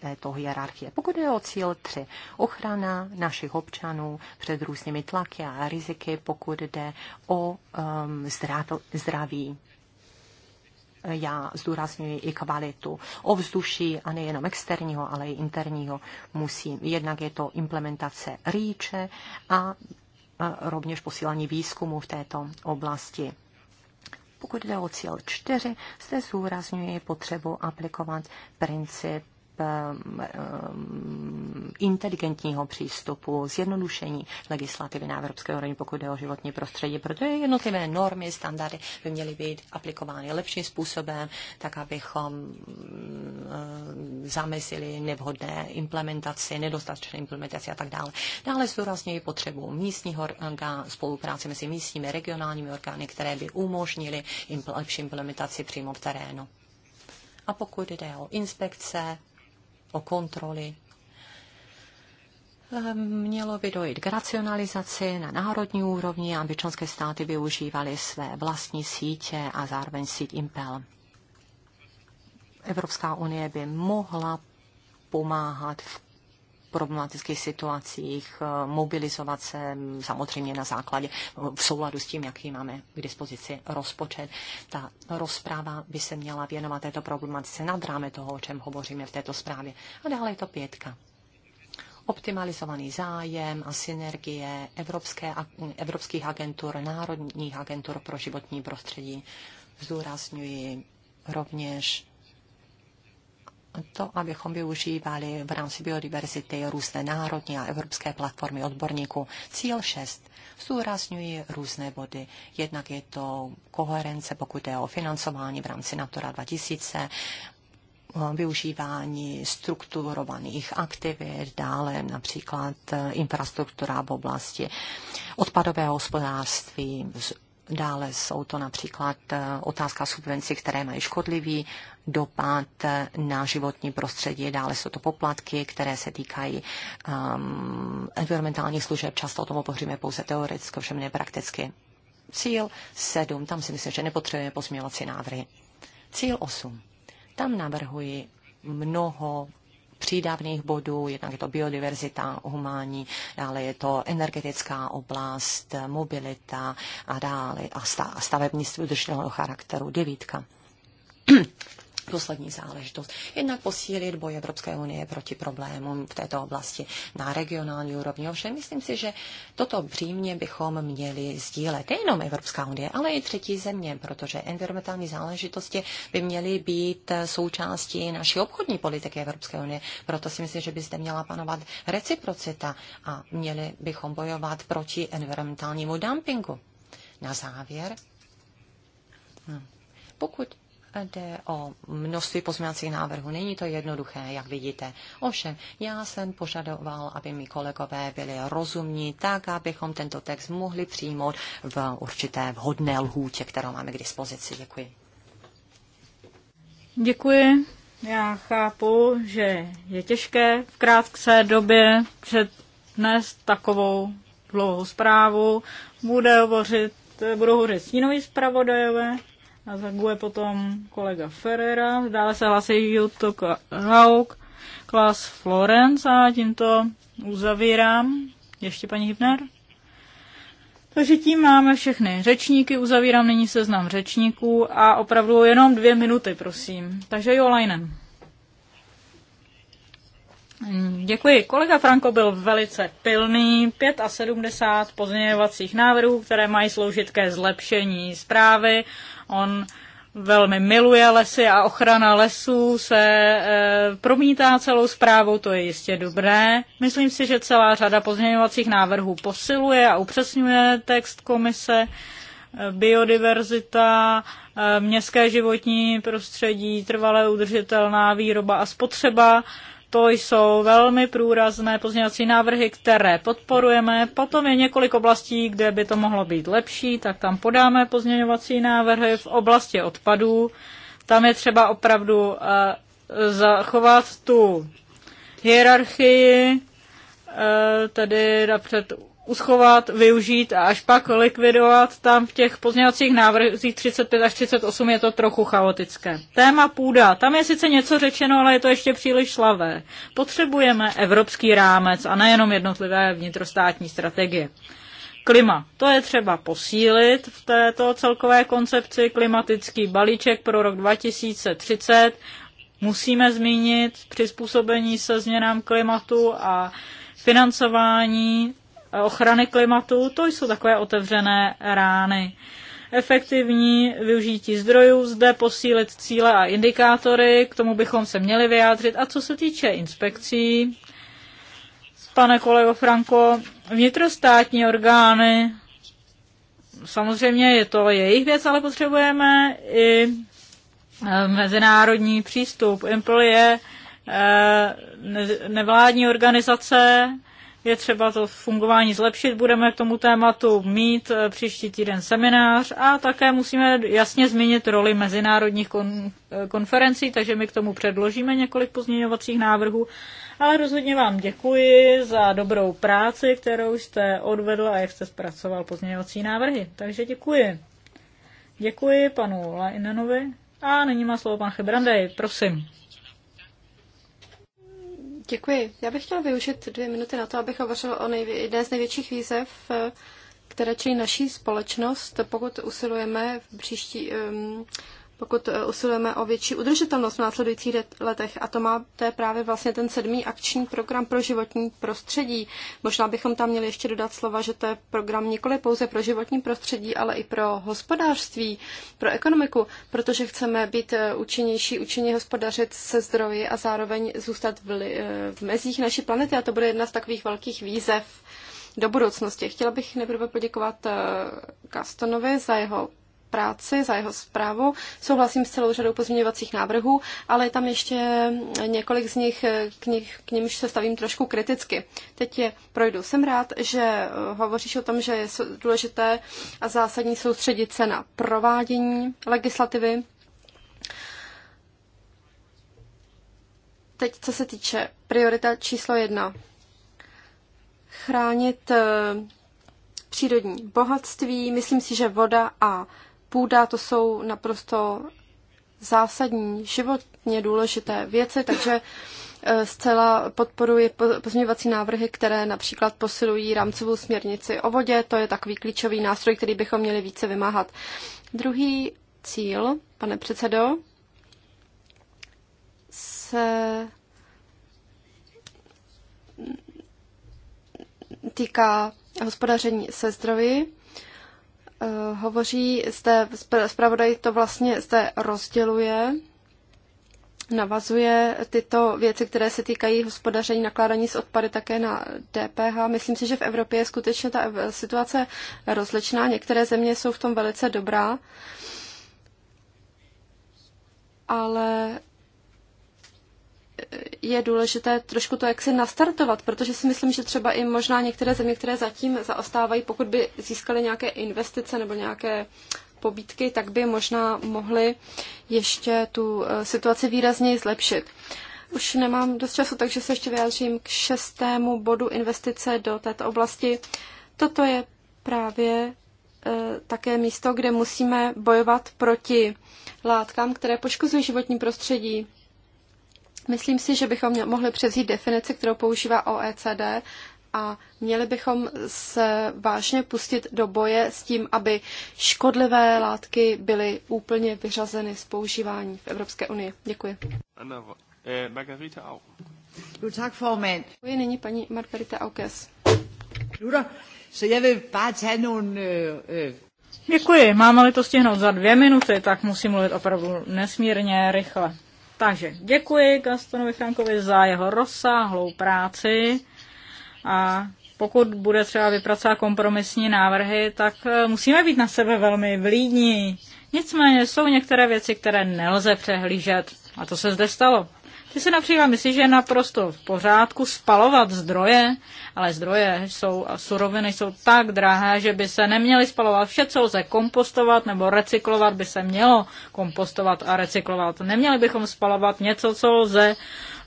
C: této hierarchie. Pokud je o cíl 3, ochrana našich občanů před různými tlaky a riziky, pokud jde o um, zdraví já zdůrazňuji i kvalitu ovzduší a nejenom externího, ale i interního musím. Jednak je to implementace rýče a rovněž posílání výzkumu v této oblasti. Pokud jde o cíl 4, zde zúrazňuje potřebu aplikovat princip Um, um, inteligentního přístupu, zjednodušení legislativy na evropské úrovni, pokud jde o životní prostředí, protože jednotlivé normy, standardy by měly být aplikovány lepším způsobem, tak abychom um, zamezili nevhodné implementaci, nedostatečné implementaci a tak dále. Dále zdůrazňuji potřebu místního orgán, spolupráce mezi místními regionálními orgány, které by umožnily lepší implementaci přímo v terénu. A pokud jde o inspekce, o kontroly. Ehm, mělo by dojít k racionalizaci na národní úrovni, aby členské státy využívaly své vlastní sítě a zároveň síť Impel. Evropská unie by mohla pomáhat v problematických situacích, eh, mobilizovat se samozřejmě na základě v souladu s tím, jaký máme k dispozici rozpočet. Ta rozpráva by se měla věnovat této problematice nad ráme toho, o čem hovoříme v této zprávě. A dále je to pětka optimalizovaný zájem a synergie evropské, evropských agentur, národních agentur pro životní prostředí. Zdůrazňuji rovněž to, abychom využívali v rámci biodiverzity různé národní a evropské platformy odborníků. Cíl 6. Zdůrazňuji různé body. Jednak je to koherence, pokud je o financování v rámci Natura 2000, využívání strukturovaných aktivit, dále například eh, infrastruktura v oblasti odpadového hospodářství, Dále jsou to například eh, otázka subvencí, které mají škodlivý dopad eh, na životní prostředí. Dále jsou to poplatky, které se týkají um, environmentálních služeb. Často o tom opoříme pouze teoreticky, ovšem ne prakticky. Cíl 7, tam si myslím, že nepotřebujeme pozměňovací návrhy. Cíl 8. Tam navrhuji mnoho přídavných bodů, jednak je to biodiverzita, humání, dále je to energetická oblast, mobilita a dále a stavebnictví udržitelného charakteru. Devítka poslední záležitost. Jednak posílit boj Evropské unie proti problémům v této oblasti na regionální úrovni. Ovšem, myslím si, že toto břímě bychom měli sdílet nejenom Evropská unie, ale i třetí země, protože environmentální záležitosti by měly být součástí naší obchodní politiky Evropské unie. Proto si myslím, že by zde měla panovat reciprocita a měli bychom bojovat proti environmentálnímu dumpingu. Na závěr, hm. pokud jde o množství pozměňovacích návrhů. Není to jednoduché, jak vidíte. Ovšem, já jsem požadoval, aby mi kolegové byli rozumní, tak, abychom tento text mohli přijmout v určité vhodné lhůtě, kterou máme k dispozici. Děkuji.
B: Děkuji. Já chápu, že je těžké v krátké době přednést takovou dlouhou zprávu. Bude hovořit, budou hovořit stínoví zpravodajové, a zaguje potom kolega Ferrera. Dále se hlasí Juto Rauk, Klas Florence a tímto uzavírám. Ještě paní Hybner? Takže tím máme všechny řečníky, uzavírám nyní seznam řečníků a opravdu jenom dvě minuty, prosím. Takže jo, Lajnen. Děkuji. Kolega Franko byl velice pilný. 75 pozměňovacích návrhů, které mají sloužit ke zlepšení zprávy On velmi miluje lesy a ochrana lesů se e, promítá celou zprávou, to je jistě dobré. Myslím si, že celá řada pozměňovacích návrhů posiluje a upřesňuje text komise, eh, biodiverzita, eh, městské životní prostředí, trvalé udržitelná výroba a spotřeba. To jsou velmi průrazné pozměňovací návrhy, které podporujeme. Potom je několik oblastí, kde by to mohlo být lepší, tak tam podáme pozměňovací návrhy v oblasti odpadů. Tam je třeba opravdu eh, zachovat tu hierarchii, eh, tedy napřed uschovat, využít a až pak likvidovat. Tam v těch pozměňovacích návrzích 35 až 38 je to trochu chaotické. Téma půda. Tam je sice něco řečeno, ale je to ještě příliš slavé. Potřebujeme evropský rámec a nejenom jednotlivé vnitrostátní strategie. Klima. To je třeba posílit v této celkové koncepci. Klimatický balíček pro rok 2030 musíme zmínit přizpůsobení se změnám klimatu a financování ochrany klimatu, to jsou takové otevřené rány. Efektivní využití zdrojů, zde posílit cíle a indikátory, k tomu bychom se měli vyjádřit. A co se týče inspekcí, pane kolego Franko, vnitrostátní orgány, samozřejmě je to jejich věc, ale potřebujeme i eh, mezinárodní přístup. Impl je eh, nevládní organizace, je třeba to fungování zlepšit. Budeme k tomu tématu mít eh, příští týden seminář a také musíme jasně změnit roli mezinárodních kon- eh, konferencí, takže my k tomu předložíme několik pozměňovacích návrhů. Ale rozhodně vám děkuji za dobrou práci, kterou jste odvedl a jak jste zpracoval pozměňovací návrhy. Takže děkuji. Děkuji panu Leinenovi a nyní má slovo pan Chebrandej, prosím. Děkuji.
D: Já bych chtěla využít dvě minuty na to, abych hovořila o nejvě- jedné z největších výzev, eh, které čelí naší společnost, pokud usilujeme v příští, um, pokud eh, usilujeme o větší udržitelnost v následujících letech. A to, má, to je právě vlastně ten sedmý akční program pro životní prostředí. Možná bychom tam měli ještě dodat slova, že to je program nikoli pouze pro životní prostředí, ale i pro hospodářství, pro ekonomiku, protože chceme být eh, účinnější, účinně hospodařit se zdroji a zároveň zůstat v, li, eh, v mezích naší planety. A to bude jedna z takových velkých výzev do budoucnosti. Chtěla bych nejprve poděkovat Gastonovi za jeho práci, za jeho zprávu. Souhlasím s celou řadou pozměňovacích návrhů, ale je tam ještě několik z nich, k, nich, k nimž se stavím trošku kriticky. Teď je projdu. Jsem rád, že eh, hovoříš o tom, že je důležité a zásadní soustředit se na provádění legislativy. Teď, co se týče priorita číslo jedna. Chránit eh, přírodní bohatství. Myslím si, že voda a půda, to jsou naprosto zásadní, životně důležité věci, takže eh, zcela podporuji pozměňovací návrhy, které například posilují rámcovou směrnici o vodě. To je takový klíčový nástroj, který bychom měli více vymáhat. Druhý cíl, pane předsedo, se týká hospodaření se zdroji. Eh, hovoří, zde zpravodaj to vlastně zde rozděluje, navazuje tyto věci, které se týkají hospodaření, nakládání s odpady také na DPH. Myslím si, že v Evropě je skutečně ta situace rozličná. Některé země jsou v tom velice dobrá, ale je důležité trošku to jaksi nastartovat, protože si myslím, že třeba i možná některé země, které zatím zaostávají, pokud by získaly nějaké investice nebo nějaké pobítky, tak by možná mohly ještě tu eh, situaci výrazněji zlepšit. Už nemám dost času, takže se ještě vyjádřím k šestému bodu investice do této oblasti. Toto je právě eh, také místo, kde musíme bojovat proti látkám, které poškozují životní prostředí. Myslím si, že bychom mohli převzít definici, kterou používá OECD a měli bychom se vážně pustit do boje s tím, aby škodlivé látky byly úplně vyřazeny z používání v Evropské unii. Děkuji. Eh, Děkuji nyní paní Margarita Aukes. Øh,
B: øh. Děkuji. Máme-li to stihnout za dvě minuty, tak musím mluvit opravdu nesmírně rychle. Takže děkuji Gastonovi Frankovi za jeho rozsáhlou práci a pokud bude třeba vypracovat kompromisní návrhy, tak eh, musíme být na sebe velmi vlídní. Nicméně jsou některé věci, které nelze přehlížet a to se zde stalo. Ty se například myslí, že je naprosto v pořádku spalovat zdroje, ale zdroje jsou a suroviny jsou tak drahé, že by se neměly spalovat vše, co lze kompostovat nebo recyklovat, by se mělo kompostovat a recyklovat. Neměli bychom spalovat něco, co lze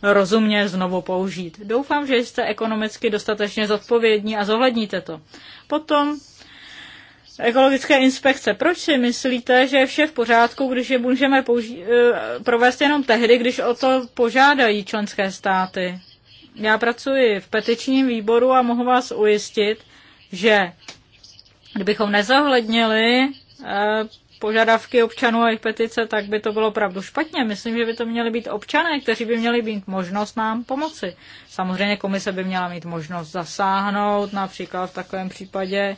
B: rozumně znovu použít. Doufám, že jste ekonomicky dostatečně zodpovědní a zohledníte to. Potom ekologické inspekce. Proč si myslíte, že je vše v pořádku, když je můžeme použi- eh, provést jenom tehdy, když o to požádají členské státy? Já pracuji v petičním výboru a mohu vás ujistit, že kdybychom nezohlednili eh, požadavky občanů a jejich petice, tak by to bylo opravdu špatně. Myslím, že by to měli být občané, kteří by měli mít možnost nám pomoci. Samozřejmě komise by měla mít možnost zasáhnout, například v takovém případě,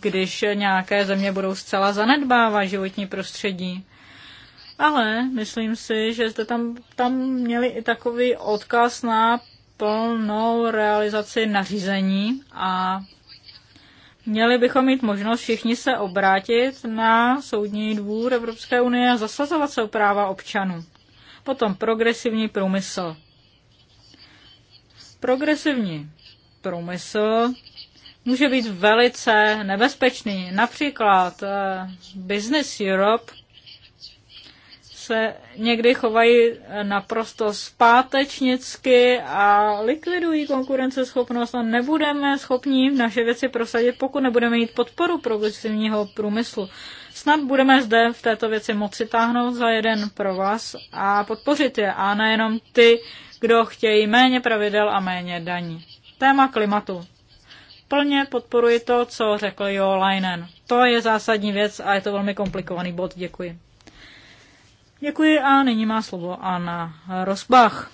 B: když nějaké země budou zcela zanedbávat životní prostředí. Ale myslím si, že jste tam, tam měli i takový odkaz na plnou realizaci nařízení a Měli bychom mít možnost všichni se obrátit na Soudní dvůr Evropské unie a zasazovat se o práva občanů. Potom progresivní průmysl. Progresivní průmysl může být velice nebezpečný. Například eh, Business Europe se někdy chovají eh, naprosto zpátečnicky a likvidují konkurenceschopnost a nebudeme schopni naše věci prosadit, pokud nebudeme mít podporu progresivního průmyslu. Snad budeme zde v této věci moci táhnout za jeden pro vás a podpořit je a nejenom ty, kdo chtějí méně pravidel a méně daní. Téma klimatu. Plně podporuji to, co řekl Jo Leinen. To je zásadní věc a je to velmi komplikovaný bod. Děkuji. Děkuji a nyní má slovo Anna Rozbach.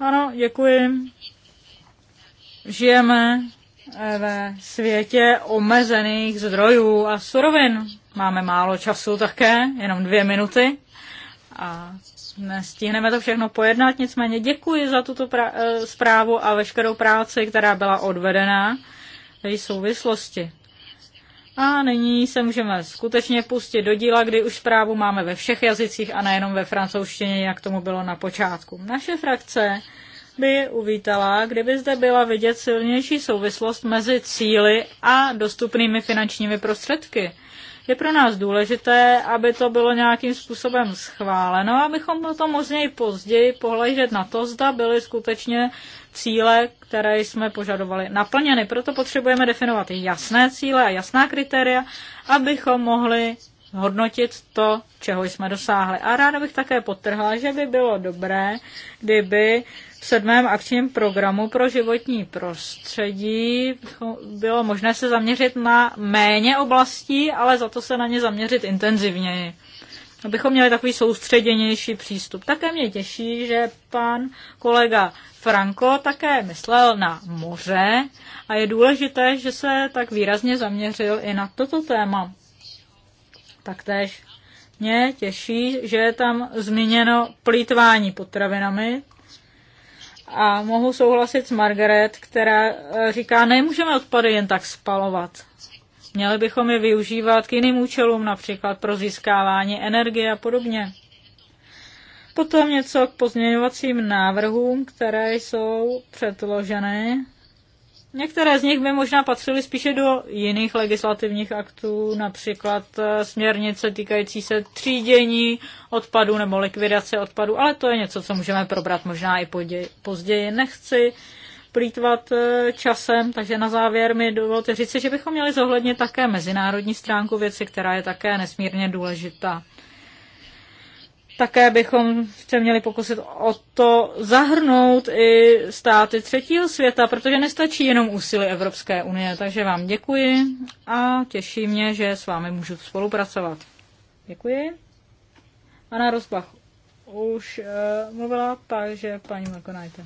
B: Ano, děkuji. Žijeme ve světě omezených zdrojů a surovin. Máme málo času také, jenom dvě minuty. A nestihneme to všechno pojednat, nicméně děkuji za tuto eh, zprávu a veškerou práci, která byla odvedena v její souvislosti. A nyní se můžeme skutečně pustit do díla, kdy už zprávu máme ve všech jazycích a nejenom ve francouzštině, jak tomu bylo na počátku. Naše frakce by uvítala, kdyby zde byla vidět silnější souvislost mezi cíly a dostupnými finančními prostředky. Je pro nás důležité, aby to bylo nějakým způsobem schváleno, abychom potom možněji později pohležet na to, zda byly skutečně cíle, které jsme požadovali, naplněny. Proto potřebujeme definovat jasné cíle a jasná kritéria, abychom mohli hodnotit to, čeho jsme dosáhli. A ráda bych také potrhla, že by bylo dobré, kdyby v sedmém akčním programu pro životní prostředí bylo možné se zaměřit na méně oblastí, ale za to se na ně zaměřit intenzivněji. Abychom měli takový soustředěnější přístup. Také mě těší, že pan kolega Franco také myslel na moře a je důležité, že se tak výrazně zaměřil i na toto téma. Taktéž mě těší, že je tam zmíněno plítvání potravinami. A mohu souhlasit s Margaret, která eh, říká, nemůžeme odpady jen tak spalovat. Měli bychom je využívat k jiným účelům, například pro získávání energie a podobně. Potom něco k pozměňovacím návrhům, které jsou předloženy Některé z nich by možná patřily spíše do jiných legislativních aktů, například eh, směrnice týkající se třídění odpadu nebo likvidace odpadu, ale to je něco, co můžeme probrat možná i později. Nechci plítvat eh, časem, takže na závěr mi dovolte říct, že bychom měli zohlednit také mezinárodní stránku věci, která je také nesmírně důležitá. Také bychom se měli pokusit o to zahrnout i státy třetího světa, protože nestačí jenom úsilí Evropské unie. Takže vám děkuji a těší mě, že s vámi můžu spolupracovat. Děkuji. Anna Rozbach už uh, mluvila, takže paní Makonajte.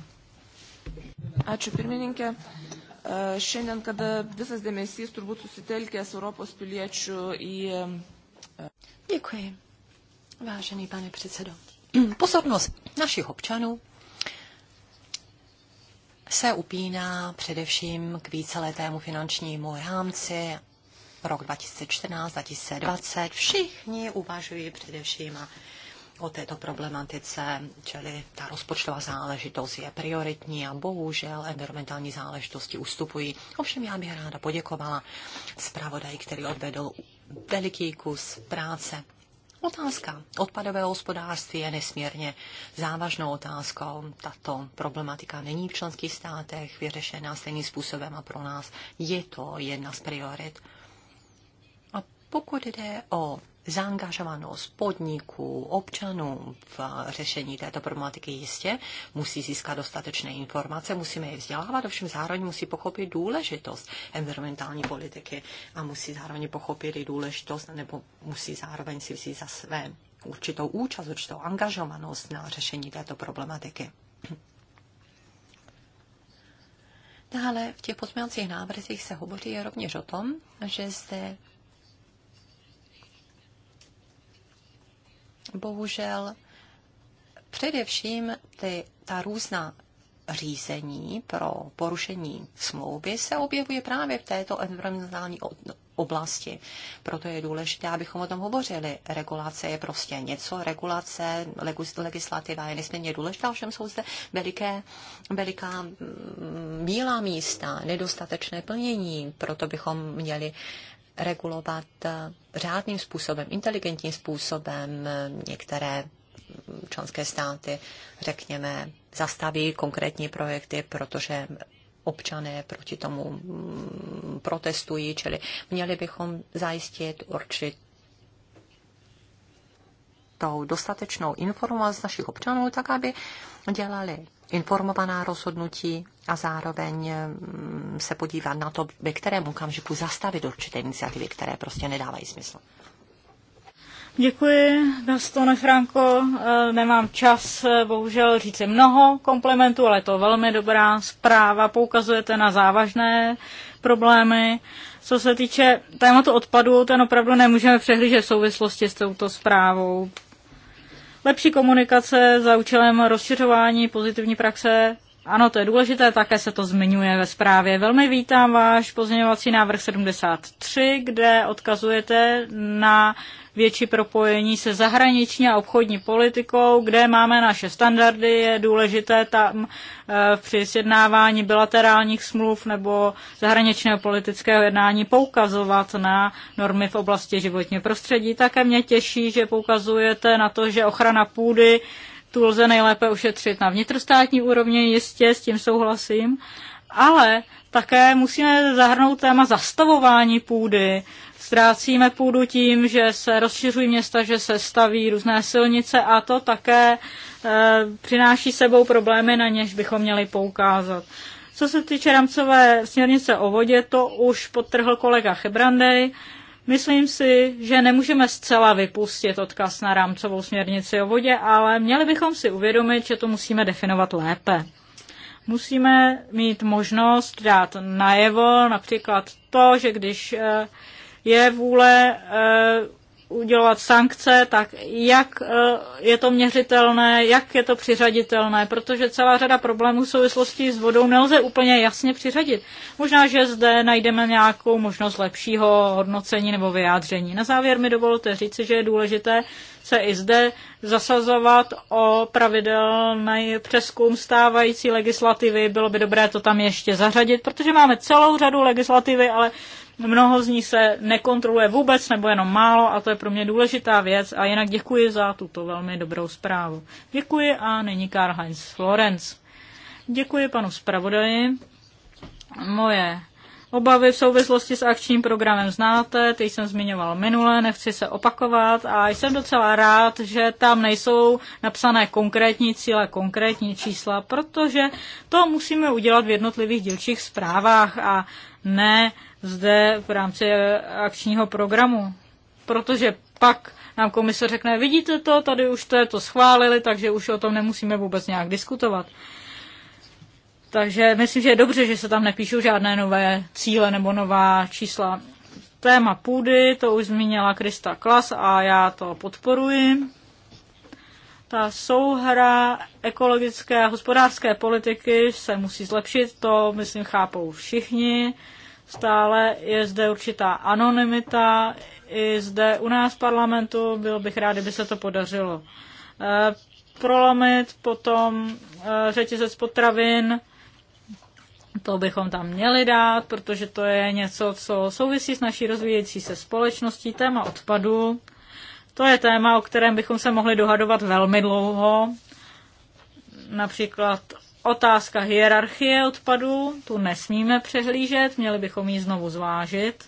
B: Ačiū pirmininkė. Eh, šiandien, kada eh, visas dėmesys turbūt susitelkęs Europos piliečių į.
C: Děkuji. Vážený pane předsedo, pozornost našich občanů se upíná především k víceletému finančnímu rámci rok 2014-2020. Všichni uvažují především o této problematice, čili ta rozpočtová záležitost je prioritní a bohužel environmentální záležitosti ustupují. Ovšem já bych ráda poděkovala zpravodaji, který odvedl veliký kus práce. Otázka odpadového hospodářství je nesmírně závažnou otázkou. Tato problematika není v členských státech vyřešená stejným způsobem a pro nás je to jedna z priorit. A pokud jde o zaangažovanost podniků, občanů v řešení této problematiky jistě musí získat dostatečné informace, musíme je vzdělávat, ovšem zároveň musí pochopit důležitost environmentální politiky a musí zároveň pochopit i důležitost, nebo musí zároveň si vzít za své určitou účast, určitou angažovanost na řešení této problematiky. Dále v těch pozměňovacích návrzích se hovoří rovněž o tom, že zde bohužel především ty, ta různá řízení pro porušení smlouvy se objevuje právě v této environmentální oblasti. Proto je důležité, abychom o tom hovořili. Regulace je prostě něco, regulace, legislativa je nesmírně důležitá, všem jsou zde veliké, veliká mm, bílá místa, nedostatečné plnění, proto bychom měli regulovat eh, řádným způsobem, inteligentním způsobem eh, některé členské státy, řekněme, zastaví konkrétní projekty, protože občané proti tomu mm, protestují, čili měli bychom zajistit určitou tou dostatečnou informaci našich občanů, tak aby dělali informovaná rozhodnutí a zároveň mm, se podívat na to, ve kterém okamžiku zastavit určité iniciativy, které prostě nedávají smysl.
B: Děkuji, Gastone Franko. Eh, nemám čas, eh, bohužel, říci mnoho komplementů, ale je to velmi dobrá zpráva. Poukazujete na závažné problémy. Co se týče tématu odpadu, ten opravdu nemůžeme přehlížet v souvislosti s touto zprávou, lepší komunikace za účelem rozšiřování pozitivní praxe ano, to je důležité, také se to zmiňuje ve zprávě. Velmi vítám váš pozměňovací návrh 73, kde odkazujete na větší propojení se zahraniční a obchodní politikou, kde máme naše standardy, je důležité tam eh, při sjednávání bilaterálních smluv nebo zahraničního politického jednání poukazovat na normy v oblasti životního prostředí. Také mě těší, že poukazujete na to, že ochrana půdy tu lze nejlépe ušetřit na vnitrostátní úrovni, jistě s tím souhlasím, ale také musíme zahrnout téma zastavování půdy. Ztrácíme půdu tím, že se rozšiřují města, že se staví různé silnice a to také e, přináší sebou problémy, na něž bychom měli poukázat. Co se týče rámcové směrnice o vodě, to už potrhl kolega Hebrandej. Myslím si, že nemůžeme zcela vypustit odkaz na rámcovou směrnici o vodě, ale měli bychom si uvědomit, že to musíme definovat lépe. Musíme mít možnost dát najevo například to, že když eh, je vůle eh, udělovat sankce, tak jak eh, je to měřitelné, jak je to přiřaditelné, protože celá řada problémů v souvislosti s vodou nelze úplně jasně přiřadit. Možná, že zde najdeme nějakou možnost lepšího hodnocení nebo vyjádření. Na závěr mi dovolte říci, že je důležité se i zde zasazovat o pravidelný přeskum stávající legislativy. Bylo by dobré to tam ještě zařadit, protože máme celou řadu legislativy, ale Mnoho z ní se nekontroluje vůbec nebo jenom málo a to je pro mě důležitá věc a jinak děkuji za tuto velmi dobrou zprávu. Děkuji a není Karl-Heinz Florenz. Děkuji panu zpravodaji. Moje Obavy v souvislosti s akčním programem znáte, ty jsem zmiňoval minule, nechci se opakovat a jsem docela rád, že tam nejsou napsané konkrétní cíle, konkrétní čísla, protože to musíme udělat v jednotlivých dílčích zprávách a ne zde v rámci eh, akčního programu. Protože pak nám komise řekne, vidíte to, tady už to, to schválili, takže už o tom nemusíme vůbec nějak diskutovat. Takže myslím, že je dobře, že se tam nepíšou žádné nové cíle nebo nová čísla. Téma půdy, to už zmínila Krista Klas a já to podporuji. Ta souhra ekologické a hospodářské politiky se musí zlepšit, to myslím chápou všichni. Stále je zde určitá anonymita, i zde u nás v parlamentu, byl bych rád, kdyby se to podařilo. Eh, prolomit potom eh, řetězec potravin, to bychom tam měli dát, protože to je něco, co souvisí s naší rozvíjející se společností, téma odpadu. To je téma, o kterém bychom se mohli dohadovat velmi dlouho, například Otázka hierarchie odpadů, tu nesmíme přehlížet, měli bychom ji znovu zvážit.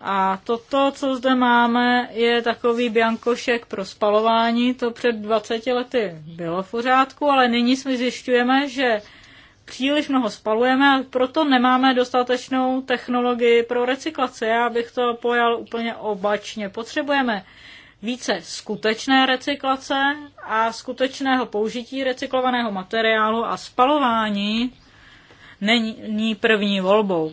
B: A toto, co zde máme, je takový biankošek pro spalování. To před 20 lety bylo v pořádku, ale nyní jsme zjišťujeme, že příliš mnoho spalujeme a proto nemáme dostatečnou technologii pro recyklaci. Já bych to pojal úplně obačně. Potřebujeme více skutečné recyklace a skutečného použití recyklovaného materiálu a spalování není první volbou.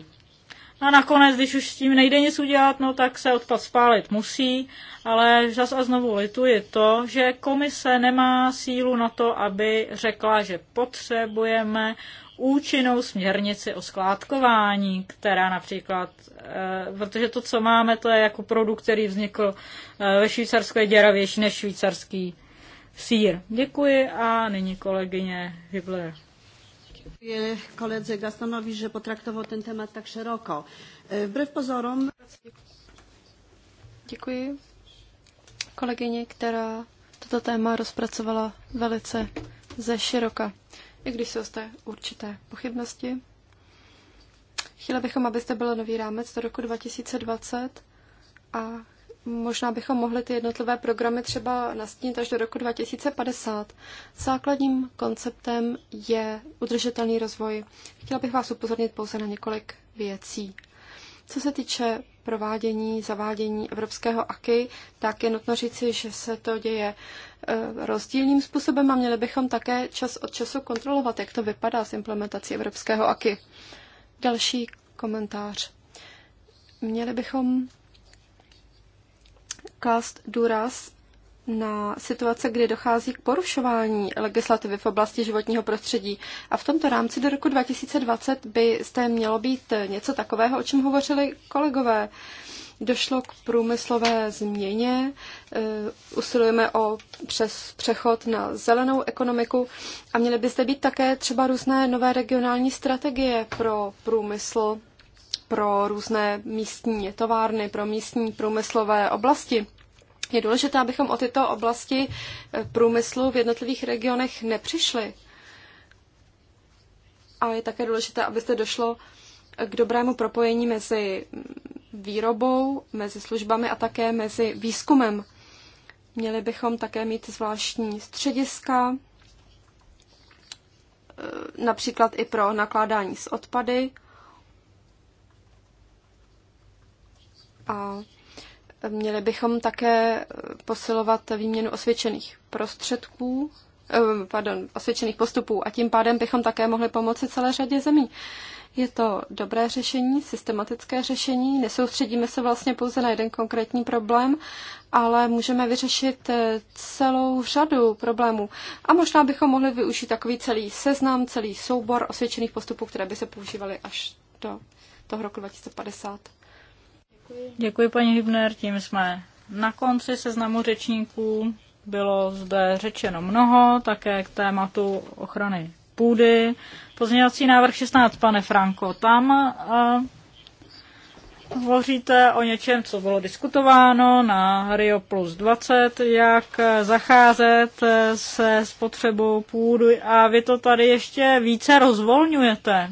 B: A nakonec, když už s tím nejde nic udělat, no tak se odpad spálit musí, ale zas a znovu lituji to, že komise nemá sílu na to, aby řekla, že potřebujeme účinnou směrnici o skládkování, která například, eh, protože to, co máme, to je jako produkt, který vznikl eh, ve Švýcarsku, je děravější než švýcarský sír. Děkuji a nyní kolegyně Hibler. Dziękuję koledze Gastonowi, że potraktował ten temat tak szeroko. Wbrew eh, pozorom...
D: Děkuji kolegyně, která toto téma rozpracovala velice ze široka i když jsou zde určité pochybnosti. Chtěli bychom, abyste byl nový rámec do roku 2020 a možná bychom mohli ty jednotlivé programy třeba nastínit až do roku 2050. Základním konceptem je udržitelný rozvoj. Chtěla bych vás upozornit pouze na několik věcí. Co se týče provádění, zavádění evropského AKI, tak je nutno říci, že se to děje e, rozdílným způsobem a měli bychom také čas od času kontrolovat, jak to vypadá s implementací evropského AKI. Další komentář. Měli bychom klást důraz na situace, kdy dochází k porušování legislativy v oblasti životního prostředí. A v tomto rámci do roku 2020 by zde mělo být něco takového, o čem hovořili kolegové. Došlo k průmyslové změně, eh, usilujeme o přes přechod na zelenou ekonomiku a měly by zde být také třeba různé nové regionální strategie pro průmysl, pro různé místní továrny, pro místní průmyslové oblasti je důležité, abychom o tyto oblasti eh, průmyslu v jednotlivých regionech nepřišli. A je také důležité, aby se došlo eh, k dobrému propojení mezi mm, výrobou, mezi službami a také mezi výzkumem. Měli bychom také mít zvláštní střediska, eh, například i pro nakládání s odpady. A Měli bychom také eh, posilovat výměnu osvědčených prostředků, eh, pardon, osvědčených postupů a tím pádem bychom také mohli pomoci celé řadě zemí. Je to dobré řešení, systematické řešení, nesoustředíme se vlastně pouze na jeden konkrétní problém, ale můžeme vyřešit eh, celou řadu problémů. A možná bychom mohli využít takový celý seznam, celý soubor osvědčených postupů, které by se používaly až
B: do toho roku 2050. Děkuji. Děkuji, paní Hybner, tím jsme na konci seznamu řečníků. Bylo zde řečeno mnoho, také k tématu ochrany půdy. Pozměňovací návrh 16, pane Franko, tam uh, hovoříte o něčem, co bylo diskutováno na Rio Plus 20, jak zacházet se spotřebou půdy a vy to tady ještě více rozvolňujete.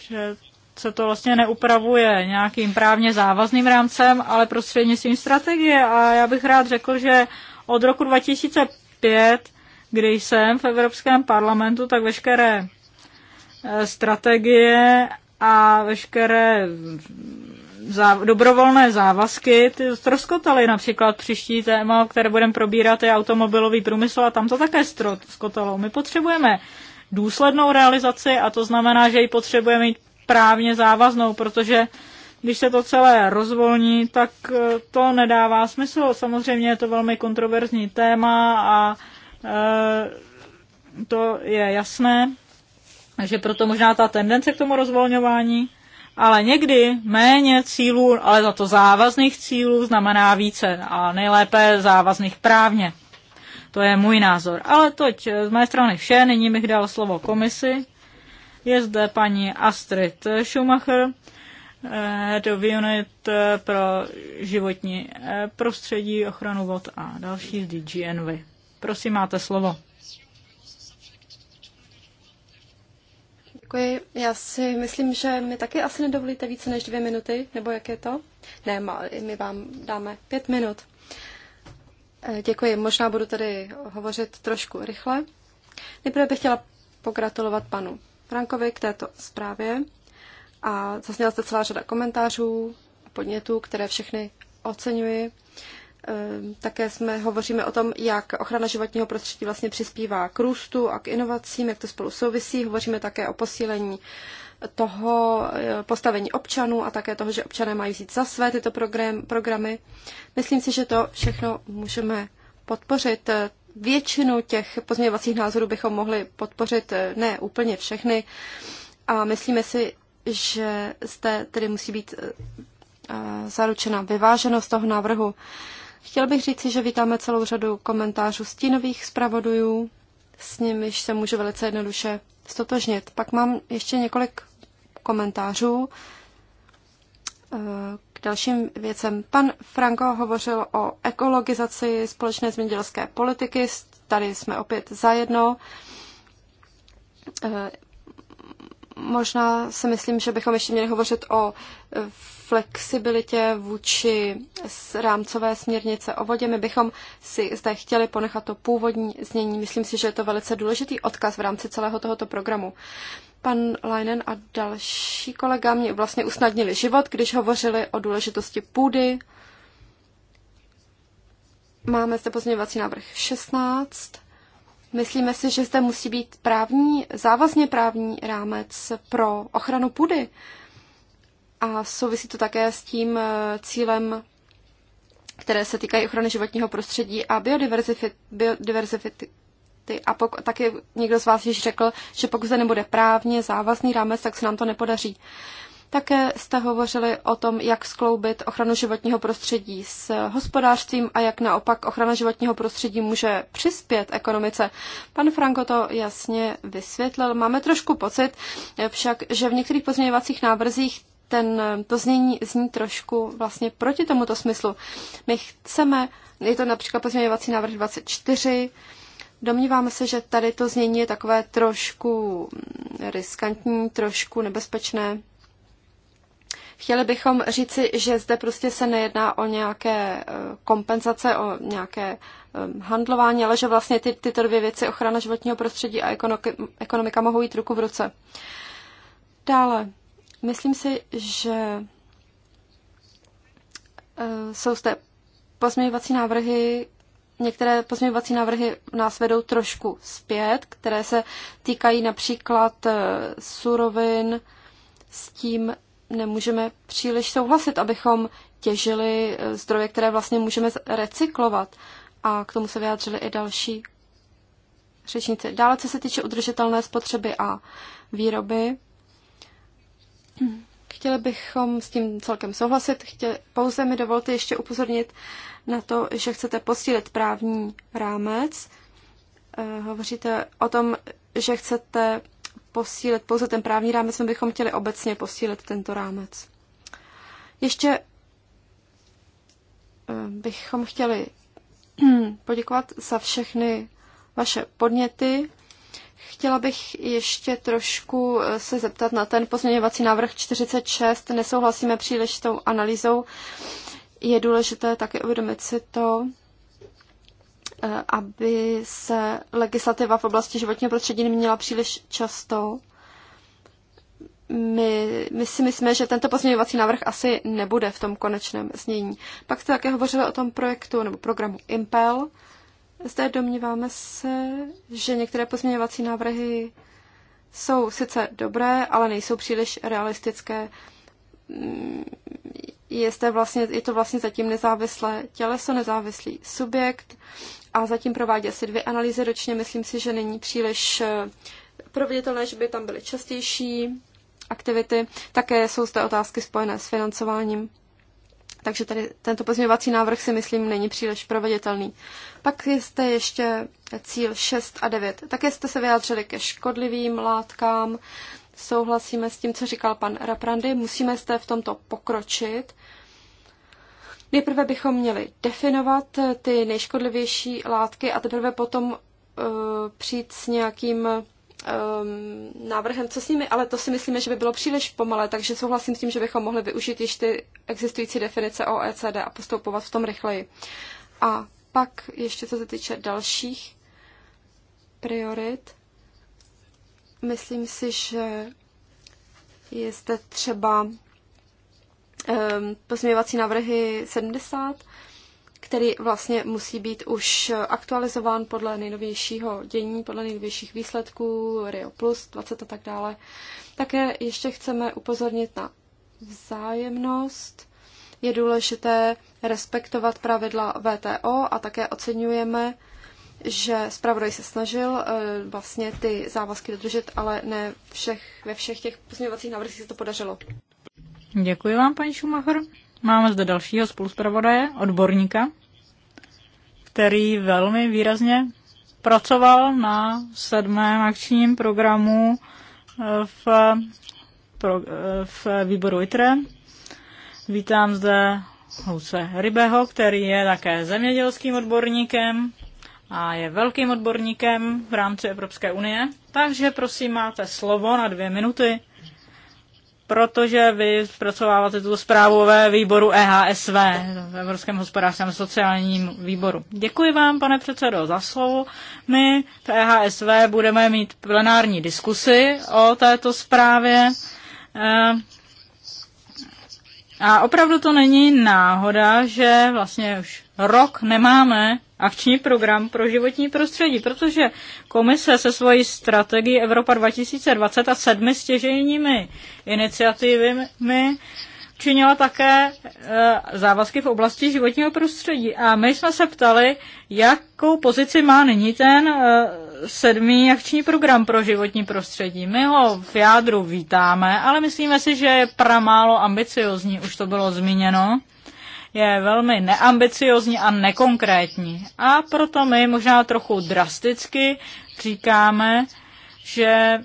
B: Že se to vlastně neupravuje nějakým právně závazným rámcem, ale prostřednictvím strategie. A já bych rád řekl, že od roku 2005, kdy jsem v Evropském parlamentu, tak veškeré e, strategie a veškeré e, zá- dobrovolné závazky ty ztroskotaly. Například příští téma, které budeme probírat, je automobilový průmysl a tam to také ztroskotalo. My potřebujeme důslednou realizaci a to znamená, že ji potřebujeme mít právně závaznou, protože když se to celé rozvolní, tak eh, to nedává smysl. Samozřejmě je to velmi kontroverzní téma a e, to je jasné, že proto možná ta tendence k tomu rozvolňování, ale někdy méně cílů, ale za to závazných cílů znamená více a nejlépe závazných právně. To je můj názor. Ale toť z mé strany vše, nyní bych dal slovo komisi. Je zde paní Astrid Schumacher, eh, do Unit eh, pro životní eh, prostředí, ochranu vod a další z DGNV. Prosím, máte slovo.
D: Děkuji. Já si myslím, že mi taky asi nedovolíte více než dvě minuty, nebo jak je to? Ne, my vám dáme pět minut. Děkuji. Možná budu tady hovořit trošku rychle. Nejprve bych chtěla pogratulovat panu Frankovi k této zprávě a zazněla se celá řada komentářů a podnětů, které všechny oceňuji. Ehm, také jsme hovoříme o tom, jak ochrana životního prostředí vlastně přispívá k růstu a k inovacím, jak to spolu souvisí. Hovoříme také o posílení toho e, postavení občanů a také toho, že občané mají vzít za své tyto program, programy. Myslím si, že to všechno můžeme podpořit většinu těch pozměňovacích názorů bychom mohli podpořit, eh, ne úplně všechny. A myslíme si, že zde tedy musí být eh, eh, zaručena vyváženost toho návrhu. Chtěl bych říci, že vítáme celou řadu komentářů stínových zpravodujů, s nimiž se můžu velice jednoduše stotožnit. Pak mám ještě několik komentářů k dalším věcem. Pan Franko hovořil o ekologizaci společné zemědělské politiky. Tady jsme opět zajedno. Eh, možná si myslím, že bychom ještě měli hovořit o flexibilitě vůči rámcové směrnice o vodě. My bychom si zde chtěli ponechat to původní znění. Myslím si, že je to velice důležitý odkaz v rámci celého tohoto programu. Pan Leinen a další kolega mě vlastně usnadnili život, když hovořili o důležitosti půdy. Máme zde pozměňovací návrh 16. Myslíme si, že zde musí být právní, závazně právní rámec pro ochranu půdy. A souvisí to také s tím eh, cílem, které se týkají ochrany životního prostředí a biodiverzifikace státy. A pok- taky někdo z vás již řekl, že pokud se nebude právně závazný rámec, tak se nám to nepodaří. Také jste hovořili o tom, jak skloubit ochranu životního prostředí s hospodářstvím a jak naopak ochrana životního prostředí může přispět ekonomice. Pan Franko to jasně vysvětlil. Máme trošku pocit však, že v některých pozměňovacích návrzích ten, to znění zní trošku vlastně proti tomuto smyslu. My chceme, je to například pozměňovací návrh 24, Domníváme se, že tady to znění je takové trošku mm, riskantní, trošku nebezpečné. Chtěli bychom říci, že zde prostě se nejedná o nějaké e, kompenzace, o nějaké e, handlování, ale že vlastně ty, tyto dvě věci, ochrana životního prostředí a ekonomika, mohou jít ruku v ruce. Dále, myslím si, že e, jsou zde pozměňovací návrhy, některé pozměňovací návrhy nás vedou trošku zpět, které se týkají například eh, surovin. S tím nemůžeme příliš souhlasit, abychom těžili eh, zdroje, které vlastně můžeme recyklovat. A k tomu se vyjádřili i další řečníci. Dále, co se týče udržitelné spotřeby a výroby, Chtěli bychom s tím celkem souhlasit, chtěli, pouze mi dovolte ještě upozornit na to, že chcete posílit právní rámec. E, hovoříte o tom, že chcete posílit pouze ten právní rámec, my bychom chtěli obecně posílit tento rámec. Ještě eh, bychom chtěli poděkovat za všechny vaše podněty Chtěla bych ještě trošku eh, se zeptat na ten pozměňovací návrh 46. Nesouhlasíme příliš s tou analýzou. Je důležité také uvědomit si to, eh, aby se legislativa v oblasti životního prostředí neměla příliš často. My, my si myslíme, že tento pozměňovací návrh asi nebude v tom konečném znění. Pak jste také hovořili o tom projektu nebo programu Impel. Zde domníváme se, že některé pozměňovací návrhy jsou sice dobré, ale nejsou příliš realistické. Mm, je, zde vlastně, je to vlastně zatím nezávislé těleso, nezávislý subjekt a zatím provádí asi dvě analýzy ročně. Myslím si, že není příliš eh, proveditelné, že by tam byly častější aktivity. Také jsou zde otázky spojené s financováním takže tady tento pozměňovací návrh si myslím není příliš proveditelný. Pak jste ještě cíl 6 a 9. Také jste se vyjádřili ke škodlivým látkám. Souhlasíme s tím, co říkal pan Raprandy. Musíme jste v tomto pokročit. Nejprve bychom měli definovat ty nejškodlivější látky a teprve potom uh, přijít s nějakým um, návrhem, co s nimi, ale to si myslíme, že by bylo příliš pomalé, takže souhlasím s tím, že bychom mohli využít již ty existující definice OECD a postupovat v tom rychleji. A pak ještě co se týče dalších priorit, myslím si, že je zde třeba um, pozměňovací návrhy 70, který vlastně musí být už aktualizován podle nejnovějšího dění, podle nejnovějších výsledků Rio Plus 20 a tak dále. Také ještě chceme upozornit na vzájemnost. Je důležité respektovat pravidla VTO a také oceňujeme, že zpravodaj se snažil eh, vlastně ty závazky dodržet, ale ne všech, ve všech těch pozměňovacích návrzích se to podařilo.
B: Děkuji vám, paní Schumacher. Máme zde dalšího spoluzpravodaje, odborníka, který velmi výrazně pracoval na sedmém akčním programu eh, v, eh, v výboru ITRE. Vítám zde Luce Rybeho, který je také zemědělským odborníkem a je velkým odborníkem v rámci Evropské unie. Takže prosím, máte slovo na dvě minuty protože vy zpracováváte tuto zprávu ve výboru EHSV, v Evropském hospodářském sociálním výboru. Děkuji vám, pane předsedo, za slovo. My v EHSV budeme mít plenární diskusy o této zprávě. Eh, a opravdu to není náhoda, že vlastně už rok nemáme akční program pro životní prostředí, protože komise se svojí strategií Evropa 2020 a sedmi stěžejními iniciativami činila také eh, závazky v oblasti životního prostředí. A my jsme se ptali, jakou pozici má nyní ten eh, sedmý akční program pro životní prostředí. My ho v jádru vítáme, ale myslíme si, že je pramálo ambiciozní, už to bylo zmíněno je velmi neambiciozní a nekonkrétní. A proto my možná trochu drasticky říkáme, že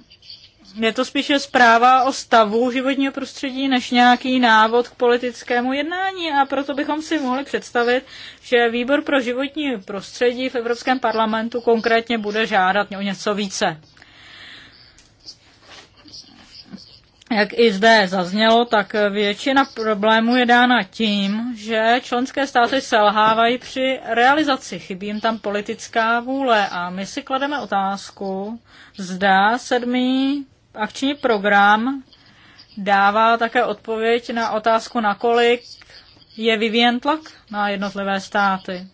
B: je to spíše zpráva o stavu životního prostředí než nějaký návod k politickému jednání a proto bychom si mohli představit, že výbor pro životní prostředí v Evropském parlamentu konkrétně bude žádat o něco více. Jak i zde zaznělo, tak většina problémů je dána tím, že členské státy selhávají při realizaci. Chybí jim tam politická vůle a my si klademe otázku, zda sedmý akční program dává také odpověď na otázku, nakolik je vyvíjen tlak na jednotlivé státy.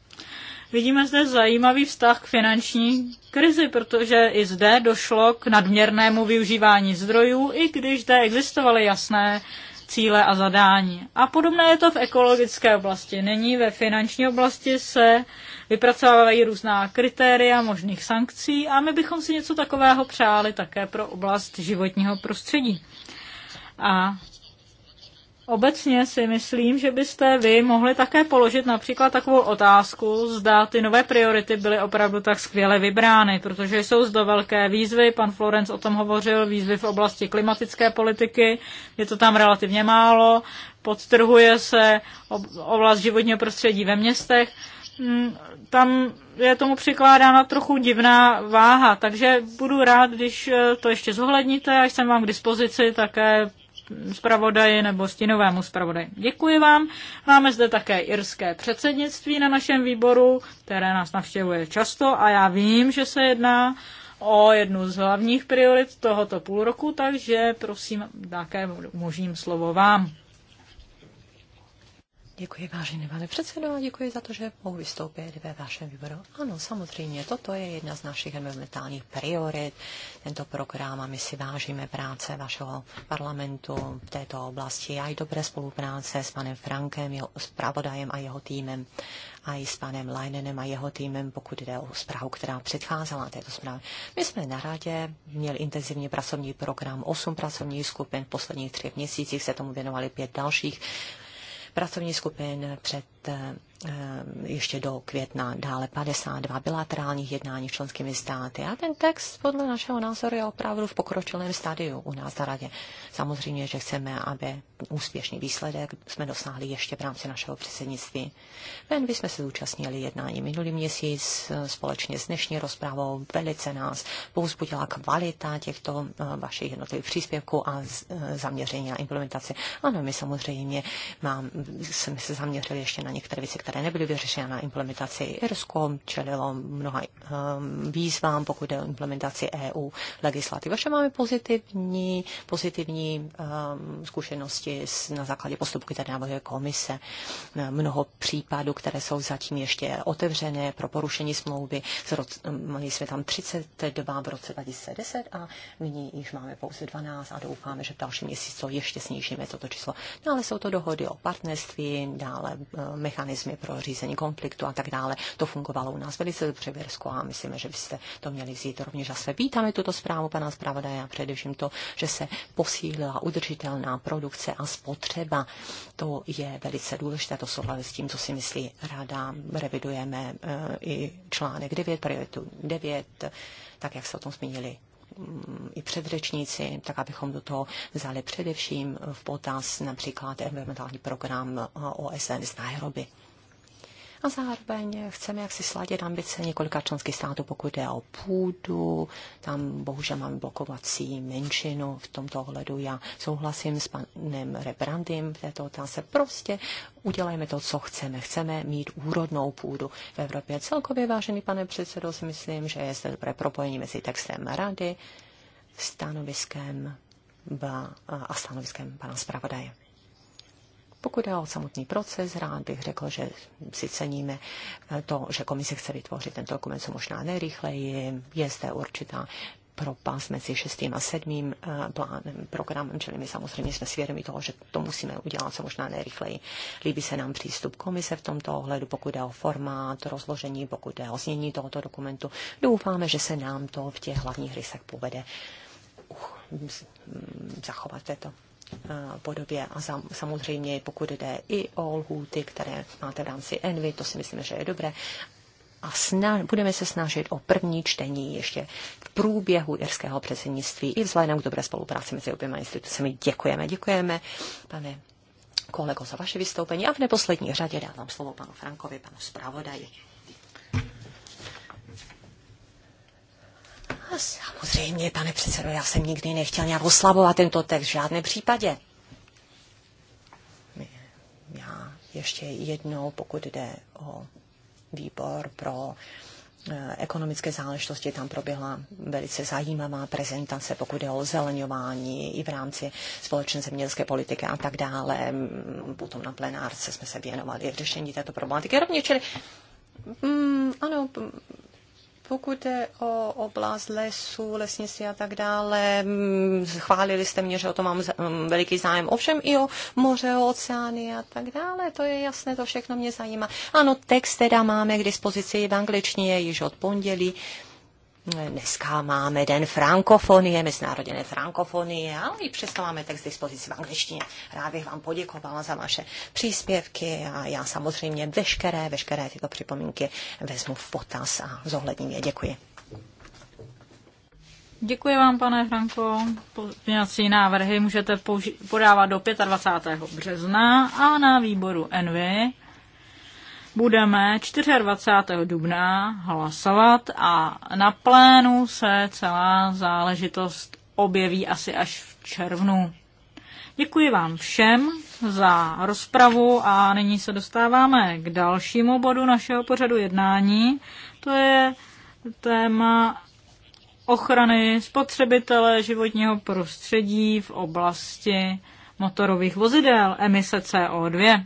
B: Vidíme zde zajímavý vztah k finanční krizi, protože i zde došlo k nadměrnému využívání zdrojů, i když zde existovaly jasné cíle a zadání. A podobné je to v ekologické oblasti. Není ve finanční oblasti se vypracovávají různá kritéria možných sankcí a my bychom si něco takového přáli také pro oblast životního prostředí. A Obecně si myslím, že byste vy mohli také položit například takovou otázku, zda ty nové priority byly opravdu tak skvěle vybrány, protože jsou zde velké výzvy, pan Florenc o tom hovořil, výzvy v oblasti klimatické politiky, je to tam relativně málo, podtrhuje se oblast životního prostředí ve městech, mm, tam je tomu přikládána trochu divná váha, takže budu rád, když eh, to ještě zohledníte, až jsem vám k dispozici také zpravodaji nebo stínovému zpravodaji. Děkuji vám. Máme zde také irské předsednictví na našem výboru, které nás navštěvuje často a já vím, že se jedná o jednu z hlavních priorit tohoto půl roku, takže prosím, také možím slovo vám. Děkuji, vážený pane předsedo, a
C: děkuji za to, že mohu vystoupit ve vašem výboru. Ano, samozřejmě, toto je jedna z našich environmentálních priorit, tento program a my si vážíme práce vašeho parlamentu v této oblasti a i dobré spolupráce s panem Frankem, jeho zpravodajem a jeho týmem a i s panem Leinenem a jeho týmem, pokud jde o zprávu, která předcházela této zprávě. My jsme na radě měli intenzivní pracovní program, osm pracovních skupin, v posledních třech měsících se tomu věnovali pět dalších pracovních skupin před eh, Ehm, ještě do května, dále 52 bilaterálních jednání s členskými státy. A ten text podle našeho názoru je opravdu v pokročilém stadiu u nás na radě. Samozřejmě, že chceme, aby úspěšný výsledek jsme dosáhli ještě v rámci našeho předsednictví. Ven jsme se zúčastnili jednání minulý měsíc eh, společně s dnešní rozpravou. Velice nás pouzbudila kvalita těchto eh, vašich jednotlivých příspěvků a eh, zaměření a implementaci. Ano, my samozřejmě mám, jsme se zaměřili ještě na některé věci, které nebyly vyřešeny na implementaci. Irsko čelilo mnoha um, výzvám, pokud jde o implementaci EU legislativy. Vše máme pozitivní, pozitivní um, zkušenosti s, na základě postupů, které navrhuje komise. Ehm, mnoho případů, které jsou zatím ještě otevřené pro porušení smlouvy. Měli jsme tam 32 v roce 2010 a nyní již máme pouze 12 a doufáme, že v dalším měsíci ještě snížíme toto číslo. No ale jsou to dohody o partnerství, dále mechanismy pro řízení konfliktu a tak dále. To fungovalo u nás velice dobře v Irsku a myslíme, že byste to měli vzít rovněž zase. Vítáme tuto zprávu pana zpravodaje a především to, že se posílila udržitelná produkce a spotřeba. To je velice důležité, to souhlasí s tím, co si myslí rada. Revidujeme eh, i článek 9, prioritu 9, tak jak se o tom zmínili mm, i předřečníci, tak abychom do toho vzali především v potaz například environmentální program eh, OSN z Nairobi a zároveň chceme jaksi sladit ambice několika členských států, pokud jde o půdu. Tam bohužel máme blokovací menšinu v tomto ohledu. Já souhlasím s panem Rebrandym v této otázce. Prostě udělejme to, co chceme. Chceme mít úrodnou půdu v Evropě. Celkově, vážený pane předsedo, si myslím, že je zde dobré propojení mezi textem rady, stanoviskem a stanoviskem pana zpravodaje. Pokud je o samotný proces, rád bych řekl, že si ceníme eh, to, že komise chce vytvořit tento dokument co možná nejrychleji. Je zde určitá propas mezi šestým a sedmým eh, plánem, programem, čili my samozřejmě jsme svědomi toho, že to musíme udělat co možná nejrychleji. Líbí se nám přístup komise v tomto ohledu, pokud jde o formát, rozložení, pokud jde o znění tohoto dokumentu. Doufáme, že se nám to v těch hlavních rysech povede uch, zachovat této Eh, podobě a samozřejmě pokud jde i o lhůty, které máte v rámci Envy, to si myslím, že je dobré. A sna- budeme se snažit o první čtení ještě v průběhu irského předsednictví i vzhledem k dobré spolupráci mezi oběma institucemi. Děkujeme, děkujeme, pane kolego, za vaše vystoupení a v neposlední řadě dávám slovo panu Frankovi, panu zpravodaji. No, samozřejmě, pane předsedo, já jsem nikdy nechtěl nějak oslabovat tento text, v žádném případě. Já ještě jednou, pokud jde o výbor pro eh, ekonomické záležitosti, tam proběhla velice zajímavá prezentace, pokud je o zeleňování i v rámci společné zemědělské politiky a tak dále. Potom na plenárce jsme se věnovali řešení této problematiky. Rovně, čili mm, ano, pokud je o oblast lesů, lesnictví a tak dále, mm, chválili jste mě, že o to mám mm, veliký zájem. Ovšem i o moře, o oceány a tak dále, to je jasné, to všechno mě zajímá. Ano, text teda máme k dispozici v angličtině již od pondělí. Uh, Dneska máme den frankofonie, mezinárodně den frankofonie, ale i přesto máme text k dispozici v angličtině. Rád bych vám poděkovala za vaše příspěvky a já samozřejmě veškeré, veškeré tyto připomínky vezmu v potaz a zohledním je. Děkuji.
B: Děkuji vám, pane Franko. Pozměňovací návrhy můžete podávat do 25. března a na výboru NV budeme 24. dubna hlasovat a na plénu se celá záležitost objeví asi až v červnu. Děkuji vám všem za rozpravu a nyní se dostáváme k dalšímu bodu našeho pořadu jednání. To je téma ochrany spotřebitele životního prostředí v oblasti motorových vozidel emise CO2.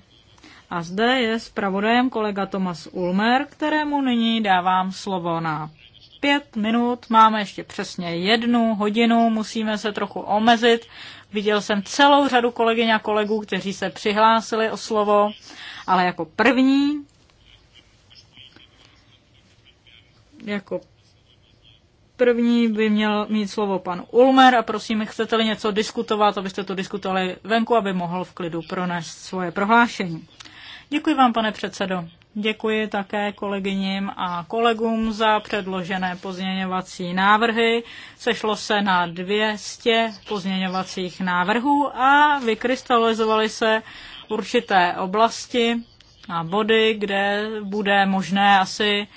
B: A zde je zpravodajem kolega Tomas Ulmer, kterému nyní dávám slovo na pět minut. Máme ještě přesně jednu hodinu, musíme se trochu omezit. Viděl jsem celou řadu kolegyň a kolegů, kteří se přihlásili o slovo, ale jako první, jako první by měl mít slovo pan Ulmer a prosím, chcete-li něco diskutovat, abyste to diskutovali venku, aby mohl v klidu pronést svoje prohlášení. Děkuji vám, pane předsedo. Děkuji také kolegyním a kolegům za předložené pozměňovací návrhy. Sešlo se na 200 pozměňovacích návrhů a vykrystalizovaly se určité oblasti a body, kde bude možné asi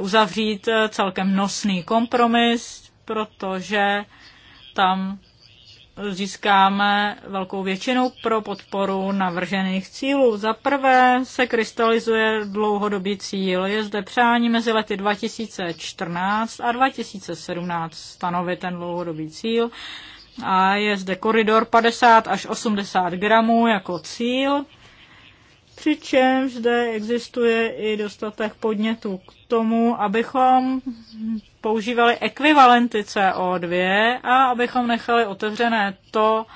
B: uzavřít celkem nosný kompromis, protože tam získáme velkou většinu pro podporu navržených cílů. Za prvé se krystalizuje dlouhodobý cíl. Je zde přání mezi lety 2014 a 2017 stanovit ten dlouhodobý cíl. A je zde koridor 50 až 80 gramů jako cíl. Přičemž zde existuje i dostatek podnětů k tomu, abychom používali ekvivalenty CO2 a abychom nechali otevřené to,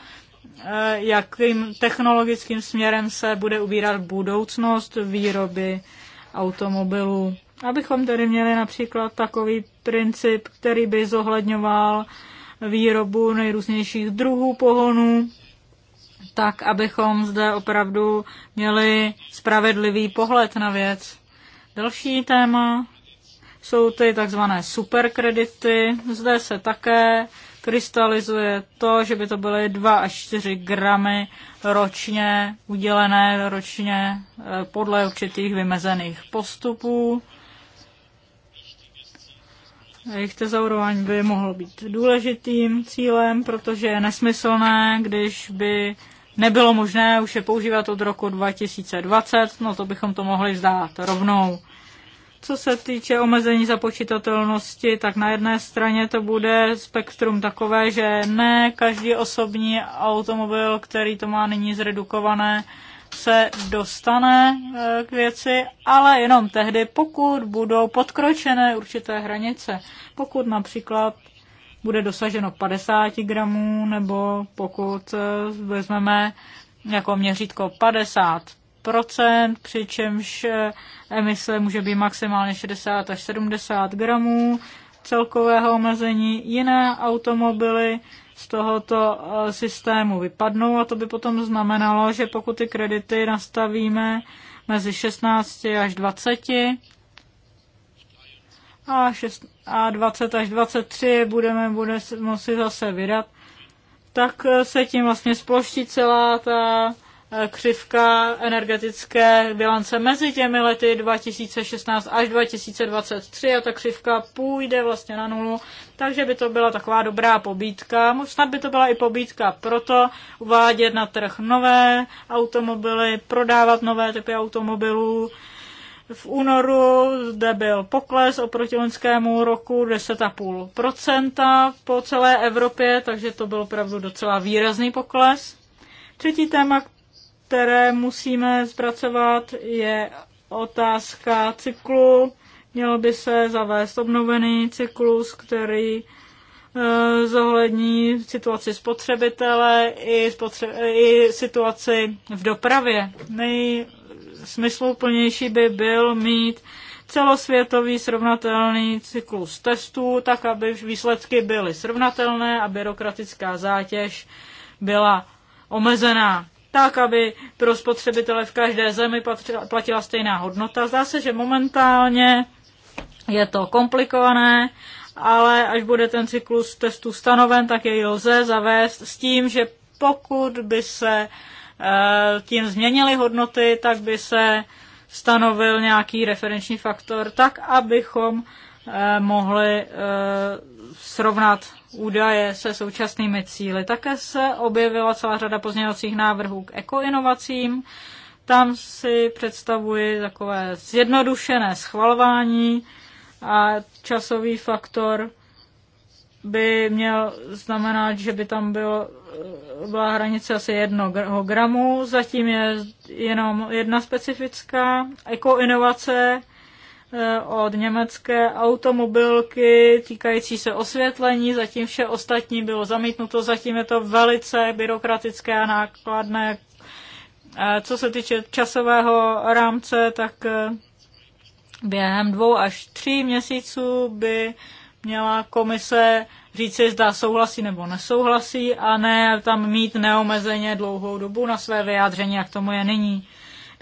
B: eh, jakým technologickým směrem se bude ubírat budoucnost výroby automobilů. Abychom tedy měli například takový princip, který by zohledňoval výrobu nejrůznějších druhů pohonů, tak abychom zde opravdu měli spravedlivý pohled na věc. Další téma jsou ty takzvané superkredity. Zde se také krystalizuje to, že by to byly 2 až 4 gramy ročně udělené ročně eh, podle určitých vymezených postupů. Jejich tezaurování by mohlo být důležitým cílem, protože je nesmyslné, když by nebylo možné už je používat od roku 2020, no to bychom to mohli zdát rovnou. Co se týče omezení započítatelnosti, tak na jedné straně to bude spektrum takové, že ne každý osobní automobil, který to má nyní zredukované, se dostane e, k věci, ale jenom tehdy, pokud budou podkročené určité hranice. Pokud například bude dosaženo 50 gramů, nebo pokud e, vezmeme jako měřítko 50 přičemž eh, emise může být maximálně 60 až 70 gramů celkového omezení. Jiné automobily z tohoto eh, systému vypadnou a to by potom znamenalo, že pokud ty kredity nastavíme mezi 16 až 20 a, 6, a 20 až 23 budeme bude moci zase vydat, tak eh, se tím vlastně sploští celá ta Eh, křivka energetické bilance mezi těmi lety 2016 až 2023 a ta křivka půjde vlastně na nulu, takže by to byla taková dobrá pobídka. Snad by to byla i pobídka proto uvádět na trh nové automobily, prodávat nové typy automobilů, v únoru zde byl pokles oproti loňskému roku 10,5% po celé Evropě, takže to byl opravdu docela výrazný pokles. Třetí téma, které musíme zpracovat, je otázka cyklu. Mělo by se zavést obnovený cyklus, který eh, zohlední situaci spotřebitele i, spotře- i situaci v dopravě. Nejsmysluplnější by byl mít celosvětový srovnatelný cyklus testů, tak aby výsledky byly srovnatelné a byrokratická zátěž byla omezená tak, aby pro spotřebitele v každé zemi patřila, platila stejná hodnota. Zdá se, že momentálně je to komplikované, ale až bude ten cyklus testů stanoven, tak jej lze zavést s tím, že pokud by se eh, tím změnily hodnoty, tak by se stanovil nějaký referenční faktor, tak abychom eh, mohli eh, srovnat údaje se současnými cíly. Také se objevila celá řada pozměňovacích návrhů k ekoinovacím. Tam si představuji takové zjednodušené schvalování a časový faktor by měl znamenat, že by tam bylo, byla hranice asi jednoho gramu. Zatím je jenom jedna specifická ekoinovace Eh, od německé automobilky týkající se osvětlení, zatím vše ostatní bylo zamítnuto, zatím je to velice byrokratické a nákladné. Eh, co se týče časového rámce, tak eh, během dvou až tří měsíců by měla komise říci, zda souhlasí nebo nesouhlasí a ne tam mít neomezeně dlouhou dobu na své vyjádření, jak tomu je nyní.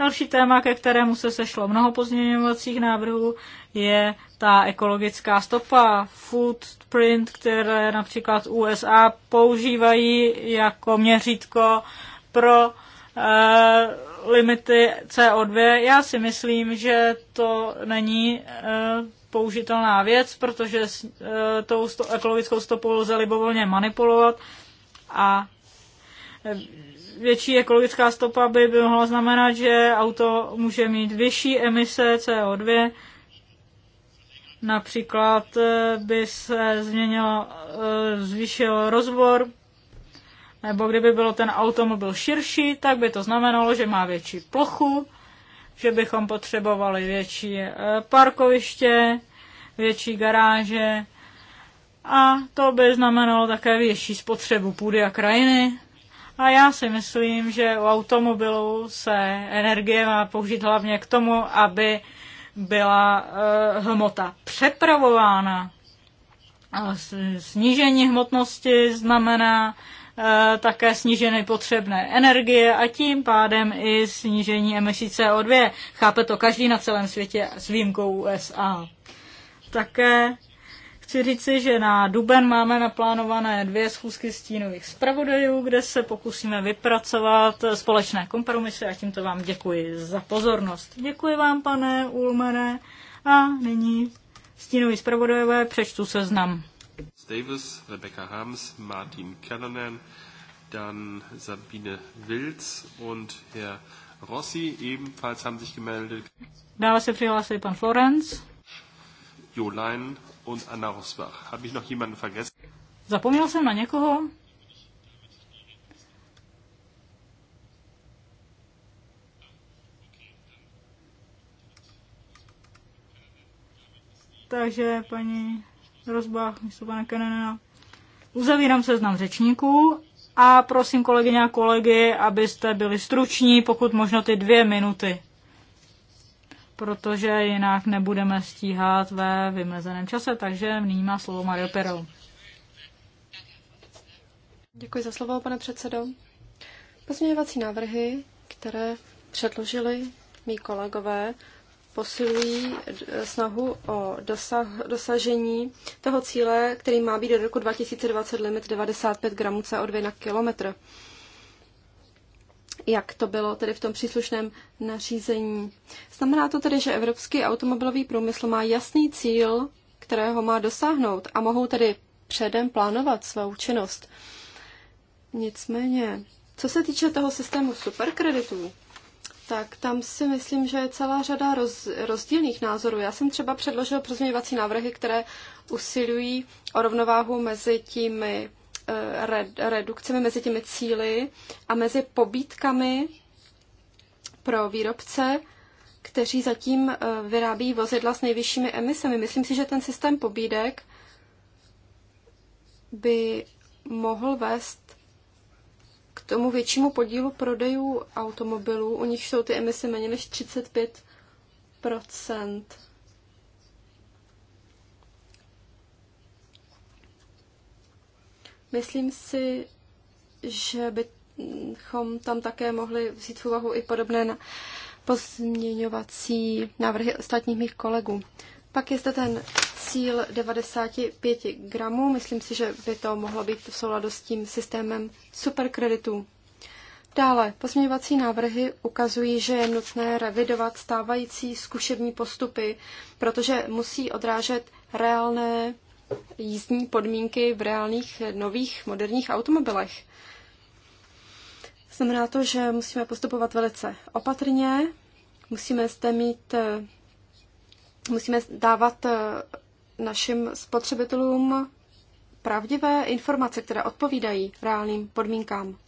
B: Další téma, ke kterému se sešlo mnoho pozměňovacích návrhů, je ta ekologická stopa, footprint, které například USA používají jako měřítko pro eh, limity CO2. Já si myslím, že to není eh, použitelná věc, protože s eh, tou ekologickou stopou lze libovolně manipulovat a větší ekologická stopa by, by mohla znamenat, že auto může mít vyšší emise CO2. Například eh, by se změnil, eh, zvýšil rozbor, nebo kdyby byl ten automobil širší, tak by to znamenalo, že má větší plochu, že bychom potřebovali větší eh, parkoviště, větší garáže a to by znamenalo také větší spotřebu půdy a krajiny a já si myslím, že u automobilů se energie má použít hlavně k tomu, aby byla e, hmota přepravována. A snížení hmotnosti znamená e, také snížené potřebné energie a tím pádem i snížení emisí CO2. Chápe to každý na celém světě s výjimkou USA. Také Chci říci, že na duben máme naplánované dvě schůzky stínových zpravodajů, kde se pokusíme vypracovat společné kompromisy a tímto vám děkuji za pozornost. Děkuji vám, pane Ulmere. A nyní stínový zpravodajové přečtu seznam.
A: Davis, Rebecca Harms, Martin Kellenen, dann Sabine Wilz und Herr Rossi ebenfalls haben sich gemeldet.
B: Dále se přihlásil pan Florenz.
A: Jolein, und Anna Rosbach. Habe ich noch jemanden vergessen?
B: Zapomněl jsem na někoho? Takže paní Rozbach, místo pana Kenenena. Uzavírám seznam řečníků a prosím kolegyně a kolegy, abyste byli struční, pokud možno ty dvě minuty protože jinak nebudeme stíhat ve vymezeném čase, takže nyní má slovo Mario Perou.
D: Děkuji za slovo, pane předsedo. Pozměňovací návrhy, které předložili mý kolegové, posilují snahu o dosah, dosažení toho cíle, který má být do roku 2020 limit 95 gramů CO2 na kilometr jak to bylo tedy v tom příslušném nařízení. Znamená to tedy, že evropský automobilový průmysl má jasný cíl, kterého má dosáhnout a mohou tedy předem plánovat svou činnost. Nicméně, co se týče toho systému superkreditů, tak tam si myslím, že je celá řada roz, rozdílných názorů. Já jsem třeba předložil pozměňovací návrhy, které usilují o rovnováhu mezi těmi Eh, redukcemi, mezi těmi cíly a mezi pobítkami pro výrobce, kteří zatím eh, vyrábí vozidla s nejvyššími emisemi. Myslím si, že ten systém pobídek by mohl vést k tomu většímu podílu prodejů automobilů, u nich jsou ty emise méně než 35 Myslím si, že bychom tam také mohli vzít v úvahu i podobné pozměňovací návrhy ostatních mých kolegů. Pak je zde ten cíl 95 gramů. Myslím si, že by to mohlo být v souladu s tím systémem superkreditů. Dále, pozměňovací návrhy ukazují, že je nutné revidovat stávající zkušební postupy, protože musí odrážet reálné jízdní podmínky v reálných nových moderních automobilech. Znamená to, že musíme postupovat velice opatrně, musíme zde mít, musíme dávat eh, našim spotřebitelům pravdivé informace, které odpovídají reálným podmínkám.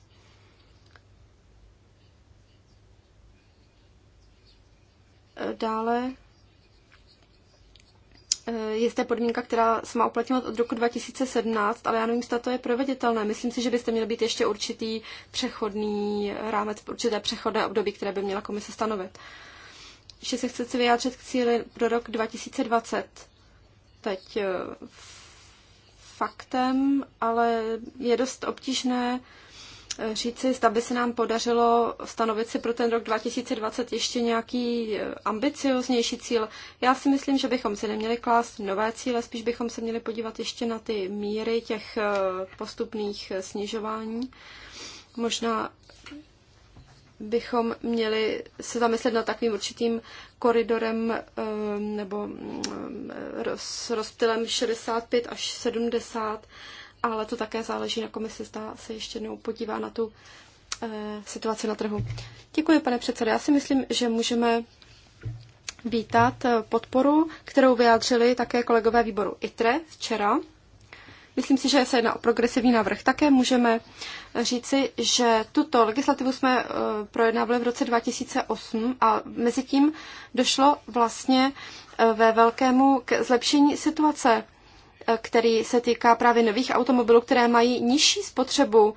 D: Dále Eh, je zde podmínka, která se má uplatňovat od roku 2017, ale já nevím, zda to je proveditelné. Myslím si, že byste měl být ještě určitý přechodný rámec, určité přechodné období, které by měla komise stanovit. Ještě se chcete vyjádřit k cíli pro rok 2020. Teď eh, faktem, ale je dost obtížné říci, zda by se nám podařilo stanovit si pro ten rok 2020 ještě nějaký eh, ambicioznější cíl. Já si myslím, že bychom si neměli klást nové cíle, spíš bychom se měli podívat ještě na ty míry těch eh, postupných eh, snižování. Možná bychom měli se zamyslet nad takovým určitým koridorem nebo s mm, rozptylem 65 až 70 ale to také záleží na komisi, zda se ještě jednou podívá na tu e, situaci na trhu. Děkuji, pane předsedo. Já si myslím, že můžeme vítat eh, podporu, kterou vyjádřili také kolegové výboru ITRE včera. Myslím si, že se jedná o progresivní návrh. Také můžeme eh, říci, že tuto legislativu jsme projednávali v roce 2008 a mezi tím došlo vlastně ve velkému k zlepšení situace. Eh, který se týká právě nových automobilů, které mají nižší spotřebu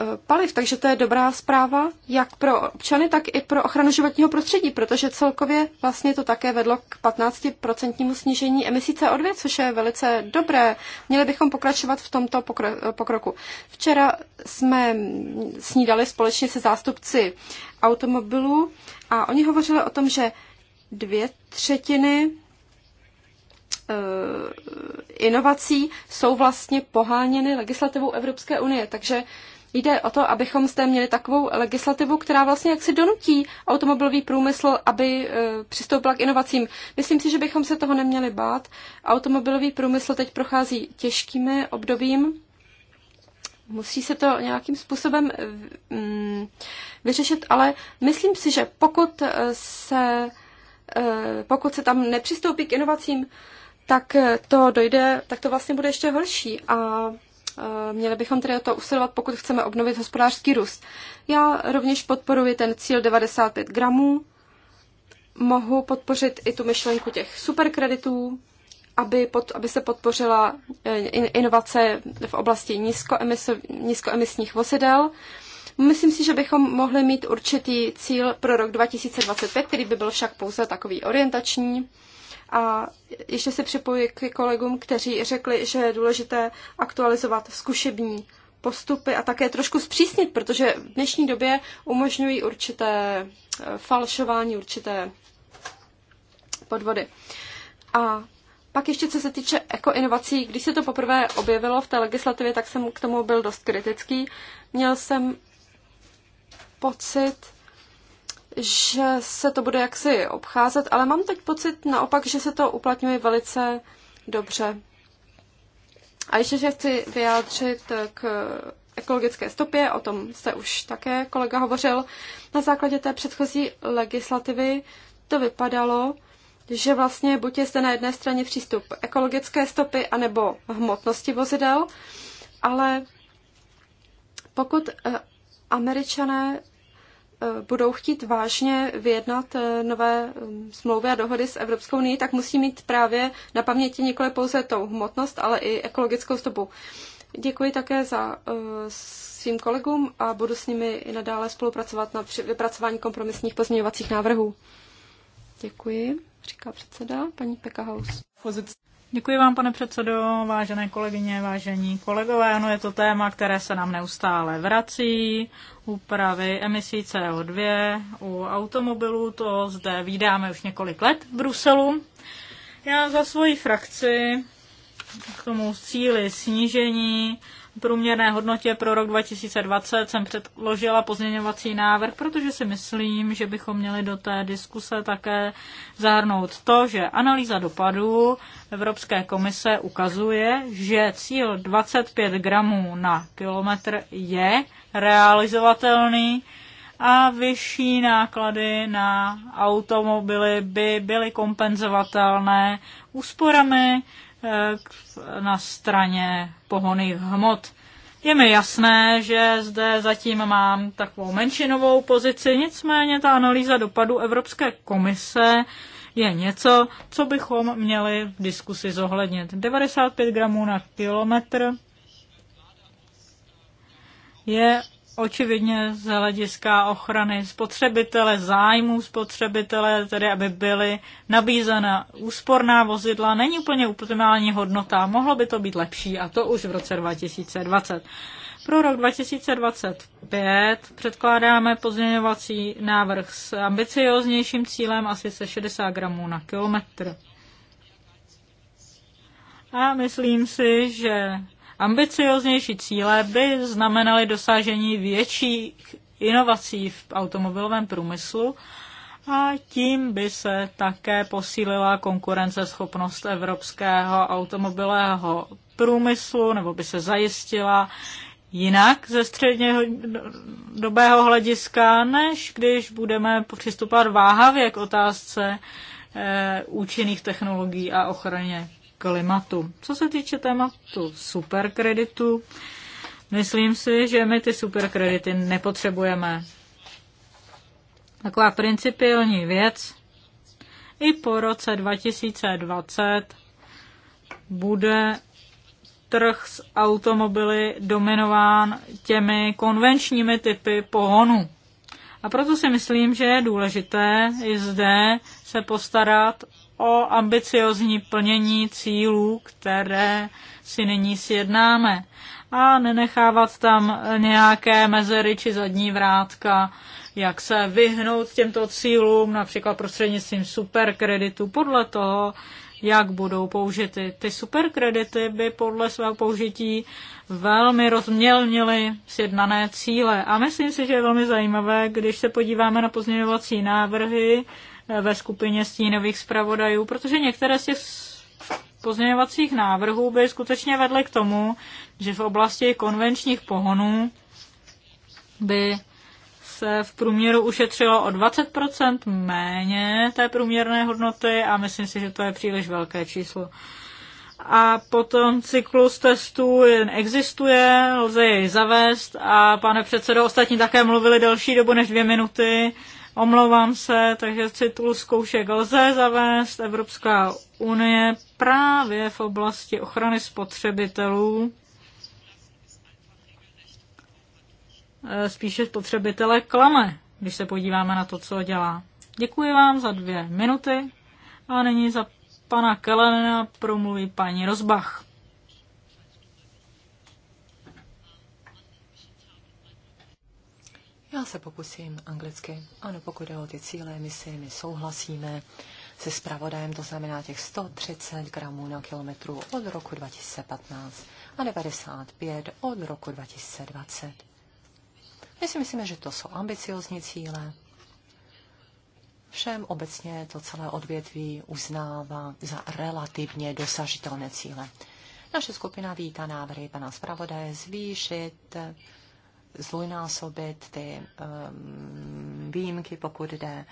D: eh, paliv, takže to je dobrá zpráva jak pro občany, tak i pro ochranu životního prostředí, protože celkově vlastně to také vedlo k 15% snížení emisí CO2, což je velice dobré. Měli bychom pokračovat v tomto pokroku. Včera jsme snídali společně se zástupci automobilů a oni hovořili o tom, že dvě třetiny Eh, inovací jsou vlastně poháněny legislativou Evropské unie. Takže jde o to, abychom zde měli takovou legislativu, která vlastně jaksi donutí automobilový průmysl, aby eh, přistoupila k inovacím. Myslím si, že bychom se toho neměli bát. Automobilový průmysl teď prochází těžkými obdobím. Musí se to nějakým způsobem eh, mm, vyřešit, ale myslím si, že pokud se, pokud se tam nepřistoupí k inovacím, tak to dojde, tak to vlastně bude ještě horší a e, měli bychom tedy o to usilovat, pokud chceme obnovit hospodářský růst. Já rovněž podporuji ten cíl 95 gramů, mohu podpořit i tu myšlenku těch superkreditů, aby, pod, aby se podpořila e, inovace v oblasti nízkoemis, nízkoemisních vozidel. Myslím si, že bychom mohli mít určitý cíl pro rok 2025, který by byl však pouze takový orientační. A ještě se připojuji k kolegům, kteří řekli, že je důležité aktualizovat zkušební postupy a také trošku zpřísnit, protože v dnešní době umožňují určité eh, falšování, určité podvody. A pak ještě co se týče ekoinovací, když se to poprvé objevilo v té legislativě, tak jsem k tomu byl dost kritický. Měl jsem pocit, že se to bude jaksi obcházet, ale mám teď pocit naopak, že se to uplatňuje velice dobře. A ještě, že chci vyjádřit k ekologické stopě, o tom se už také kolega hovořil. Na základě té předchozí legislativy to vypadalo, že vlastně buď je zde na jedné straně přístup ekologické stopy anebo hmotnosti vozidel, ale pokud eh, američané budou chtít vážně vyjednat eh, nové mm, smlouvy a dohody s Evropskou unii, tak musí mít právě na paměti nikoli pouze tou hmotnost, ale i ekologickou stopu. Děkuji také za eh, svým kolegům a budu s nimi i nadále spolupracovat na vypracování kompromisních pozměňovacích návrhů. Děkuji,
B: říká předseda paní Pekahaus. Děkuji vám, pane předsedo, vážené kolegyně, vážení kolegové. Ano, je to téma, které se nám neustále vrací. Úpravy emisí CO2 u automobilů, to zde výdáme už několik let v Bruselu. Já za svoji frakci k tomu cíli snížení průměrné hodnotě pro rok 2020 jsem předložila pozměňovací návrh, protože si myslím, že bychom měli do té diskuse také zahrnout to, že analýza dopadů Evropské komise ukazuje, že cíl 25 gramů na kilometr je realizovatelný a vyšší náklady na automobily by byly kompenzovatelné úsporami na straně pohoných hmot. Je mi jasné, že zde zatím mám takovou menšinovou pozici, nicméně ta analýza dopadu Evropské komise je něco, co bychom měli v diskusi zohlednit. 95 gramů na kilometr je očividně z hlediska ochrany spotřebitele, zájmů spotřebitele, tedy aby byly nabízena úsporná vozidla, není úplně optimální hodnota, mohlo by to být lepší a to už v roce 2020. Pro rok 2025 předkládáme pozměňovací návrh s ambicioznějším cílem asi se 60 gramů na kilometr. A myslím si, že Ambicioznější cíle by znamenaly dosažení větších inovací v automobilovém průmyslu a tím by se také posílila konkurenceschopnost evropského automobilového průmyslu nebo by se zajistila jinak ze středního dobého hlediska, než když budeme přistupovat váhavě k otázce e, účinných technologií a ochraně klimatu. Co se týče tématu superkreditu, myslím si, že my ty superkredity nepotřebujeme. Taková principiální věc i po roce 2020 bude trh s automobily dominován těmi konvenčními typy pohonu. A proto si myslím, že je důležité i zde se postarat o ambiciozní plnění cílů, které si nyní sjednáme a nenechávat tam nějaké mezery či zadní vrátka, jak se vyhnout těmto cílům, například prostřednictvím superkreditu, podle toho, jak budou použity. Ty superkredity by podle svého použití velmi rozmělnily sjednané cíle. A myslím si, že je velmi zajímavé, když se podíváme na pozměňovací návrhy, ve skupině stínových zpravodajů, protože některé z těch pozměňovacích návrhů by skutečně vedly k tomu, že v oblasti konvenčních pohonů by se v průměru ušetřilo o 20% méně té průměrné hodnoty a myslím si, že to je příliš velké číslo. A potom cyklus testů jen existuje, lze jej zavést a pane předsedo, ostatní také mluvili delší dobu než dvě minuty, Omlouvám se, takže titul zkoušek lze zavést. Evropská unie právě v oblasti ochrany spotřebitelů eh, spíše spotřebitele klame, když se podíváme na to, co dělá. Děkuji vám za dvě minuty a nyní za pana Kelena promluví paní Rozbach. Já se
C: pokusím anglicky. Ano, pokud jde o ty cíle, my si my souhlasíme se spravodajem, to znamená těch 130 gramů na kilometru od roku 2015 a 95 od roku 2020. My si myslíme, že to jsou ambiciozní cíle. Všem obecně to celé odvětví uznává za relativně dosažitelné cíle. Naše skupina vítá návrhy pana zpravodaje zvýšit zdvojnásobit ty ehm, výjimky, pokud jde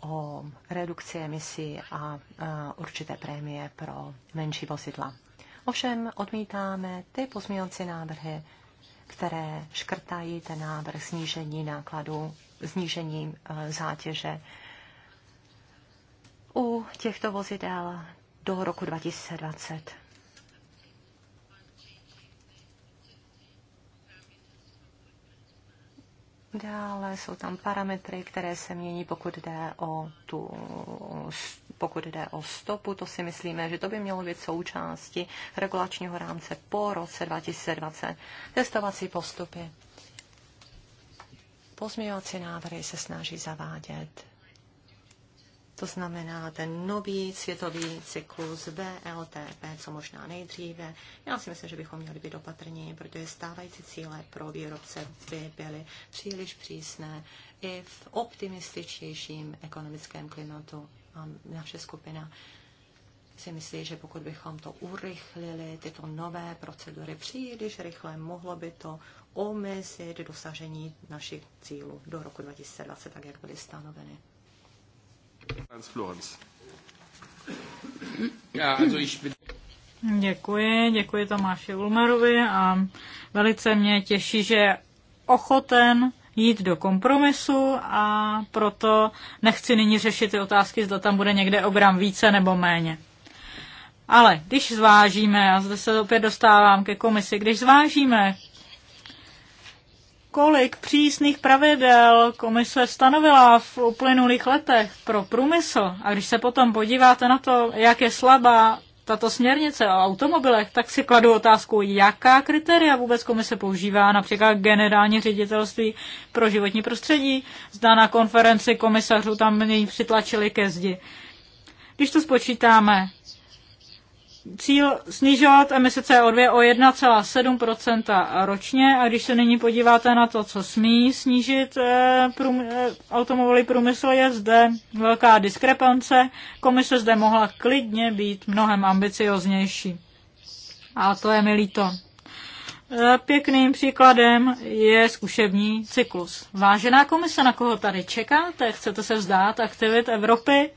C: o redukci emisí a e, určité prémie pro menší vozidla. Ovšem odmítáme ty pozměňovací návrhy, které škrtají ten návrh snížení nákladů, snížení e, zátěže. U těchto vozidel do roku 2020. Dále jsou tam parametry, které se mění, pokud jde o tu, pokud jde o stopu, to si myslíme, že to by mělo být součástí regulačního rámce po roce 2020. Testovací postupy. Pozměňovací návrhy se snaží zavádět to znamená ten nový světový cyklus VLTP, co možná nejdříve. Já si myslím, že bychom měli být opatrní, protože stávající cíle pro výrobce by byly příliš přísné i v optimističtějším ekonomickém klimatu. A naše skupina si myslí, že pokud bychom to urychlili, tyto nové procedury příliš rychle, mohlo by to omezit dosažení našich cílů
B: do roku 2020, tak jak byly stanoveny.
A: Franz Florenz. Já, also ich bin...
B: Děkuji, děkuji Tomáši Ulmerovi a velice mě těší, že je ochoten jít do kompromisu a proto nechci nyní řešit ty otázky, zda tam bude někde o gram více nebo méně. Ale když zvážíme, a zde se opět dostávám ke komisi, když zvážíme, kolik přísných pravidel komise stanovila v uplynulých letech pro průmysl. A když se potom podíváte na to, jak je slabá tato směrnice o automobilech, tak si kladu otázku, jaká kritéria vůbec komise používá, například generální ředitelství pro životní prostředí. Zda na konferenci komisařů tam něj přitlačili ke zdi. Když to spočítáme, cíl snižovat emise CO2 o 1,7 ročně a když se nyní podíváte na to, co smí snížit eh, eh, automobilový průmysl, je zde velká diskrepance. Komise zde mohla klidně být mnohem ambicioznější. A to je mi líto. Eh, pěkným příkladem je zkušební cyklus. Vážená komise, na koho tady čekáte? Chcete se vzdát aktivit Evropy?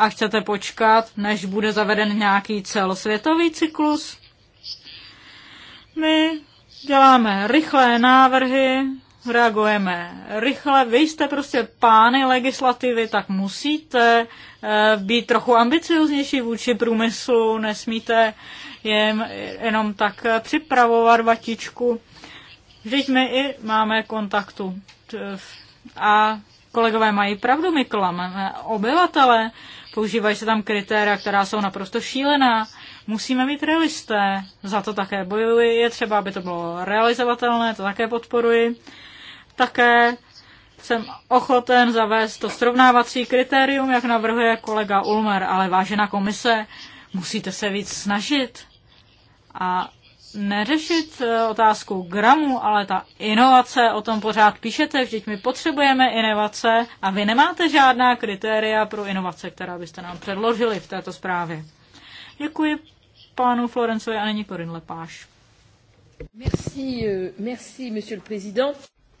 B: a chcete počkat, než bude zaveden nějaký celosvětový cyklus? My děláme rychlé návrhy, reagujeme rychle. Vy jste prostě pány legislativy, tak musíte eh, být trochu ambicioznější vůči průmyslu, nesmíte jen, jenom tak připravovat vatičku. Vždyť my i máme kontaktu. A kolegové mají pravdu, my klameme obyvatele používají se tam kritéria, která jsou naprosto šílená. Musíme mít realisté, za to také bojuji, je třeba, aby to bylo realizovatelné, to také podporuji. Také jsem ochoten zavést to srovnávací kritérium, jak navrhuje kolega Ulmer, ale vážená komise, musíte se víc snažit. A neřešit eh, otázku gramu, ale ta inovace, o tom pořád píšete, vždyť my potřebujeme inovace a vy nemáte žádná kritéria pro inovace, která byste nám předložili v této zprávě. Děkuji pánu Florencovi a není Korin Lepáš.
C: Merci, eh, merci, monsieur le président.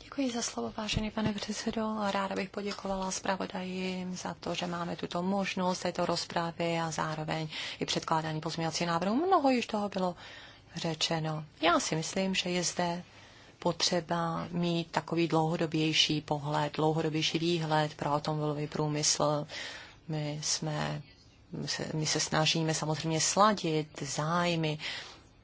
C: Děkuji za slovo, vážený pane předsedo. Ráda bych poděkovala zpravodaji za to, že máme tuto možnost této rozprávy a zároveň i předkládání pozměňovacích návrhů. Mnoho již toho bylo řečeno. Já si myslím, že je zde potřeba mít takový dlouhodobější pohled, dlouhodobější výhled pro automobilový průmysl. My jsme my se snažíme samozřejmě sladit zájmy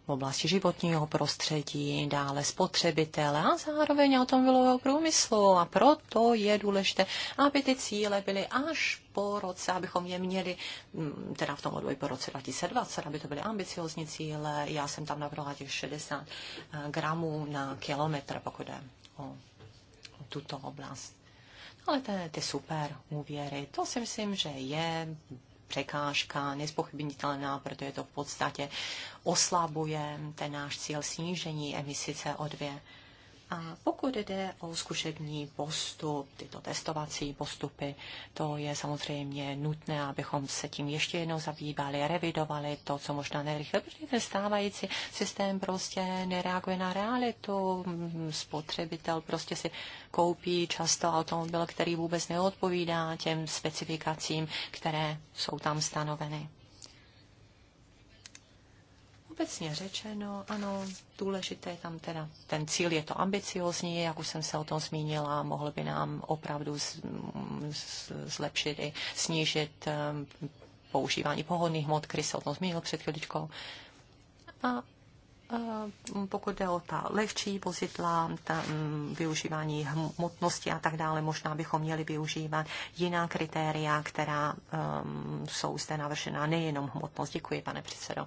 C: v oblasti životního prostředí, dále spotřebitele a zároveň automobilového průmyslu. A proto je důležité, aby ty cíle byly až po roce, abychom je měli, mm, teda v tom odvoji po roce 2020, aby to byly ambiciozní cíle. Já jsem tam navrhla těch 60 eh, gramů na kilometr, pokud jde o, o tuto oblast. Ale ty, ty super úvěry, to si myslím, že je překážka nespochybnitelná, protože to v podstatě oslabuje ten náš cíl snížení emisí CO2. A pokud jde o zkušební postup, tyto testovací postupy, to je samozřejmě nutné, abychom se tím ještě jednou zabývali, revidovali to, co možná nejrychle, protože ten stávající systém prostě nereaguje na realitu. Spotřebitel prostě si koupí často automobil, který vůbec neodpovídá těm specifikacím, které jsou tam stanoveny. Obecně řečeno, ano, důležité tam teda, ten cíl je to ambiciozní, jak už jsem se o tom zmínila, mohl by nám opravdu z, z, zlepšit i snížit um, používání pohodných hmot, který se o tom zmínil před chvíličkou. A ehm, pokud jde o ta lehčí vozidla, využívání hmotnosti a tak dále, možná bychom měli využívat jiná kritéria, která um, jsou zde navržená, nejenom hmotnost. Děkuji, pane předsedo.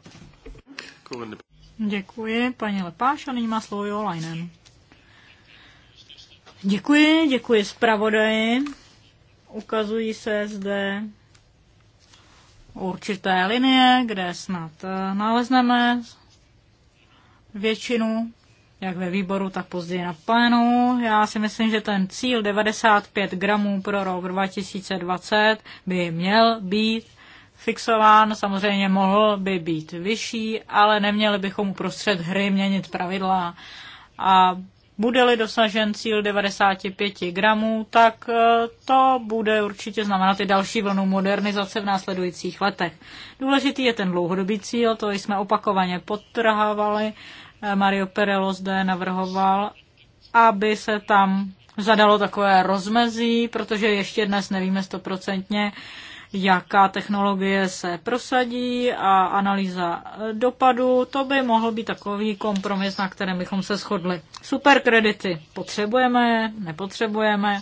B: Děkuji, paní Lepáš, a nyní má slovo Jolajnen. Děkuji, děkuji zpravodaji. Ukazují se zde určité linie, kde snad eh, nalezneme většinu, jak ve výboru, tak později na plénu. Já si myslím, že ten cíl 95 gramů pro rok 2020 by měl být fixován, samozřejmě mohl by být vyšší, ale neměli bychom uprostřed hry měnit pravidla. A bude-li dosažen cíl 95 gramů, tak eh, to bude určitě znamenat i další vlnu modernizace v následujících letech. Důležitý je ten dlouhodobý cíl, to jsme opakovaně podtrhávali. Eh, Mario Perello zde navrhoval, aby se tam zadalo takové rozmezí, protože ještě dnes nevíme stoprocentně, jaká technologie se prosadí a analýza dopadu. To by mohl být takový kompromis, na kterém bychom se shodli. Superkredity. Potřebujeme je, nepotřebujeme.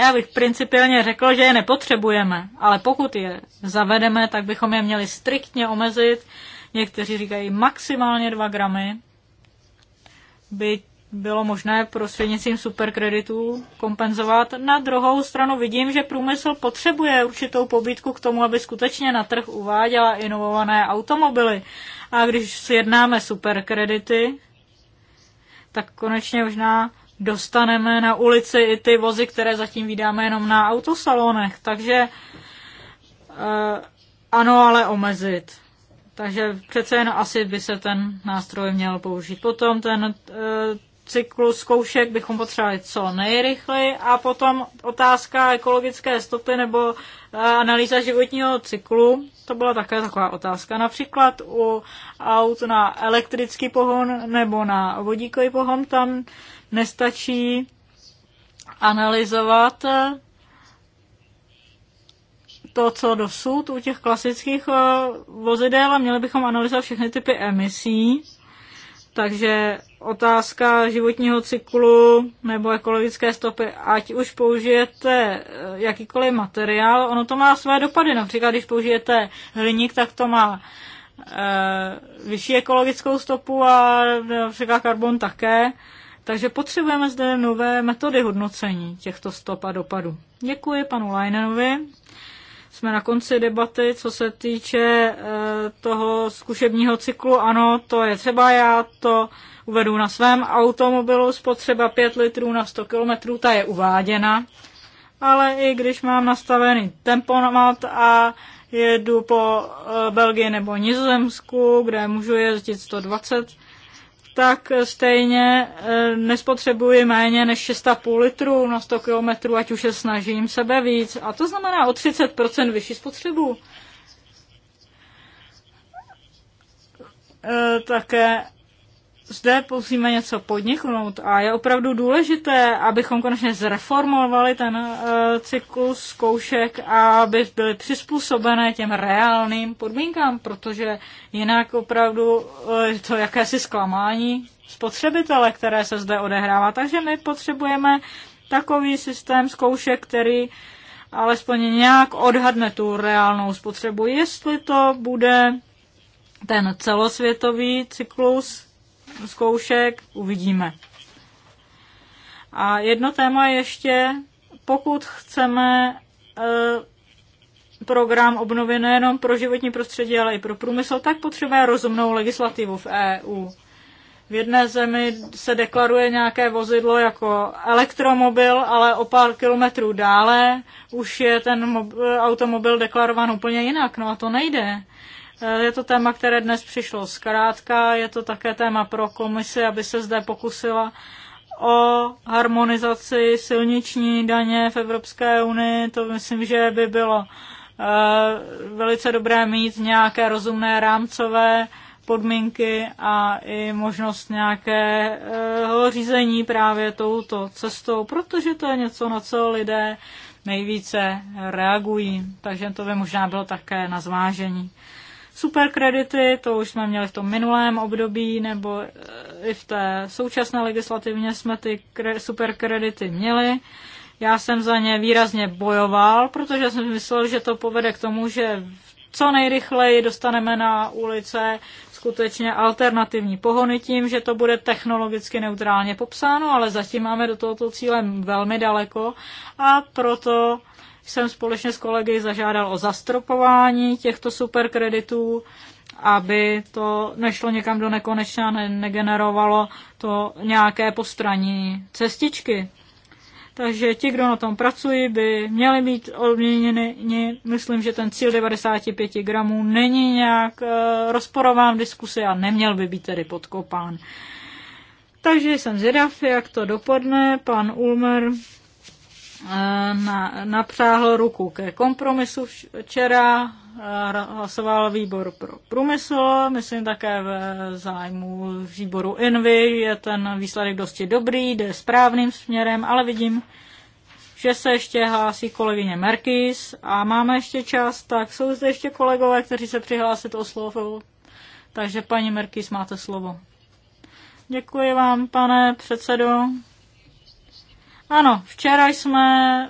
B: Já bych principiálně řekl, že je nepotřebujeme, ale pokud je zavedeme, tak bychom je měli striktně omezit. Někteří říkají maximálně 2 gramy, byť bylo možné prostřednictvím superkreditů kompenzovat. Na druhou stranu vidím, že průmysl potřebuje určitou pobídku k tomu, aby skutečně na trh uváděla inovované automobily. A když sjednáme superkredity, tak konečně možná dostaneme na ulici i ty vozy, které zatím vydáme jenom na autosalonech. Takže eh, ano, ale omezit. Takže přece jen asi by se ten nástroj měl použít. Potom ten eh, cyklu zkoušek bychom potřebovali co nejrychleji a potom otázka ekologické stopy nebo eh, analýza životního cyklu, to byla také taková otázka. Například u aut na elektrický pohon nebo na vodíkový pohon tam nestačí analyzovat eh, to, co dosud u těch klasických eh, vozidel a měli bychom analyzovat všechny typy emisí. Takže otázka životního cyklu nebo ekologické stopy, ať už použijete eh, jakýkoliv materiál, ono to má své dopady. Například, když použijete hliník, tak to má eh, vyšší ekologickou stopu a například karbon také. Takže potřebujeme zde nové metody hodnocení těchto stop a dopadů. Děkuji panu Leinenovi jsme na konci debaty, co se týče eh, toho zkušebního cyklu. Ano, to je třeba, já to uvedu na svém automobilu, spotřeba 5 litrů na 100 km, ta je uváděna. Ale i když mám nastavený tempomat a jedu po eh, Belgii nebo Nizozemsku, kde můžu jezdit 120 tak stejně eh, nespotřebuji méně než 6,5 litrů na 100 km, ať už se snažím sebe víc. A to znamená o 30% vyšší spotřebu. Eh, také zde musíme něco podniknout a je opravdu důležité, abychom konečně zreformovali ten uh, cyklus zkoušek a aby byly přizpůsobené těm reálným podmínkám, protože jinak opravdu uh, je to jakési zklamání spotřebitele, které se zde odehrává. Takže my potřebujeme takový systém zkoušek, který alespoň nějak odhadne tu reálnou spotřebu. Jestli to bude ten celosvětový cyklus zkoušek, uvidíme. A jedno téma ještě, pokud chceme eh, program obnovy nejenom pro životní prostředí, ale i pro průmysl, tak potřebuje rozumnou legislativu v EU. V jedné zemi se deklaruje nějaké vozidlo jako elektromobil, ale o pár kilometrů dále už je ten automobil deklarován úplně jinak. No a to nejde. Eh, je to téma, které dnes přišlo zkrátka, je to také téma pro komisi, aby se zde pokusila o harmonizaci silniční daně v Evropské unii. To myslím, že by bylo eh, velice dobré mít nějaké rozumné rámcové podmínky a i možnost nějakého řízení právě touto cestou, protože to je něco, na co lidé nejvíce reagují. Takže to by možná bylo také na zvážení. Super kredity, to už jsme měli v tom minulém období, nebo eh, i v té současné legislativně jsme ty super kredity měli. Já jsem za ně výrazně bojoval, protože jsem myslel, že to povede k tomu, že co nejrychleji dostaneme na ulice skutečně alternativní pohony tím, že to bude technologicky neutrálně popsáno, ale zatím máme do tohoto cíle velmi daleko a proto jsem společně s kolegy zažádal o zastropování těchto superkreditů, aby to nešlo někam do nekonečna, ne- negenerovalo to nějaké postraní cestičky. Takže ti, kdo na tom pracují, by měli být odměněni. Myslím, že ten cíl 95 gramů není nějak eh, rozporován v diskusi a neměl by být tedy podkopán. Takže jsem zvědav, jak to dopadne. Pan Ulmer na, napřáhl ruku ke kompromisu včera, hlasoval výbor pro průmysl, myslím také v zájmu výboru Envy, je ten výsledek dosti dobrý, jde správným směrem, ale vidím, že se ještě hlásí kolegyně Merkis a máme ještě čas, tak jsou zde ještě kolegové, kteří se přihlásit o slovo. Takže paní Merkis, máte slovo. Děkuji vám, pane předsedo. Ano, včera jsme